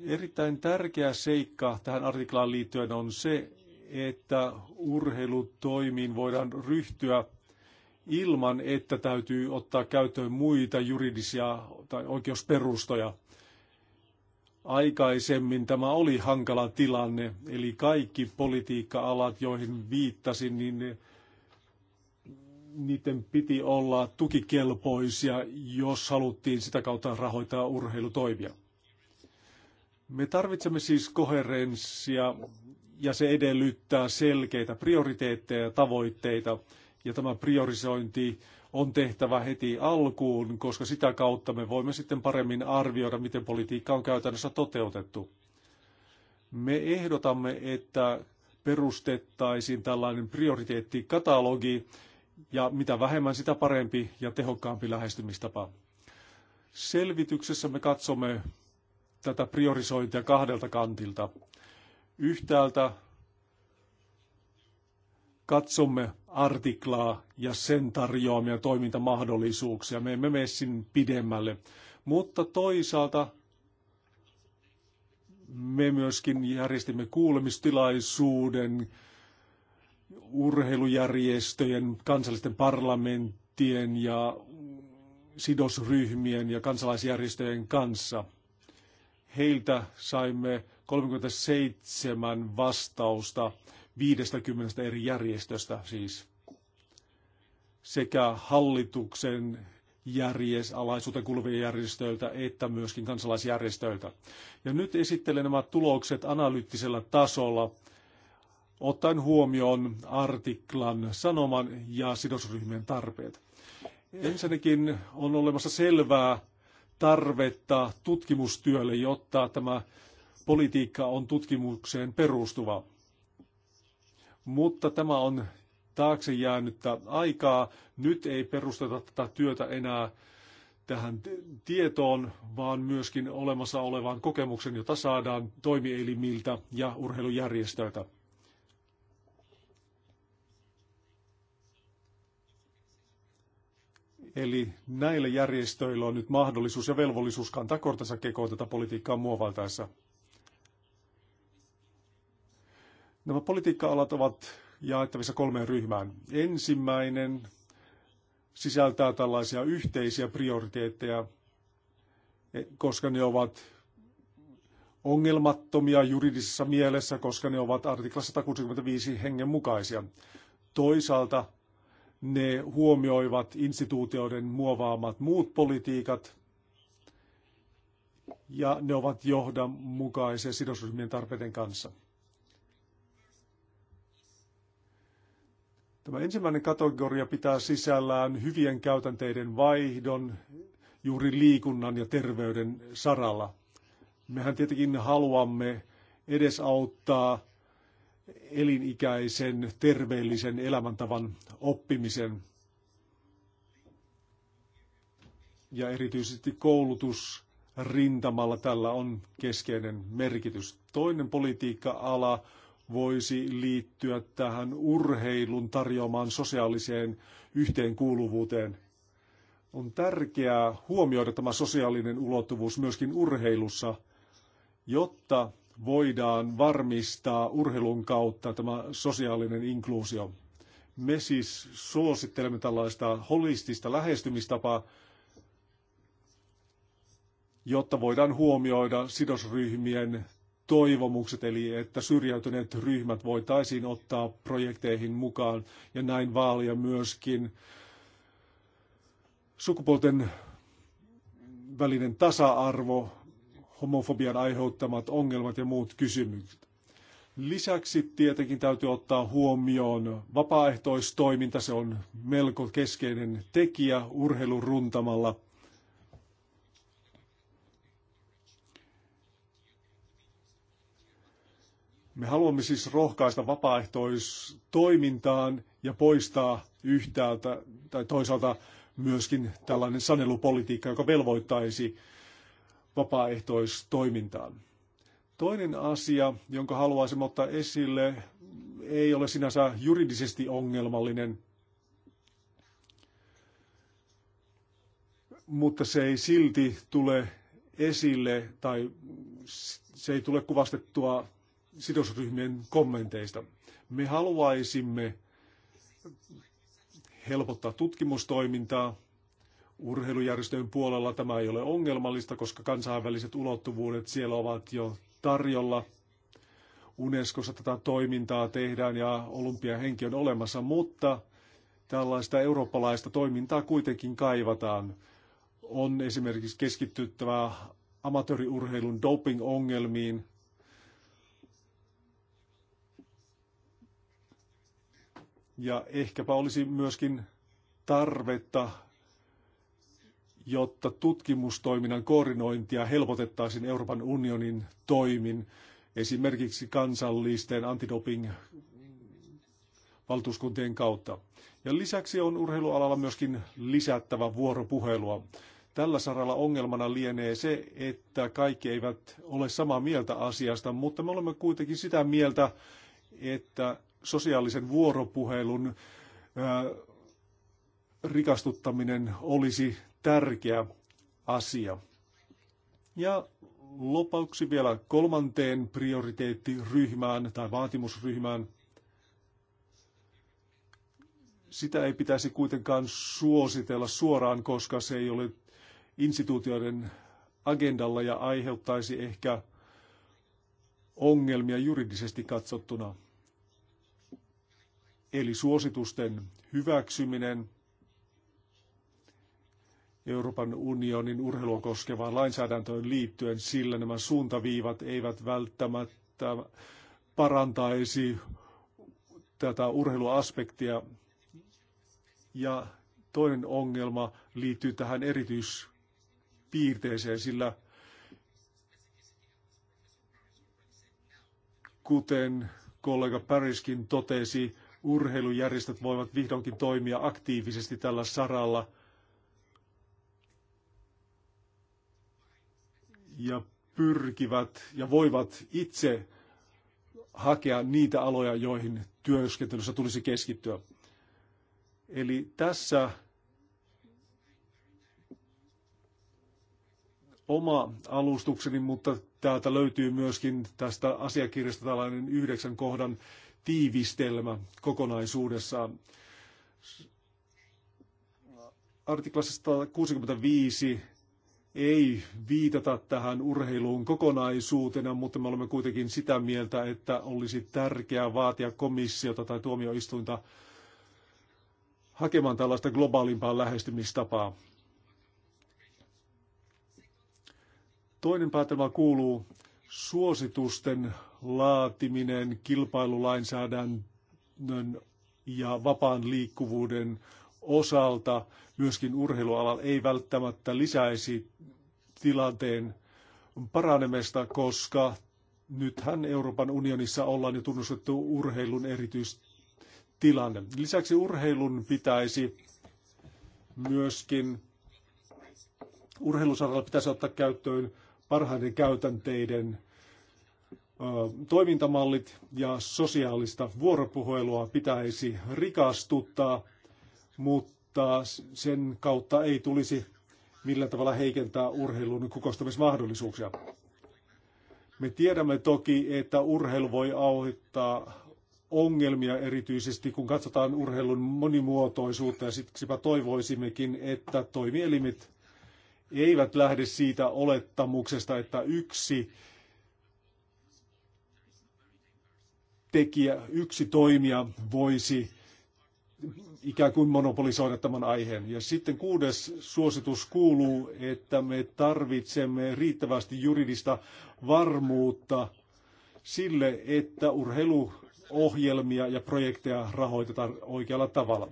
Erittäin tärkeä seikka tähän artiklaan liittyen on se, että urheilutoimiin voidaan ryhtyä ilman, että täytyy ottaa käyttöön muita juridisia tai oikeusperustoja. Aikaisemmin tämä oli hankala tilanne, eli kaikki politiikka-alat, joihin viittasin, niin niiden piti olla tukikelpoisia, jos haluttiin sitä kautta rahoittaa urheilutoimia. Me tarvitsemme siis koherenssia ja se edellyttää selkeitä prioriteetteja ja tavoitteita. Ja tämä priorisointi on tehtävä heti alkuun, koska sitä kautta me voimme sitten paremmin arvioida, miten politiikka on käytännössä toteutettu. Me ehdotamme, että perustettaisiin tällainen prioriteettikatalogi, ja mitä vähemmän sitä parempi ja tehokkaampi lähestymistapa. Selvityksessä me katsomme tätä priorisointia kahdelta kantilta. Yhtäältä katsomme artiklaa ja sen tarjoamia toimintamahdollisuuksia. Me emme mene sinne pidemmälle. Mutta toisaalta me myöskin järjestimme kuulemistilaisuuden urheilujärjestöjen, kansallisten parlamenttien ja sidosryhmien ja kansalaisjärjestöjen kanssa. Heiltä saimme 37 vastausta 50 eri järjestöstä siis sekä hallituksen järjestöalaisuuteen alaisuuteen kuuluvia järjestöiltä että myöskin kansalaisjärjestöiltä. Ja nyt esittelen nämä tulokset analyyttisellä tasolla ottaen huomioon artiklan sanoman ja sidosryhmien tarpeet. Ensinnäkin on olemassa selvää tarvetta tutkimustyölle, jotta tämä politiikka on tutkimukseen perustuva. Mutta tämä on taakse jäänyttä aikaa. Nyt ei perusteta tätä työtä enää tähän tietoon, vaan myöskin olemassa olevaan kokemuksen, jota saadaan toimielimiltä ja urheilujärjestöiltä. Eli näillä järjestöillä on nyt mahdollisuus ja velvollisuus kantaa kortensa kekoon tätä politiikkaa muovaltaessa. Nämä politiikka-alat ovat jaettavissa kolmeen ryhmään. Ensimmäinen sisältää tällaisia yhteisiä prioriteetteja, e, koska ne ovat ongelmattomia juridisessa mielessä, koska ne ovat artikla 165 hengen mukaisia. Toisaalta ne huomioivat instituutioiden muovaamat muut politiikat ja ne ovat johdonmukaisia sidosryhmien tarpeiden kanssa. Tämä ensimmäinen kategoria pitää sisällään hyvien käytänteiden vaihdon juuri liikunnan ja terveyden saralla. Mehän tietenkin haluamme edesauttaa elinikäisen terveellisen elämäntavan oppimisen. Ja erityisesti koulutusrintamalla tällä on keskeinen merkitys. Toinen politiikka-ala voisi liittyä tähän urheilun tarjoamaan sosiaaliseen yhteenkuuluvuuteen. On tärkeää huomioida tämä sosiaalinen ulottuvuus myöskin urheilussa, jotta voidaan varmistaa urheilun kautta tämä sosiaalinen inkluusio. Me siis suosittelemme tällaista holistista lähestymistapaa, jotta voidaan huomioida sidosryhmien toivomukset, eli että syrjäytyneet ryhmät voitaisiin ottaa projekteihin mukaan ja näin vaalia myöskin sukupuolten välinen tasa-arvo homofobian aiheuttamat ongelmat ja muut kysymykset. Lisäksi tietenkin täytyy ottaa huomioon vapaaehtoistoiminta, se on melko keskeinen tekijä urheilun runtamalla. Me haluamme siis rohkaista vapaaehtoistoimintaan ja poistaa yhtäältä tai toisaalta myöskin tällainen sanelupolitiikka, joka velvoittaisi vapaaehtoistoimintaan. Toinen asia, jonka haluaisin ottaa esille, ei ole sinänsä juridisesti ongelmallinen, mutta se ei silti tule esille tai se ei tule kuvastettua sidosryhmien kommenteista. Me haluaisimme helpottaa tutkimustoimintaa, Urheilujärjestöjen puolella tämä ei ole ongelmallista, koska kansainväliset ulottuvuudet siellä ovat jo tarjolla. Unescossa tätä toimintaa tehdään ja olympiahenki on olemassa, mutta tällaista eurooppalaista toimintaa kuitenkin kaivataan. On esimerkiksi keskittyttävä amatööriurheilun doping-ongelmiin. Ja ehkäpä olisi myöskin tarvetta jotta tutkimustoiminnan koordinointia helpotettaisiin Euroopan unionin toimin, esimerkiksi kansallisten antidoping valtuuskuntien kautta. Ja lisäksi on urheilualalla myöskin lisättävä vuoropuhelua. Tällä saralla ongelmana lienee se, että kaikki eivät ole samaa mieltä asiasta, mutta me olemme kuitenkin sitä mieltä, että sosiaalisen vuoropuhelun rikastuttaminen olisi tärkeä asia. Ja lopuksi vielä kolmanteen prioriteettiryhmään tai vaatimusryhmään. Sitä ei pitäisi kuitenkaan suositella suoraan, koska se ei ole instituutioiden agendalla ja aiheuttaisi ehkä ongelmia juridisesti katsottuna. Eli suositusten hyväksyminen – Euroopan unionin urheilua koskevaan lainsäädäntöön liittyen, sillä nämä suuntaviivat eivät välttämättä parantaisi tätä urheiluaspektia. Ja toinen ongelma liittyy tähän erityispiirteeseen, sillä kuten kollega Pariskin totesi, urheilujärjestöt voivat vihdoinkin toimia aktiivisesti tällä saralla – ja pyrkivät ja voivat itse hakea niitä aloja, joihin työskentelyssä tulisi keskittyä. Eli tässä oma alustukseni, mutta täältä löytyy myöskin tästä asiakirjasta tällainen yhdeksän kohdan tiivistelmä kokonaisuudessaan. Artiklassa 165 ei viitata tähän urheiluun kokonaisuutena, mutta me olemme kuitenkin sitä mieltä, että olisi tärkeää vaatia komissiota tai tuomioistuinta hakemaan tällaista globaalimpaa lähestymistapaa. Toinen päätelmä kuuluu suositusten laatiminen kilpailulainsäädännön ja vapaan liikkuvuuden osalta myöskin urheilualalla ei välttämättä lisäisi tilanteen paranemista, koska nythän Euroopan unionissa ollaan jo tunnustettu urheilun erityistilanne. Lisäksi urheilun pitäisi myöskin urheilusaralla pitäisi ottaa käyttöön parhaiden käytänteiden toimintamallit ja sosiaalista vuoropuhelua pitäisi rikastuttaa mutta sen kautta ei tulisi millään tavalla heikentää urheilun kukoistamismahdollisuuksia. Me tiedämme toki, että urheilu voi aiheuttaa ongelmia erityisesti, kun katsotaan urheilun monimuotoisuutta ja siksipä toivoisimmekin, että toimielimet eivät lähde siitä olettamuksesta, että yksi tekijä, yksi toimija voisi ikään kuin monopolisoida tämän aiheen. Ja sitten kuudes suositus kuuluu, että me tarvitsemme riittävästi juridista varmuutta sille, että urheiluohjelmia ja projekteja rahoitetaan oikealla tavalla.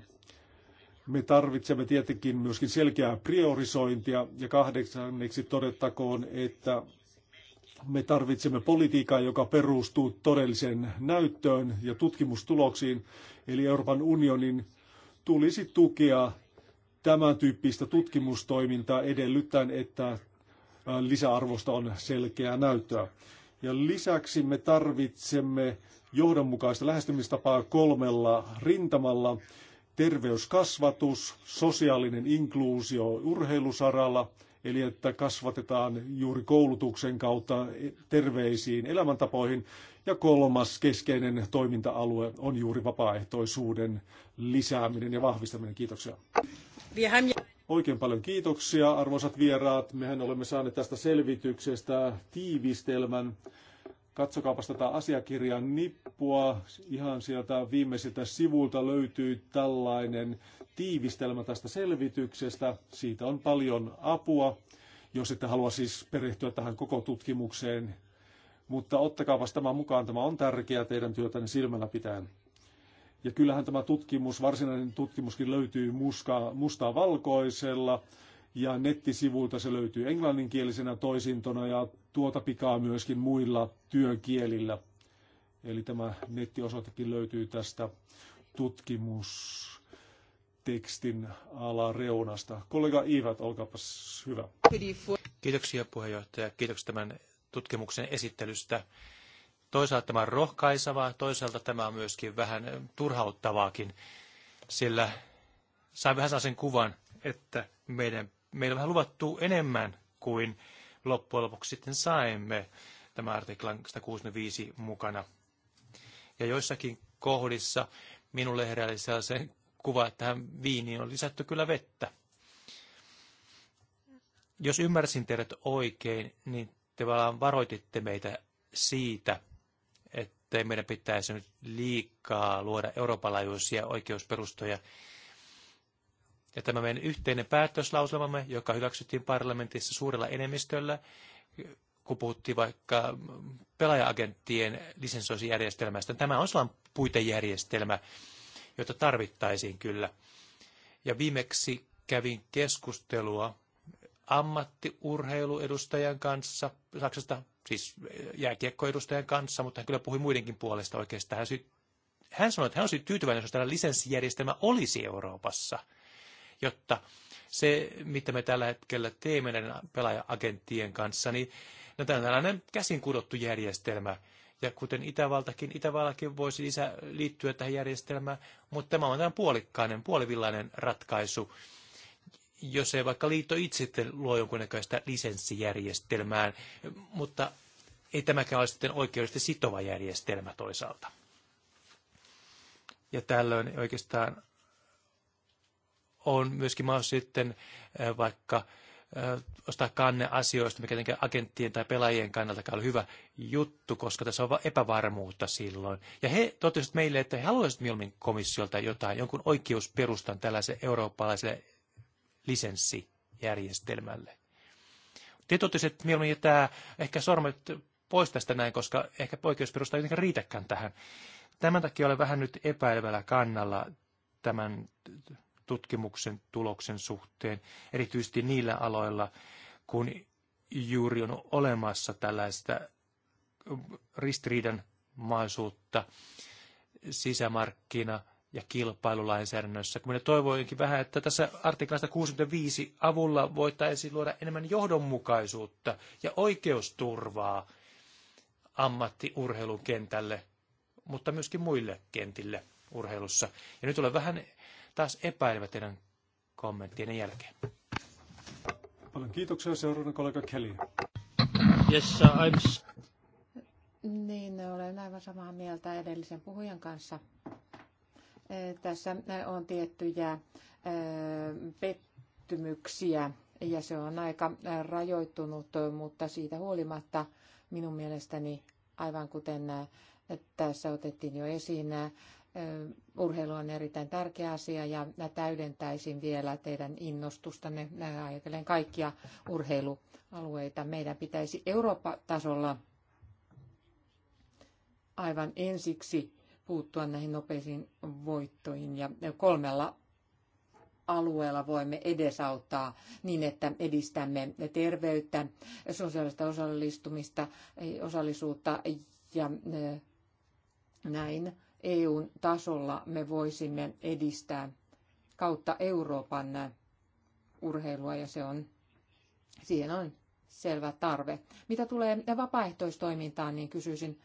Me tarvitsemme tietenkin myöskin selkeää priorisointia ja kahdeksanneksi todettakoon, että me tarvitsemme politiikkaa, joka perustuu todelliseen näyttöön ja tutkimustuloksiin, eli Euroopan unionin tulisi tukea tämän tyyppistä tutkimustoimintaa edellyttäen, että äh, lisäarvosta on selkeää näyttöä. Ja lisäksi me tarvitsemme johdonmukaista lähestymistapaa kolmella rintamalla. Terveyskasvatus, sosiaalinen inkluusio urheilusaralla Eli että kasvatetaan juuri koulutuksen kautta terveisiin elämäntapoihin. Ja kolmas keskeinen toiminta-alue on juuri vapaaehtoisuuden lisääminen ja vahvistaminen. Kiitoksia. Oikein paljon kiitoksia, arvoisat vieraat. Mehän olemme saaneet tästä selvityksestä tiivistelmän Katsokaapas tätä asiakirjan nippua. Ihan sieltä viimeisiltä sivulta löytyy tällainen tiivistelmä tästä selvityksestä. Siitä on paljon apua, jos ette halua siis perehtyä tähän koko tutkimukseen. Mutta ottakaapas tämä mukaan. Tämä on tärkeä teidän työtänne silmällä pitäen. Ja kyllähän tämä tutkimus, varsinainen tutkimuskin löytyy muska, mustaa valkoisella ja nettisivuilta se löytyy englanninkielisenä toisintona ja tuota pikaa myöskin muilla työkielillä. Eli tämä nettiosoitekin löytyy tästä tutkimustekstin alareunasta. Kollega Iivat, olkaapas hyvä. Kiitoksia puheenjohtaja. Kiitoksia tämän tutkimuksen esittelystä. Toisaalta tämä on rohkaisevaa, toisaalta tämä on myöskin vähän turhauttavaakin, sillä saa vähän sen kuvan, että meidän, meillä on vähän luvattu enemmän kuin loppujen lopuksi sitten saimme tämä artiklan 165 mukana. Ja joissakin kohdissa minulle heräili sellaisen kuva, että tähän viiniin on lisätty kyllä vettä. Jos ymmärsin teidät oikein, niin te vaan varoititte meitä siitä, että meidän pitäisi nyt liikaa luoda Euroopan laajuisia oikeusperustoja ja tämä meidän yhteinen päätöslauselmamme, joka hyväksyttiin parlamentissa suurella enemmistöllä, kun puhuttiin vaikka pelaaja-agenttien lisensoisijärjestelmästä. Tämä on sellainen puitejärjestelmä, jota tarvittaisiin kyllä. Ja viimeksi kävin keskustelua ammattiurheiluedustajan kanssa Saksasta, siis jääkiekkoedustajan kanssa, mutta hän kyllä puhui muidenkin puolesta oikeastaan. Hän, sy- hän sanoi, että hän olisi tyytyväinen, jos tällainen lisenssijärjestelmä olisi Euroopassa – jotta se, mitä me tällä hetkellä teemme näiden pelaaja kanssa, niin no, tämä on tällainen käsin kudottu järjestelmä. Ja kuten Itävaltakin, Itävallakin voisi lisä, liittyä tähän järjestelmään, mutta tämä on tällainen puolikkainen, puolivillainen ratkaisu jos ei vaikka liitto itse luo jonkunnäköistä lisenssijärjestelmään, mutta ei tämäkään ole sitten oikeudellisesti sitova järjestelmä toisaalta. Ja tällöin oikeastaan on myöskin mahdollisuus sitten vaikka ostaa kanne asioista, mikä tietenkin agenttien tai pelaajien kannalta on hyvä juttu, koska tässä on epävarmuutta silloin. Ja he totesivat meille, että he haluaisivat mieluummin komissiolta jotain, jonkun oikeusperustan tällaiselle eurooppalaiselle lisenssijärjestelmälle. Te totesivat, että mieluummin jättää ehkä sormet pois tästä näin, koska ehkä oikeusperusta ei jotenkin riitäkään tähän. Tämän takia olen vähän nyt epäilevällä kannalla tämän tutkimuksen tuloksen suhteen, erityisesti niillä aloilla, kun juuri on olemassa tällaista ristiriidan maisuutta sisämarkkina- ja kilpailulainsäädännössä. Kun minä toivoinkin vähän, että tässä artiklasta 65 avulla voitaisiin luoda enemmän johdonmukaisuutta ja oikeusturvaa ammattiurheilukentälle, mutta myöskin muille kentille urheilussa. Ja nyt olen vähän taas epäilevät teidän kommenttien jälkeen. Paljon kiitoksia. Seuraavana kollega Kelly. Yes, sir, I'm... Niin, olen aivan samaa mieltä edellisen puhujan kanssa. Tässä on tiettyjä pettymyksiä ja se on aika rajoittunut, mutta siitä huolimatta minun mielestäni aivan kuten tässä otettiin jo esiin, Urheilu on erittäin tärkeä asia ja täydentäisin vielä teidän innostustanne ajatellen kaikkia urheilualueita. Meidän pitäisi Eurooppa-tasolla aivan ensiksi puuttua näihin nopeisiin voittoihin ja kolmella alueella voimme edesauttaa niin, että edistämme terveyttä, sosiaalista osallistumista, osallisuutta ja näin EUn tasolla me voisimme edistää kautta Euroopan urheilua ja se on, siihen on selvä tarve. Mitä tulee vapaaehtoistoimintaan, niin kysyisin,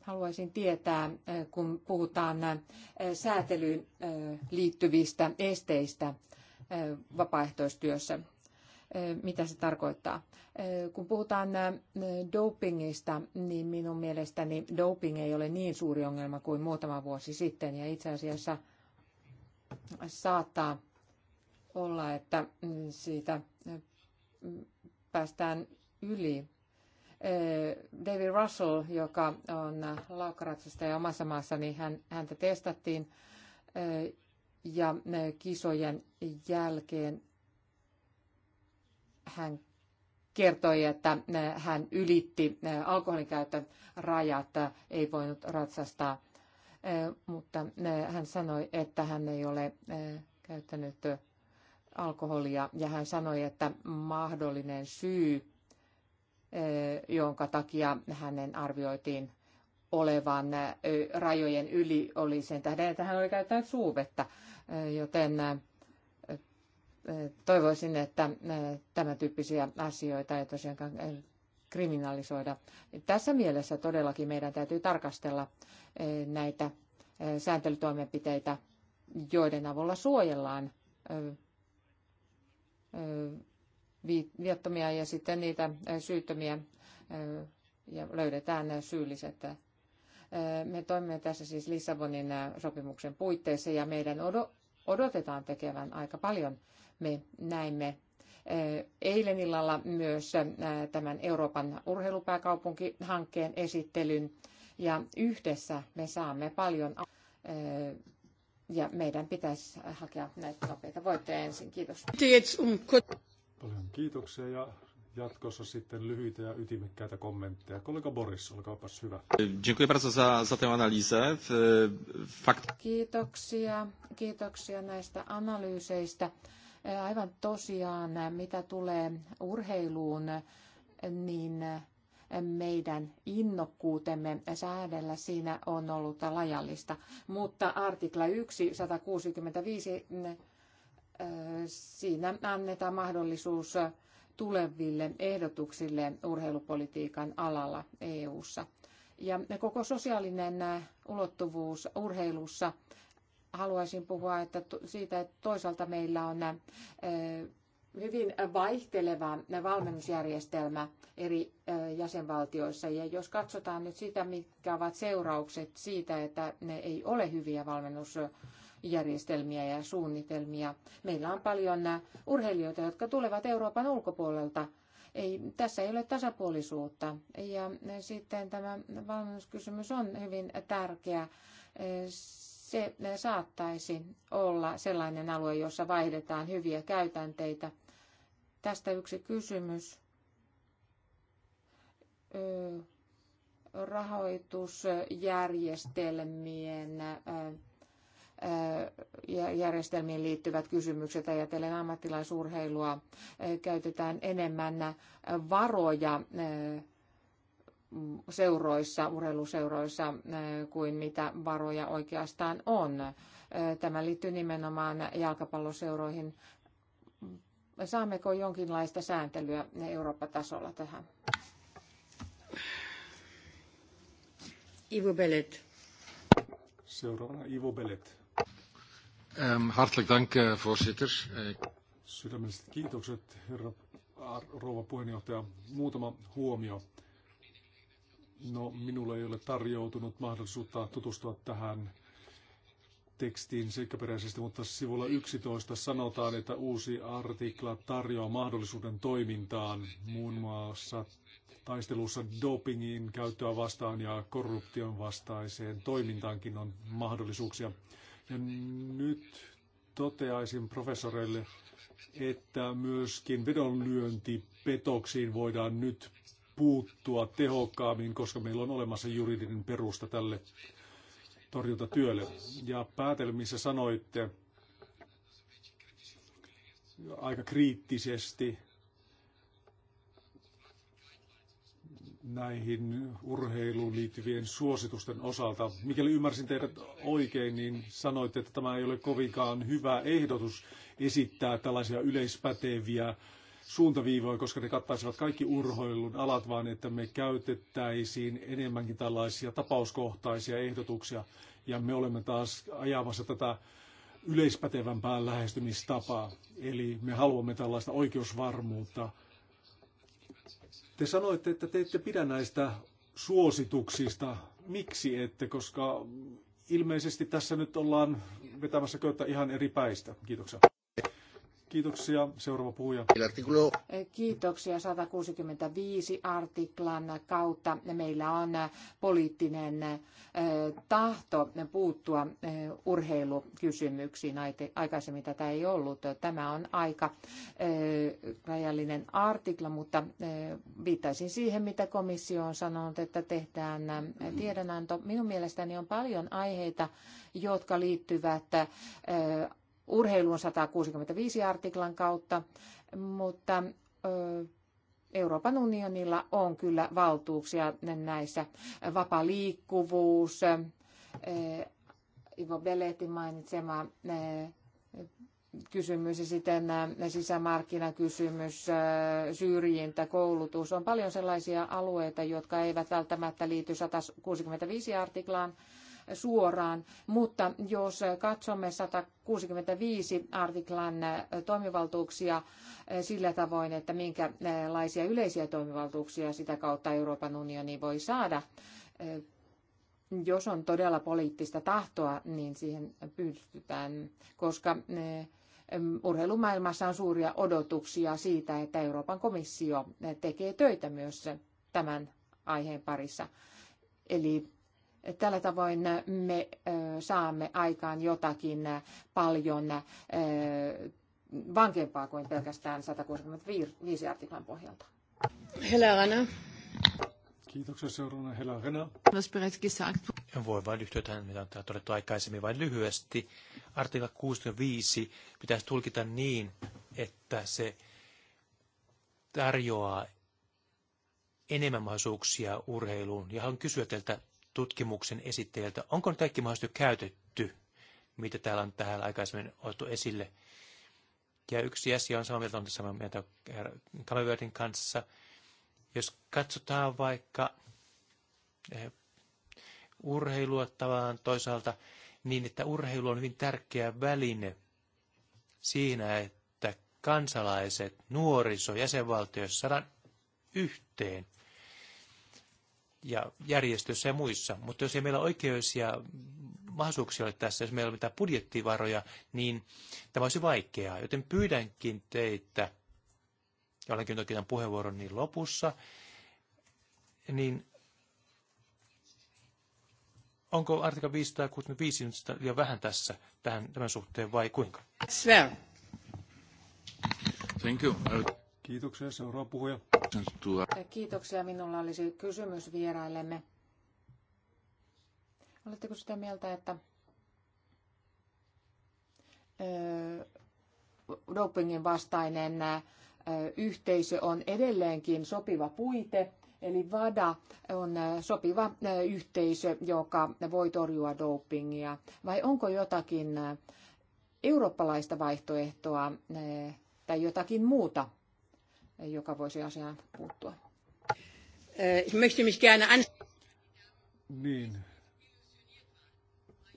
haluaisin tietää, kun puhutaan säätelyyn liittyvistä esteistä vapaaehtoistyössä mitä se tarkoittaa. Kun puhutaan dopingista, niin minun mielestäni doping ei ole niin suuri ongelma kuin muutama vuosi sitten. Ja itse asiassa saattaa olla, että mm, siitä päästään yli. David Russell, joka on ja omassa maassa, niin hän, häntä testattiin ja kisojen jälkeen hän kertoi, että hän ylitti alkoholinkäytön rajat, ei voinut ratsastaa, mutta hän sanoi, että hän ei ole käyttänyt alkoholia ja hän sanoi, että mahdollinen syy, jonka takia hänen arvioitiin olevan rajojen yli, oli sen tähden, että hän oli käyttänyt suuvetta, joten Toivoisin, että tämän tyyppisiä asioita ei tosiaankaan kriminalisoida. Tässä mielessä todellakin meidän täytyy tarkastella näitä sääntelytoimenpiteitä, joiden avulla suojellaan viattomia ja sitten niitä syyttömiä ja löydetään syylliset. Me toimimme tässä siis Lissabonin sopimuksen puitteissa ja meidän odotetaan tekevän aika paljon me näimme eh, eilen illalla myös eh, tämän Euroopan urheilupääkaupunkihankkeen esittelyn ja yhdessä me saamme paljon eh, ja meidän pitäisi hakea näitä nopeita voittoja ensin. Kiitos. Paljon kiitoksia ja jatkossa sitten lyhyitä ja ytimekkäitä kommentteja. Kollega Boris, olkaapas hyvä. Kiitoksia, kiitoksia näistä analyyseistä. Aivan tosiaan, mitä tulee urheiluun, niin meidän innokkuutemme säädellä siinä on ollut lajallista. Mutta artikla 1, 165, siinä annetaan mahdollisuus tuleville ehdotuksille urheilupolitiikan alalla EU:ssa. Ja koko sosiaalinen ulottuvuus urheilussa haluaisin puhua että siitä, että toisaalta meillä on äh, hyvin vaihteleva valmennusjärjestelmä eri äh, jäsenvaltioissa. Ja jos katsotaan nyt sitä, mitkä ovat seuraukset siitä, että ne ei ole hyviä valmennusjärjestelmiä ja suunnitelmia. Meillä on paljon äh, urheilijoita, jotka tulevat Euroopan ulkopuolelta. Ei, tässä ei ole tasapuolisuutta. Ja sitten tämä valmennuskysymys on hyvin tärkeä se eh, saattaisi olla sellainen alue, jossa vaihdetaan hyviä käytänteitä. Tästä yksi kysymys. Rahoitusjärjestelmien järjestelmiin liittyvät kysymykset ajatellen ammattilaisurheilua käytetään enemmän varoja seuroissa, urheiluseuroissa eh, kuin mitä varoja oikeastaan on. Eh, tämä liittyy nimenomaan jalkapalloseuroihin. Saammeko jonkinlaista sääntelyä Eurooppa-tasolla tähän? Ivo Bellet. Seuraavana Ivo Bellet. Ähm, dank, eh, voorzitter. Sydämelliset kiitokset, herra rouva puheenjohtaja. Muutama huomio. No, minulle ei ole tarjoutunut mahdollisuutta tutustua tähän tekstiin seikkaperäisesti, mutta sivulla 11 sanotaan, että uusi artikla tarjoaa mahdollisuuden toimintaan muun muassa taistelussa dopingin käyttöä vastaan ja korruption vastaiseen toimintaankin on mahdollisuuksia. Ja nyt toteaisin professoreille, että myöskin vedonlyöntipetoksiin voidaan nyt puuttua tehokkaammin, koska meillä on olemassa juridinen perusta tälle torjuntatyölle. Ja päätelmissä sanoitte aika kriittisesti näihin urheiluun liittyvien suositusten osalta. Mikäli ymmärsin teidät oikein, niin sanoitte, että tämä ei ole kovinkaan hyvä ehdotus esittää tällaisia yleispäteviä suuntaviivoja, koska ne kattaisivat kaikki urhoilun alat, vaan että me käytettäisiin enemmänkin tällaisia tapauskohtaisia ehdotuksia. Ja me olemme taas ajamassa tätä yleispätevämpää lähestymistapaa. Eli me haluamme tällaista oikeusvarmuutta. Te sanoitte, että te ette pidä näistä suosituksista. Miksi ette? Koska ilmeisesti tässä nyt ollaan vetämässä köyttä ihan eri päistä. Kiitoksia. Kiitoksia. Seuraava puhuja. Kiitoksia 165 artiklan kautta. Meillä on poliittinen tahto puuttua urheilukysymyksiin. Aikaisemmin tätä ei ollut. Tämä on aika rajallinen artikla, mutta viittaisin siihen, mitä komissio on sanonut, että tehdään tiedonanto. Minun mielestäni on paljon aiheita, jotka liittyvät urheilun 165 artiklan kautta, mutta Euroopan unionilla on kyllä valtuuksia näissä. Vapaa liikkuvuus, Ivo Belletti mainitsema kysymys ja sitten sisämarkkinakysymys, syrjintä, koulutus. On paljon sellaisia alueita, jotka eivät välttämättä liity 165 artiklaan, suoraan, mutta jos katsomme 165 artiklan eh, toimivaltuuksia eh, sillä tavoin, että minkälaisia yleisiä toimivaltuuksia sitä kautta Euroopan unioni voi saada, eh, jos on todella poliittista tahtoa, niin siihen pystytään, koska urheilumaailmassa on suuria odotuksia siitä, että Euroopan komissio tekee töitä myös tämän aiheen parissa. Eli Tällä tavoin me saamme aikaan jotakin paljon vankempaa kuin pelkästään 165 artiklan pohjalta. Helena. Kiitoksia seuraavana Helena. En voi vain yhtyä tähän, mitä on todettu aikaisemmin, vain lyhyesti. Artikla 65 pitäisi tulkita niin, että se tarjoaa enemmän mahdollisuuksia urheiluun. Ja haluan kysyä teiltä, tutkimuksen esittäjältä, onko ne kaikki mahdollisesti käytetty, mitä täällä on tähän aikaisemmin otettu esille. Ja yksi asia on samaa mieltä, on samaa mieltä Kamerverdin kanssa. Jos katsotaan vaikka eh, urheilua tavallaan toisaalta, niin että urheilu on hyvin tärkeä väline siinä, että kansalaiset, nuoriso, jäsenvaltioissa saadaan yhteen – ja järjestöissä ja muissa. Mutta jos ei meillä oikeus ja mahdollisuuksia ole tässä, jos meillä on mitään budjettivaroja, niin tämä olisi vaikeaa. Joten pyydänkin teitä, ja olenkin toki tämän puheenvuoron niin lopussa, niin onko artikla 565 nyt liian vähän tässä tähän, tämän suhteen vai kuinka? Sven. Thank you. Kiitoksia. Seuraava puhuja. Kiitoksia. Minulla olisi kysymys vieraillemme. Oletteko sitä mieltä, että dopingin vastainen yhteisö on edelleenkin sopiva puite, eli VADA on sopiva yhteisö, joka voi torjua dopingia, vai onko jotakin eurooppalaista vaihtoehtoa tai jotakin muuta joka voisi asiaan puuttua. Äh, ich möchte mich gerne an... Niin.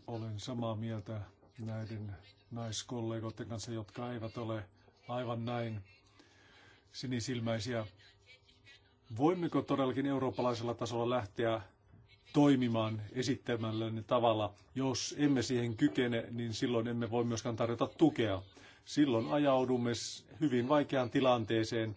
Olen samaa mieltä näiden naiskollegoiden kanssa, jotka eivät ole aivan näin sinisilmäisiä. Voimmeko todellakin eurooppalaisella tasolla lähteä toimimaan esittämällänne tavalla? Jos emme siihen kykene, niin silloin emme voi myöskään tarjota tukea. Silloin ajaudumme hyvin vaikeaan tilanteeseen,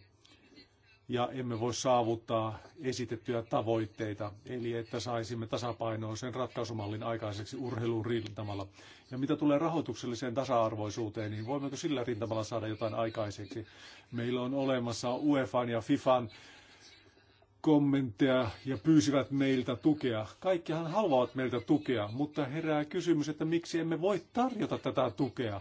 ja emme voi saavuttaa esitettyjä tavoitteita, eli että saisimme tasapainoisen ratkaisumallin aikaiseksi urheilun rintamalla. Ja mitä tulee rahoitukselliseen tasa-arvoisuuteen, niin voimmeko sillä rintamalla saada jotain aikaiseksi? Meillä on olemassa UEFan ja FIFan kommentteja ja pyysivät meiltä tukea. Kaikkihan haluavat meiltä tukea, mutta herää kysymys, että miksi emme voi tarjota tätä tukea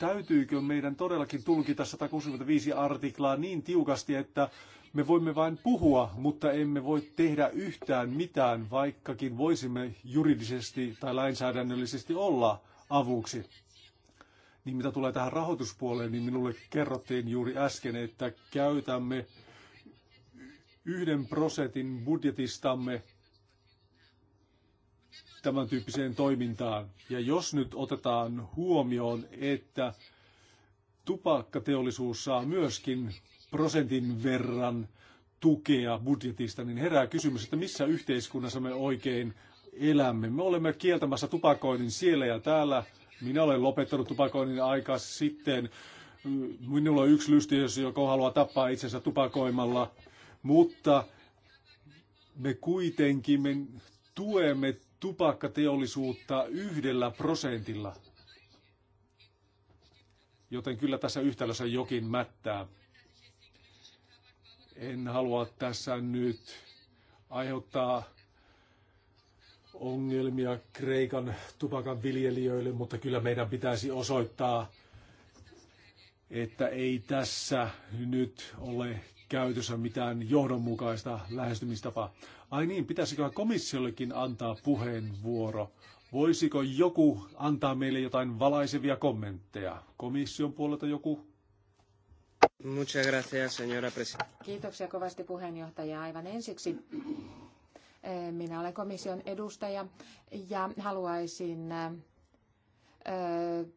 täytyykö meidän todellakin tulkita 165 artiklaa niin tiukasti, että me voimme vain puhua, mutta emme voi tehdä yhtään mitään, vaikkakin voisimme juridisesti tai lainsäädännöllisesti olla avuksi. Niin mitä tulee tähän rahoituspuoleen, niin minulle kerrottiin juuri äsken, että käytämme yhden prosentin budjetistamme tämän tyyppiseen toimintaan. Ja jos nyt otetaan huomioon, että tupakkateollisuus saa myöskin prosentin verran tukea budjetista, niin herää kysymys, että missä yhteiskunnassa me oikein elämme. Me olemme kieltämässä tupakoinnin siellä ja täällä. Minä olen lopettanut tupakoinnin aikaa sitten. Minulla on yksi jos joku haluaa tappaa itsensä tupakoimalla, mutta me kuitenkin me tuemme tupakkateollisuutta yhdellä prosentilla. Joten kyllä tässä yhtälössä jokin mättää. En halua tässä nyt aiheuttaa ongelmia Kreikan tupakan viljelijöille, mutta kyllä meidän pitäisi osoittaa, että ei tässä nyt ole käytössä mitään johdonmukaista lähestymistapaa. Ai niin, pitäisikö komissiollekin antaa puheenvuoro? Voisiko joku antaa meille jotain valaisevia kommentteja? Komission puolelta joku? Muchas gracias, señora Kiitoksia kovasti puheenjohtaja. Aivan ensiksi eh, minä olen komission edustaja ja haluaisin eh,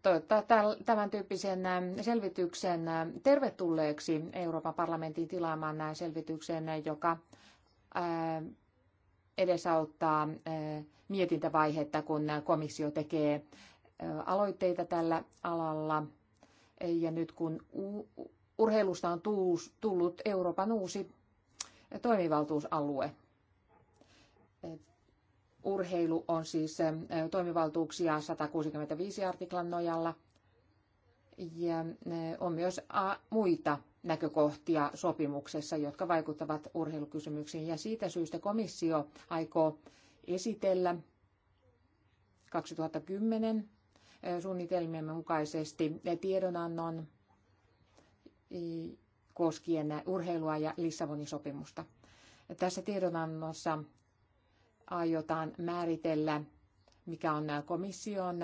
toivottaa tämän tyyppisen selvityksen tervetulleeksi Euroopan parlamentin tilaamaan selvityksen, joka edesauttaa mietintävaihetta, kun komissio tekee aloitteita tällä alalla. Ja nyt kun urheilusta on tullut Euroopan uusi toimivaltuusalue, Urheilu on siis eh, toimivaltuuksia 165 artiklan nojalla ja eh, on myös muita näkökohtia sopimuksessa, jotka vaikuttavat urheilukysymyksiin. Ja siitä syystä komissio aikoo esitellä 2010 eh, suunnitelmiemme mukaisesti tiedonannon koskien urheilua ja Lissabonin sopimusta. Tässä tiedonannossa aiotaan määritellä, mikä on komission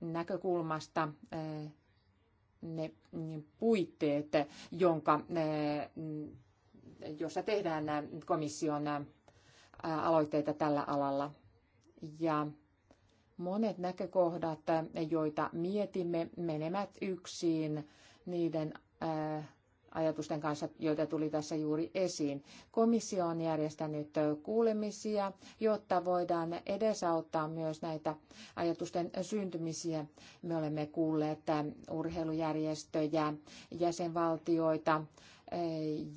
näkökulmasta eh, ne niin puitteet, jonka, eh, jossa tehdään komission eh, aloitteita tällä alalla. Ja monet näkökohdat, joita mietimme, menemät yksin niiden ajatusten kanssa, joita tuli tässä juuri esiin. Komissio on järjestänyt kuulemisia, jotta voidaan edesauttaa myös näitä ajatusten syntymisiä. Me olemme kuulleet urheilujärjestöjä, jäsenvaltioita, eh,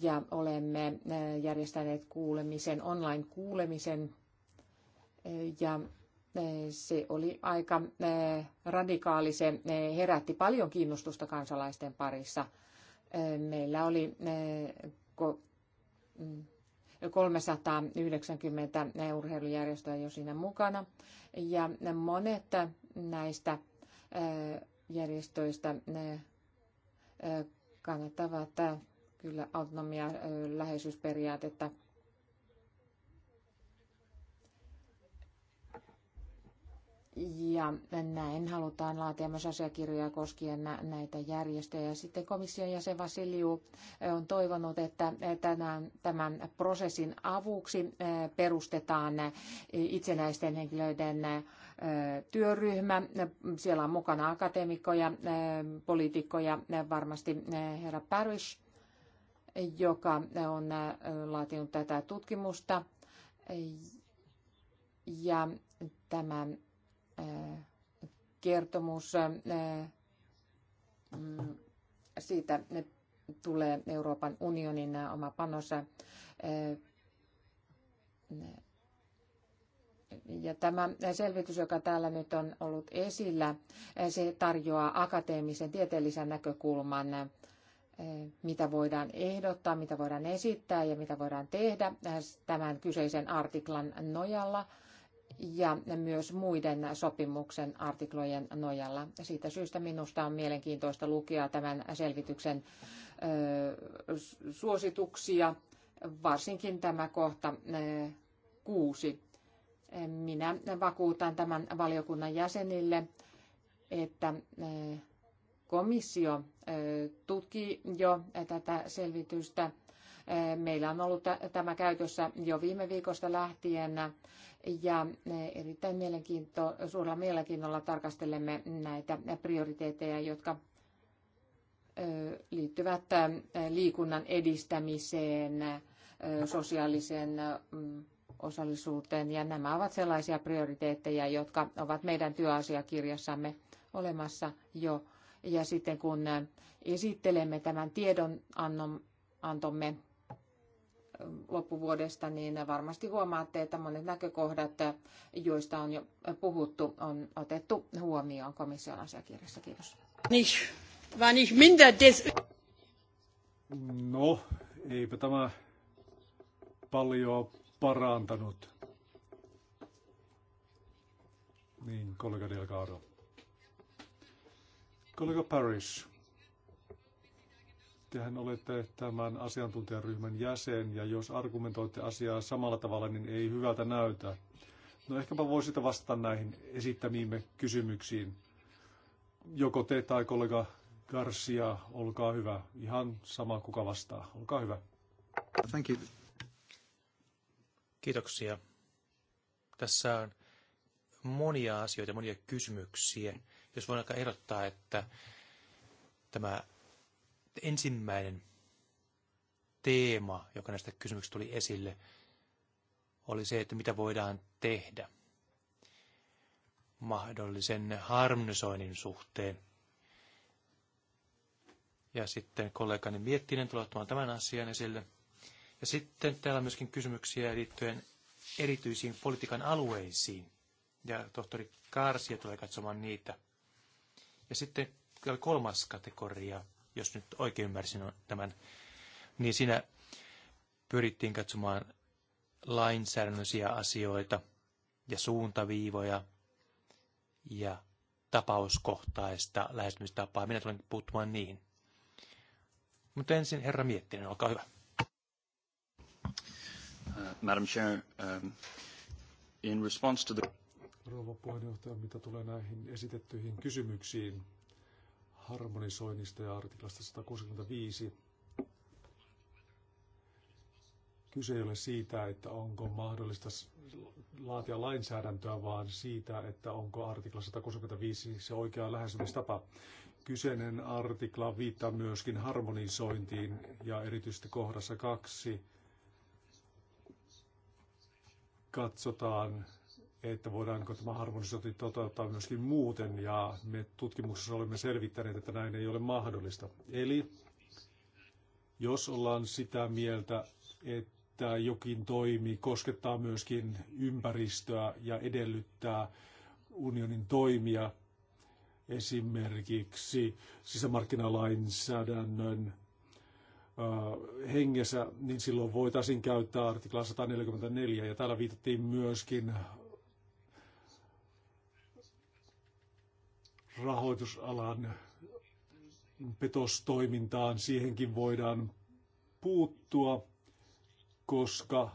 ja olemme eh, järjestäneet kuulemisen, online-kuulemisen, eh, ja se oli aika radikaali, se herätti paljon kiinnostusta kansalaisten parissa – meillä oli 390 eh, mm, urheilujärjestöä jo siinä mukana. Ja monet näistä eh, järjestöistä eh, kannattavat kyllä autonomia läheisyysperiaatetta Ja näin halutaan laatia myös asiakirjoja koskien näitä järjestöjä. Sitten komission jäsen Vasiliu eh, on toivonut, että eh, tänään tämän prosessin avuksi eh, perustetaan itsenäisten henkilöiden työryhmä. Siellä on mukana akateemikkoja, poliitikkoja, varmasti herra Parrish, joka on laatinut tätä tutkimusta. Ja tämän kertomus mm, siitä tulee Euroopan unionin oma panos. Ja tämä selvitys, joka täällä nyt on ollut esillä, se tarjoaa akateemisen tieteellisen näkökulman, mitä voidaan ehdottaa, mitä voidaan esittää ja mitä voidaan tehdä tämän kyseisen artiklan nojalla – ja myös muiden sopimuksen artiklojen nojalla. Siitä syystä minusta on mielenkiintoista lukea tämän selvityksen suosituksia, varsinkin tämä kohta kuusi. Minä vakuutan tämän valiokunnan jäsenille, että komissio tuki jo tätä selvitystä – Meillä on ollut tämä käytössä jo viime viikosta lähtien ja erittäin mielenkiinto, suurella mielenkiinnolla tarkastelemme näitä prioriteetteja, jotka liittyvät liikunnan edistämiseen, sosiaaliseen osallisuuteen ja nämä ovat sellaisia prioriteetteja, jotka ovat meidän työasiakirjassamme olemassa jo. Ja sitten kun esittelemme tämän tiedonantomme loppuvuodesta, niin varmasti huomaatte, että monet näkökohdat, joista on jo puhuttu, on otettu huomioon komission asiakirjassa. Kiitos. No, eipä tämä paljon parantanut. Niin, kollega Delgado. Kollega Parrish, Tehän olette tämän asiantuntijaryhmän jäsen ja jos argumentoitte asiaa samalla tavalla, niin ei hyvältä näytä. No ehkäpä voisitte vastata näihin esittämiimme kysymyksiin. Joko te tai kollega Garcia, olkaa hyvä. Ihan sama kuka vastaa. Olkaa hyvä. Thank you. Kiitoksia. Tässä on monia asioita, monia kysymyksiä. Jos voin aika ehdottaa, että tämä ensimmäinen teema, joka näistä kysymyksistä tuli esille, oli se, että mitä voidaan tehdä mahdollisen harmonisoinnin suhteen. Ja sitten kollegani Miettinen tulee ottamaan tämän asian esille. Ja sitten täällä on myöskin kysymyksiä liittyen erityisiin politiikan alueisiin. Ja tohtori Karsia tulee katsomaan niitä. Ja sitten kolmas kategoria – jos nyt oikein ymmärsin tämän, niin siinä pyrittiin katsomaan lainsäädännöllisiä asioita ja suuntaviivoja ja tapauskohtaista lähestymistapaa. Minä tulen puuttumaan niihin. Mutta ensin herra Miettinen, olkaa hyvä. Uh, Madam Chair, um, in response to the... Rouva puheenjohtaja, mitä tulee näihin esitettyihin kysymyksiin, harmonisoinnista ja artiklasta 165. Kyse ei ole siitä, että onko mahdollista laatia lainsäädäntöä, vaan siitä, että onko artikla 165 se oikea lähestymistapa. Kyseinen artikla viittaa myöskin harmonisointiin ja erityisesti kohdassa kaksi katsotaan että voidaanko tämä harmonisointi toteuttaa myöskin muuten, ja me tutkimuksessa olemme selvittäneet, että näin ei ole mahdollista. Eli jos ollaan sitä mieltä, että jokin toimi koskettaa myöskin ympäristöä ja edellyttää unionin toimia, esimerkiksi sisämarkkinalainsäädännön äh, hengessä, niin silloin voitaisiin käyttää artikla 144, ja täällä viitattiin myöskin rahoitusalan petostoimintaan, siihenkin voidaan puuttua, koska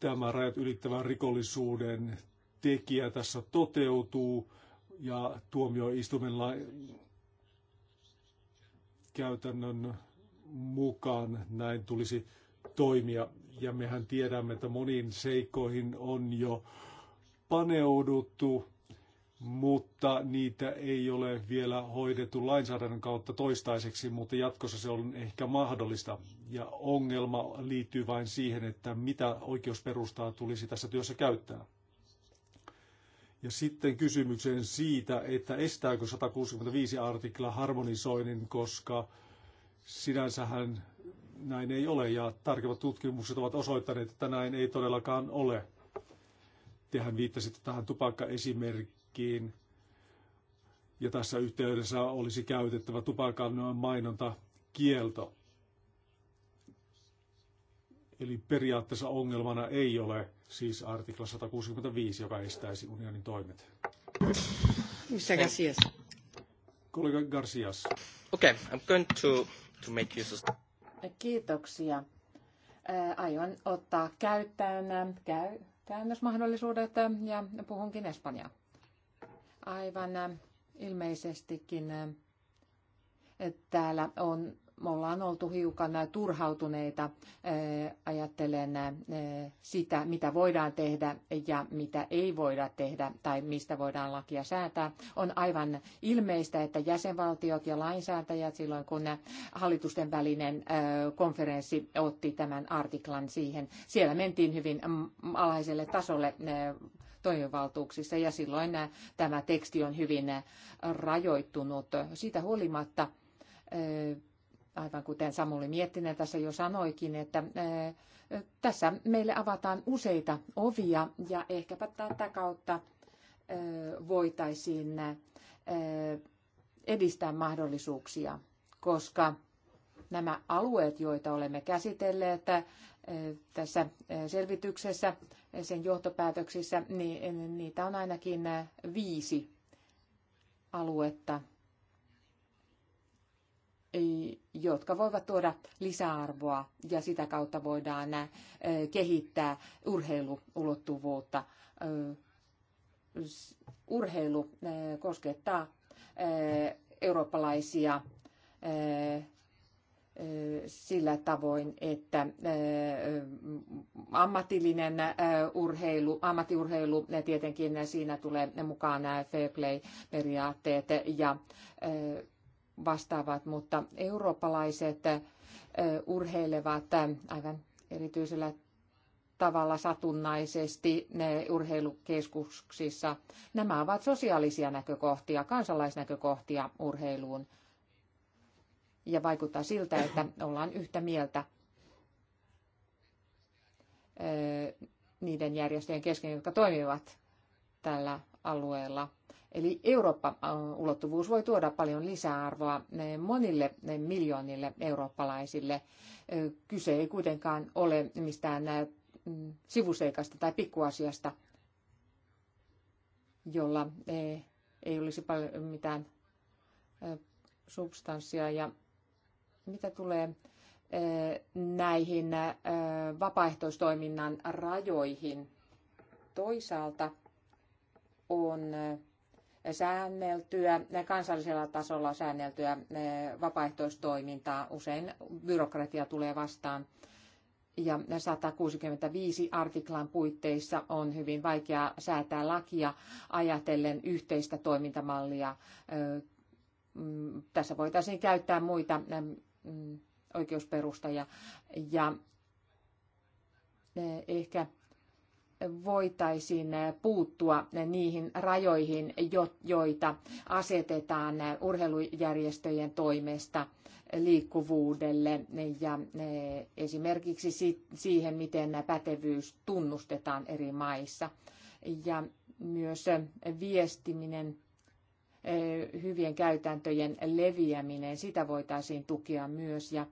tämä rajat ylittävän rikollisuuden tekijä tässä toteutuu ja tuomioistuimen la- käytännön mukaan näin tulisi toimia. Ja mehän tiedämme, että moniin seikkoihin on jo paneuduttu mutta niitä ei ole vielä hoidettu lainsäädännön kautta toistaiseksi, mutta jatkossa se on ehkä mahdollista. Ja ongelma liittyy vain siihen, että mitä oikeusperustaa tulisi tässä työssä käyttää. Ja sitten kysymykseen siitä, että estääkö 165 artikla harmonisoinnin, koska sinänsähän näin ei ole ja tarkemmat tutkimukset ovat osoittaneet, että näin ei todellakaan ole. Tehän viittasitte tähän tupakkaesimerkkiin tupakkiin. Ja tässä yhteydessä olisi käytettävä tupakan mainonta kielto. Eli periaatteessa ongelmana ei ole siis artikla 165, joka estäisi unionin toimet. Mr. Garcias. Kollega Garcias. Okay, I'm going to, to make use of... Kiitoksia. Aion ottaa käyttäen käy, käännösmahdollisuudet ja puhunkin Espanjaa aivan äh, ilmeisestikin äh, että täällä on, me ollaan oltu hiukan äh, turhautuneita ajattelen sitä, mitä voidaan tehdä ja mitä ei voida tehdä tai mistä voidaan lakia säätää. On aivan ilmeistä, että jäsenvaltiot ja lainsäätäjät silloin, kun hallitusten välinen konferenssi otti tämän artiklan siihen, siellä mentiin hyvin mm, alhaiselle tasolle toimivaltuuksissa ja silloin tämä teksti on hyvin rajoittunut. Siitä huolimatta, eh, aivan kuten Samuli Miettinen tässä jo sanoikin, että eh, tässä meille avataan useita ovia ja ehkäpä tätä kautta eh, voitaisiin edistää mahdollisuuksia, koska nämä alueet, joita olemme käsitelleet tässä selvityksessä, sen johtopäätöksissä, niin niitä on ainakin viisi aluetta, jotka voivat tuoda lisäarvoa ja sitä kautta voidaan kehittää urheiluulottuvuutta. Urheilu koskettaa eurooppalaisia sillä tavoin, että ammatillinen urheilu, ammattiurheilu, tietenkin siinä tulee mukaan nämä fair play-periaatteet ja vastaavat, mutta eurooppalaiset urheilevat aivan erityisellä tavalla satunnaisesti ne urheilukeskuksissa. Nämä ovat sosiaalisia näkökohtia, kansalaisnäkökohtia urheiluun ja vaikuttaa siltä, että ollaan yhtä mieltä niiden järjestöjen kesken, jotka toimivat tällä alueella. Eli Eurooppa-ulottuvuus voi tuoda paljon lisäarvoa monille miljoonille eurooppalaisille. Kyse ei kuitenkaan ole mistään sivuseikasta tai pikkuasiasta, jolla ei olisi paljon mitään substanssia ja mitä tulee näihin vapaaehtoistoiminnan rajoihin, toisaalta on säänneltyä, kansallisella tasolla säänneltyä vapaaehtoistoimintaa. Usein byrokratia tulee vastaan ja 165 artiklan puitteissa on hyvin vaikea säätää lakia ajatellen yhteistä toimintamallia. Tässä voitaisiin käyttää muita Mm, oikeusperusta ja, ja eh, ehkä voitaisiin eh, puuttua niihin rajoihin, joita asetetaan eh, urheilujärjestöjen toimesta liikkuvuudelle ja esimerkiksi siihen, miten pätevyys tunnustetaan eri maissa. Ja myös viestiminen Eh, hyvien käytäntöjen leviäminen, sitä voitaisiin tukea myös ja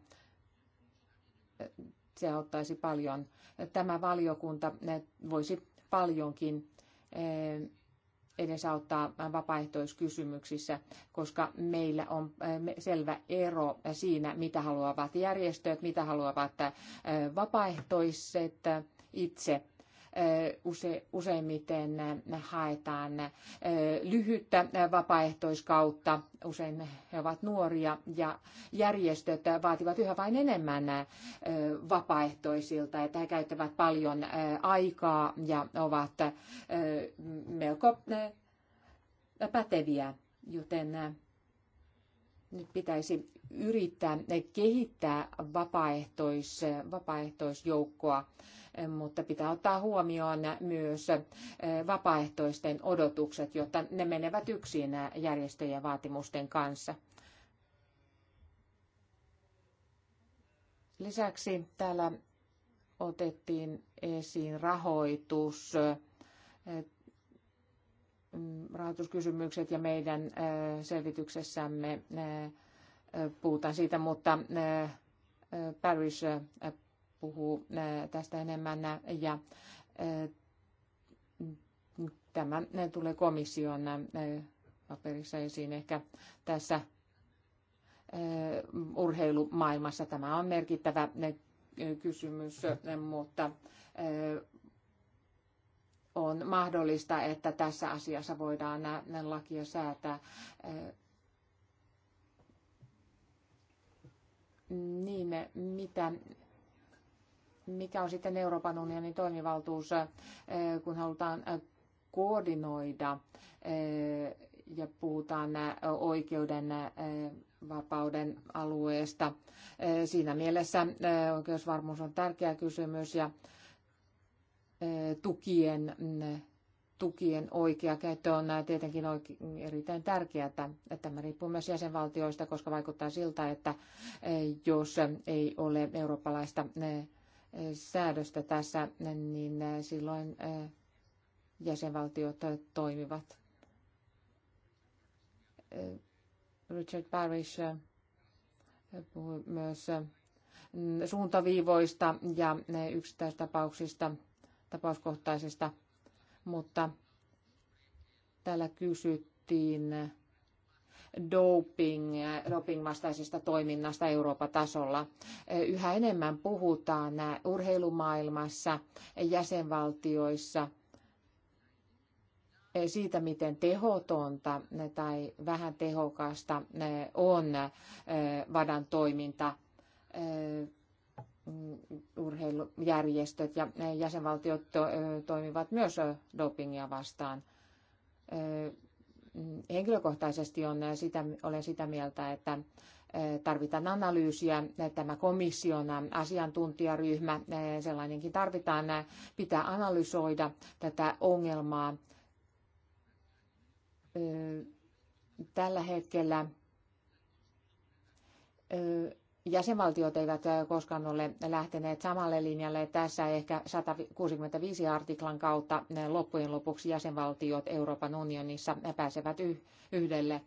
eh, se auttaisi paljon. Tämä valiokunta eh, voisi paljonkin edesauttaa vapaaehtoiskysymyksissä, koska meillä on selvä ero siinä, mitä haluavat järjestöt, mitä haluavat vapaaehtoiset itse use, useimmiten haetaan lyhyttä vapaaehtoiskautta, usein he ovat nuoria ja järjestöt vaativat yhä vain enemmän vapaaehtoisilta, että he käyttävät paljon aikaa ja ovat melko päteviä, joten nyt pitäisi yrittää kehittää vapaaehtois, vapaaehtoisjoukkoa mutta pitää ottaa huomioon myös eh, vapaaehtoisten odotukset, jotta ne menevät yksin eh, järjestöjen vaatimusten kanssa. Lisäksi täällä otettiin esiin rahoitus, eh, mm, rahoituskysymykset ja meidän selvityksessämme puhutaan siitä, mutta Paris puhuu tästä enemmän ja tämä tulee komission paperissa esiin ehkä tässä urheilumaailmassa. Tämä on merkittävä kysymys, mutta on mahdollista, että tässä asiassa voidaan nämä lakia säätää. Niin, mitä mikä on sitten Euroopan unionin toimivaltuus, äh, kun halutaan äh, koordinoida äh, ja puhutaan oikeuden vapauden alueesta. Siinä mielessä oikeusvarmuus on tärkeä kysymys ja tukien, mm, tukien oikea käyttö on tietenkin erittäin tärkeää, että tämä riippuu myös jäsenvaltioista, koska vaikuttaa siltä, että jos ei ole eurooppalaista säädöstä tässä, niin äh, silloin äh, jäsenvaltiot äh, toimivat. Richard Parrish puhui myös suuntaviivoista ja yksittäistapauksista, tapauskohtaisista, mutta täällä kysyttiin doping, doping vastaisesta toiminnasta Euroopan tasolla. Yhä enemmän puhutaan urheilumaailmassa, jäsenvaltioissa siitä, miten tehotonta tai vähän tehokasta on vadan toiminta urheilujärjestöt ja jäsenvaltiot toimivat myös dopingia vastaan henkilökohtaisesti on sitä, olen sitä mieltä, että e, tarvitaan analyysiä, tämä komission asiantuntijaryhmä, e, sellainenkin tarvitaan, e, pitää analysoida tätä ongelmaa. Tällä hetkellä jäsenvaltiot eivät koskaan ole lähteneet samalle linjalle. Tässä ehkä 165 artiklan kautta loppujen lopuksi jäsenvaltiot Euroopan unionissa pääsevät yhdelle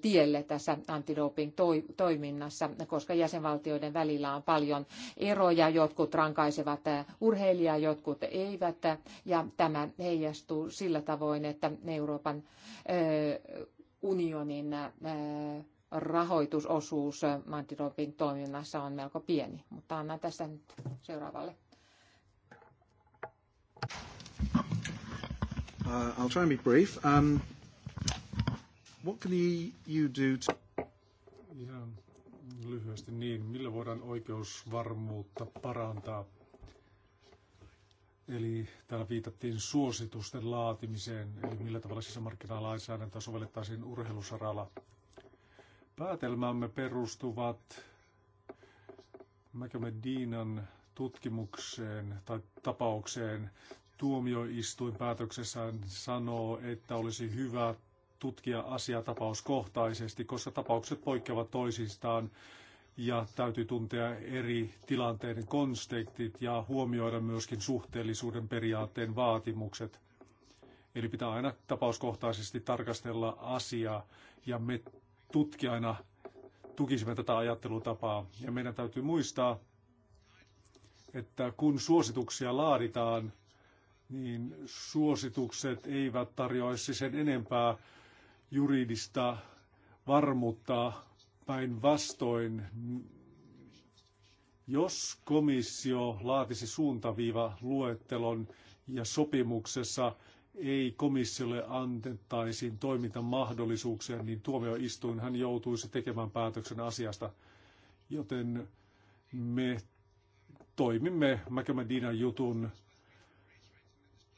tielle tässä antidoping-toiminnassa, koska jäsenvaltioiden välillä on paljon eroja. Jotkut rankaisevat urheilijaa, jotkut eivät. Ja tämä heijastuu sillä tavoin, että Euroopan unionin rahoitusosuus Mantidopin toiminnassa on melko pieni, mutta annan tässä nyt seuraavalle. Uh, I'll try and be brief. Um, what can the EU do to... Ihan lyhyesti niin, millä voidaan oikeusvarmuutta parantaa? Eli täällä viitattiin suositusten laatimiseen, eli millä tavalla sisämarkkinalainsäädäntöä sovellettaisiin urheilusaralla päätelmämme perustuvat Diinan tutkimukseen tai tapaukseen. Tuomioistuin päätöksessään sanoo, että olisi hyvä tutkia asia tapauskohtaisesti, koska tapaukset poikkeavat toisistaan ja täytyy tuntea eri tilanteiden konstektit ja huomioida myöskin suhteellisuuden periaatteen vaatimukset. Eli pitää aina tapauskohtaisesti tarkastella asiaa ja me tutkijana tukisimme tätä ajattelutapaa. Ja meidän täytyy muistaa, että kun suosituksia laaditaan, niin suositukset eivät tarjoaisi sen enempää juridista varmuutta päinvastoin. Jos komissio laatisi suuntaviiva luettelon ja sopimuksessa ei komissiolle antettaisiin toimintamahdollisuuksia, niin tuomioistuin hän joutuisi tekemään päätöksen asiasta. Joten me toimimme Mäkemädinan jutun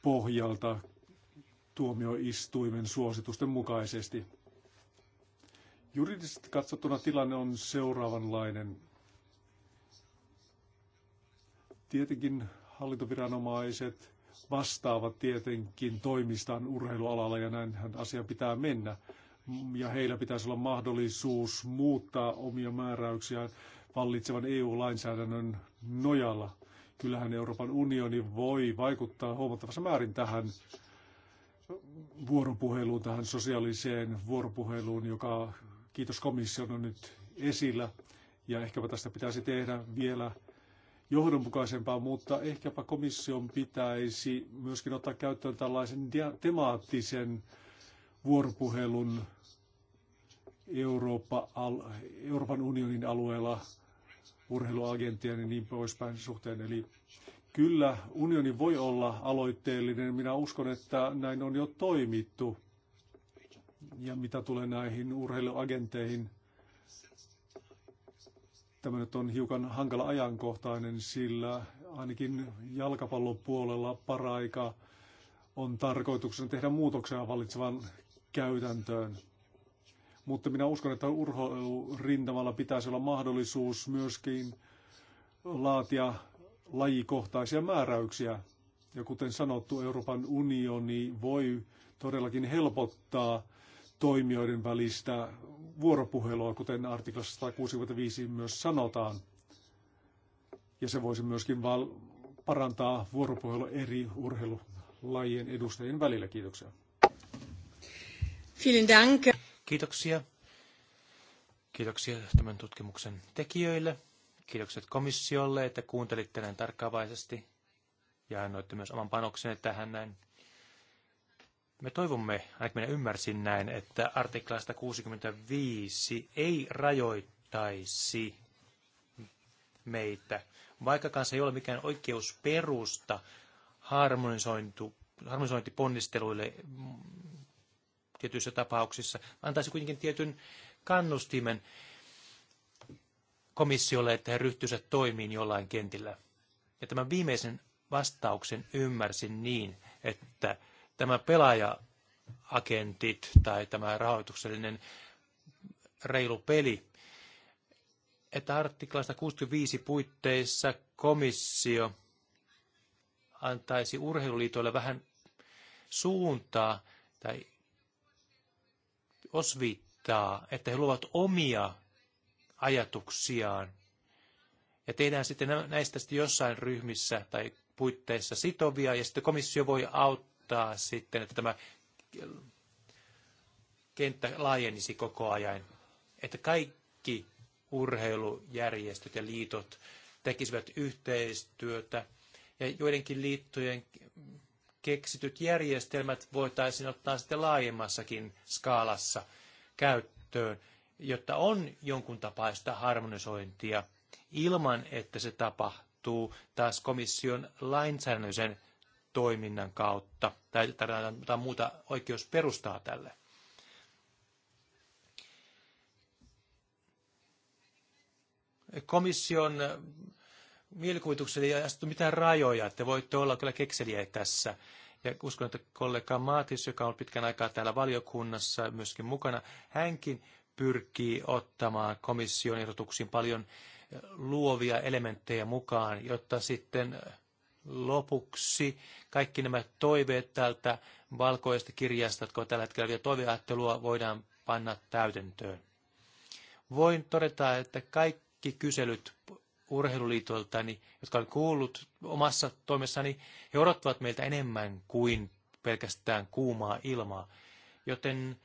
pohjalta tuomioistuimen suositusten mukaisesti. Juridisesti katsottuna tilanne on seuraavanlainen. Tietenkin hallintoviranomaiset – vastaavat tietenkin toimistaan urheilualalla ja näinhän asia pitää mennä. Ja heillä pitäisi olla mahdollisuus muuttaa omia määräyksiään vallitsevan EU-lainsäädännön nojalla. Kyllähän Euroopan unioni voi vaikuttaa huomattavassa määrin tähän vuoropuheluun, tähän sosiaaliseen vuoropuheluun, joka kiitos komission on nyt esillä. Ja ehkäpä tästä pitäisi tehdä vielä johdonmukaisempaa, mutta ehkäpä komission pitäisi myöskin ottaa käyttöön tällaisen temaattisen vuoropuhelun Eurooppa, Euroopan unionin alueella urheiluagenttien ja niin poispäin suhteen. Eli kyllä unioni voi olla aloitteellinen. Minä uskon, että näin on jo toimittu. Ja mitä tulee näihin urheiluagenteihin, Tämä nyt on hiukan hankala ajankohtainen, sillä ainakin jalkapallopuolella paraika on tarkoituksena tehdä muutoksia valitsevan käytäntöön. Mutta minä uskon, että urheilurintamalla pitäisi olla mahdollisuus myöskin laatia lajikohtaisia määräyksiä. Ja kuten sanottu, Euroopan unioni voi todellakin helpottaa toimijoiden välistä vuoropuhelua, kuten artiklassa 165 myös sanotaan. Ja se voisi myöskin val- parantaa vuoropuhelua eri urheilulajien edustajien välillä. Kiitoksia. Vielen Kiitoksia. Kiitoksia tämän tutkimuksen tekijöille. Kiitokset komissiolle, että kuuntelitte näin tarkkaavaisesti ja annoitte myös oman panoksenne tähän näin me toivomme, ainakin minä ymmärsin näin, että artiklasta 65 ei rajoittaisi meitä, vaikkakaan se ei ole mikään oikeusperusta harmonisointu, harmonisointiponnisteluille tietyissä tapauksissa, antaisi kuitenkin tietyn kannustimen komissiolle, että he ryhtyisivät toimiin jollain kentillä. Ja tämän viimeisen vastauksen ymmärsin niin, että tämä pelaaja-agentit tai tämä rahoituksellinen reilu peli, että artikla 65 puitteissa komissio antaisi urheiluliitoille vähän suuntaa tai osviittaa, että he luovat omia ajatuksiaan. Ja tehdään sitten näistä sitten jossain ryhmissä tai puitteissa sitovia, ja sitten komissio voi auttaa tarkoittaa sitten, että tämä kenttä laajenisi koko ajan, että kaikki urheilujärjestöt ja liitot tekisivät yhteistyötä ja joidenkin liittojen keksityt järjestelmät voitaisiin ottaa sitten laajemmassakin skaalassa käyttöön, jotta on jonkun tapaista harmonisointia ilman, että se tapahtuu taas komission lainsäädännöllisen toiminnan kautta, tai tarvitaan muuta oikeusperustaa tälle. Komission mielikuvitukselle ei asettu mitään rajoja, te voitte olla kyllä kekseliä tässä. Ja uskon, että kollega Maatis, joka on pitkän aikaa täällä valiokunnassa myöskin mukana, hänkin pyrkii ottamaan komission ehdotuksiin paljon luovia elementtejä mukaan, jotta sitten lopuksi kaikki nämä toiveet täältä valkoista kirjasta, jotka ovat tällä hetkellä vielä toiveajattelua, voidaan panna täytäntöön. Voin todeta, että kaikki kyselyt urheiluliitoiltani, jotka olen kuullut omassa toimessani, he odottavat meiltä enemmän kuin pelkästään kuumaa ilmaa. Joten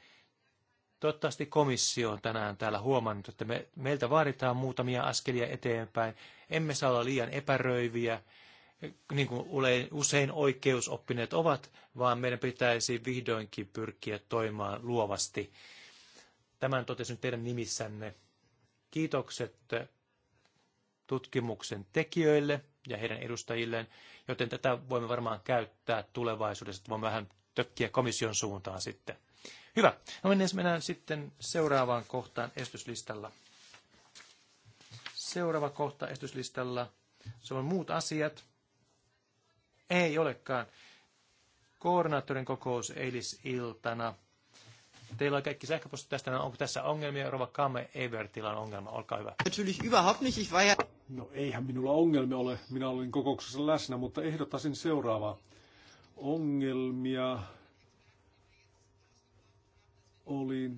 toivottavasti komissio on tänään täällä huomannut, että me, meiltä vaaditaan muutamia askelia eteenpäin. Emme saa olla liian epäröiviä, niin kuin usein oikeusoppineet ovat, vaan meidän pitäisi vihdoinkin pyrkiä toimimaan luovasti. Tämän totesin teidän nimissänne. Kiitokset tutkimuksen tekijöille ja heidän edustajilleen, joten tätä voimme varmaan käyttää tulevaisuudessa, että voimme vähän tökkiä komission suuntaan sitten. Hyvä. No niin, mennään sitten seuraavaan kohtaan esityslistalla. Seuraava kohta esityslistalla. Se on muut asiat. Ei olekaan. Koordinaattorin kokous eilisiltana. Teillä on kaikki sähköpostit tästä. Onko tässä ongelmia? Rova Kamme Evertillä on ongelma. Olkaa hyvä. Natürlich überhaupt nicht. Ich war ja... No eihän minulla ongelmia ole. Minä olin kokouksessa läsnä, mutta ehdottaisin seuraavaa. Ongelmia oli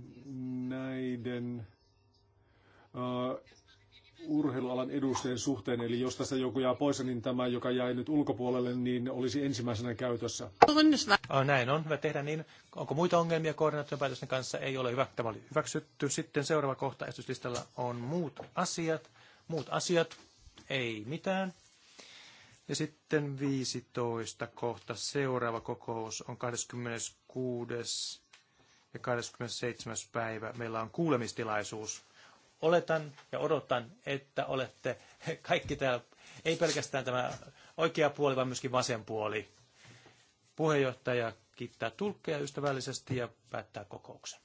näiden uh, urheilualan edustajien suhteen, eli jos tässä joku jää pois, niin tämä, joka jäi nyt ulkopuolelle, niin olisi ensimmäisenä käytössä. Oh, näin on, hyvä tehdä niin. Onko muita ongelmia koordinaation päätösten kanssa? Ei ole hyvä. Tämä oli hyväksytty. Sitten seuraava kohta esityslistalla on muut asiat. Muut asiat, ei mitään. Ja sitten 15 kohta. Seuraava kokous on 26. ja 27. päivä. Meillä on kuulemistilaisuus Oletan ja odotan, että olette kaikki täällä, ei pelkästään tämä oikea puoli, vaan myöskin vasen puoli. Puheenjohtaja kiittää tulkkeja ystävällisesti ja päättää kokouksen.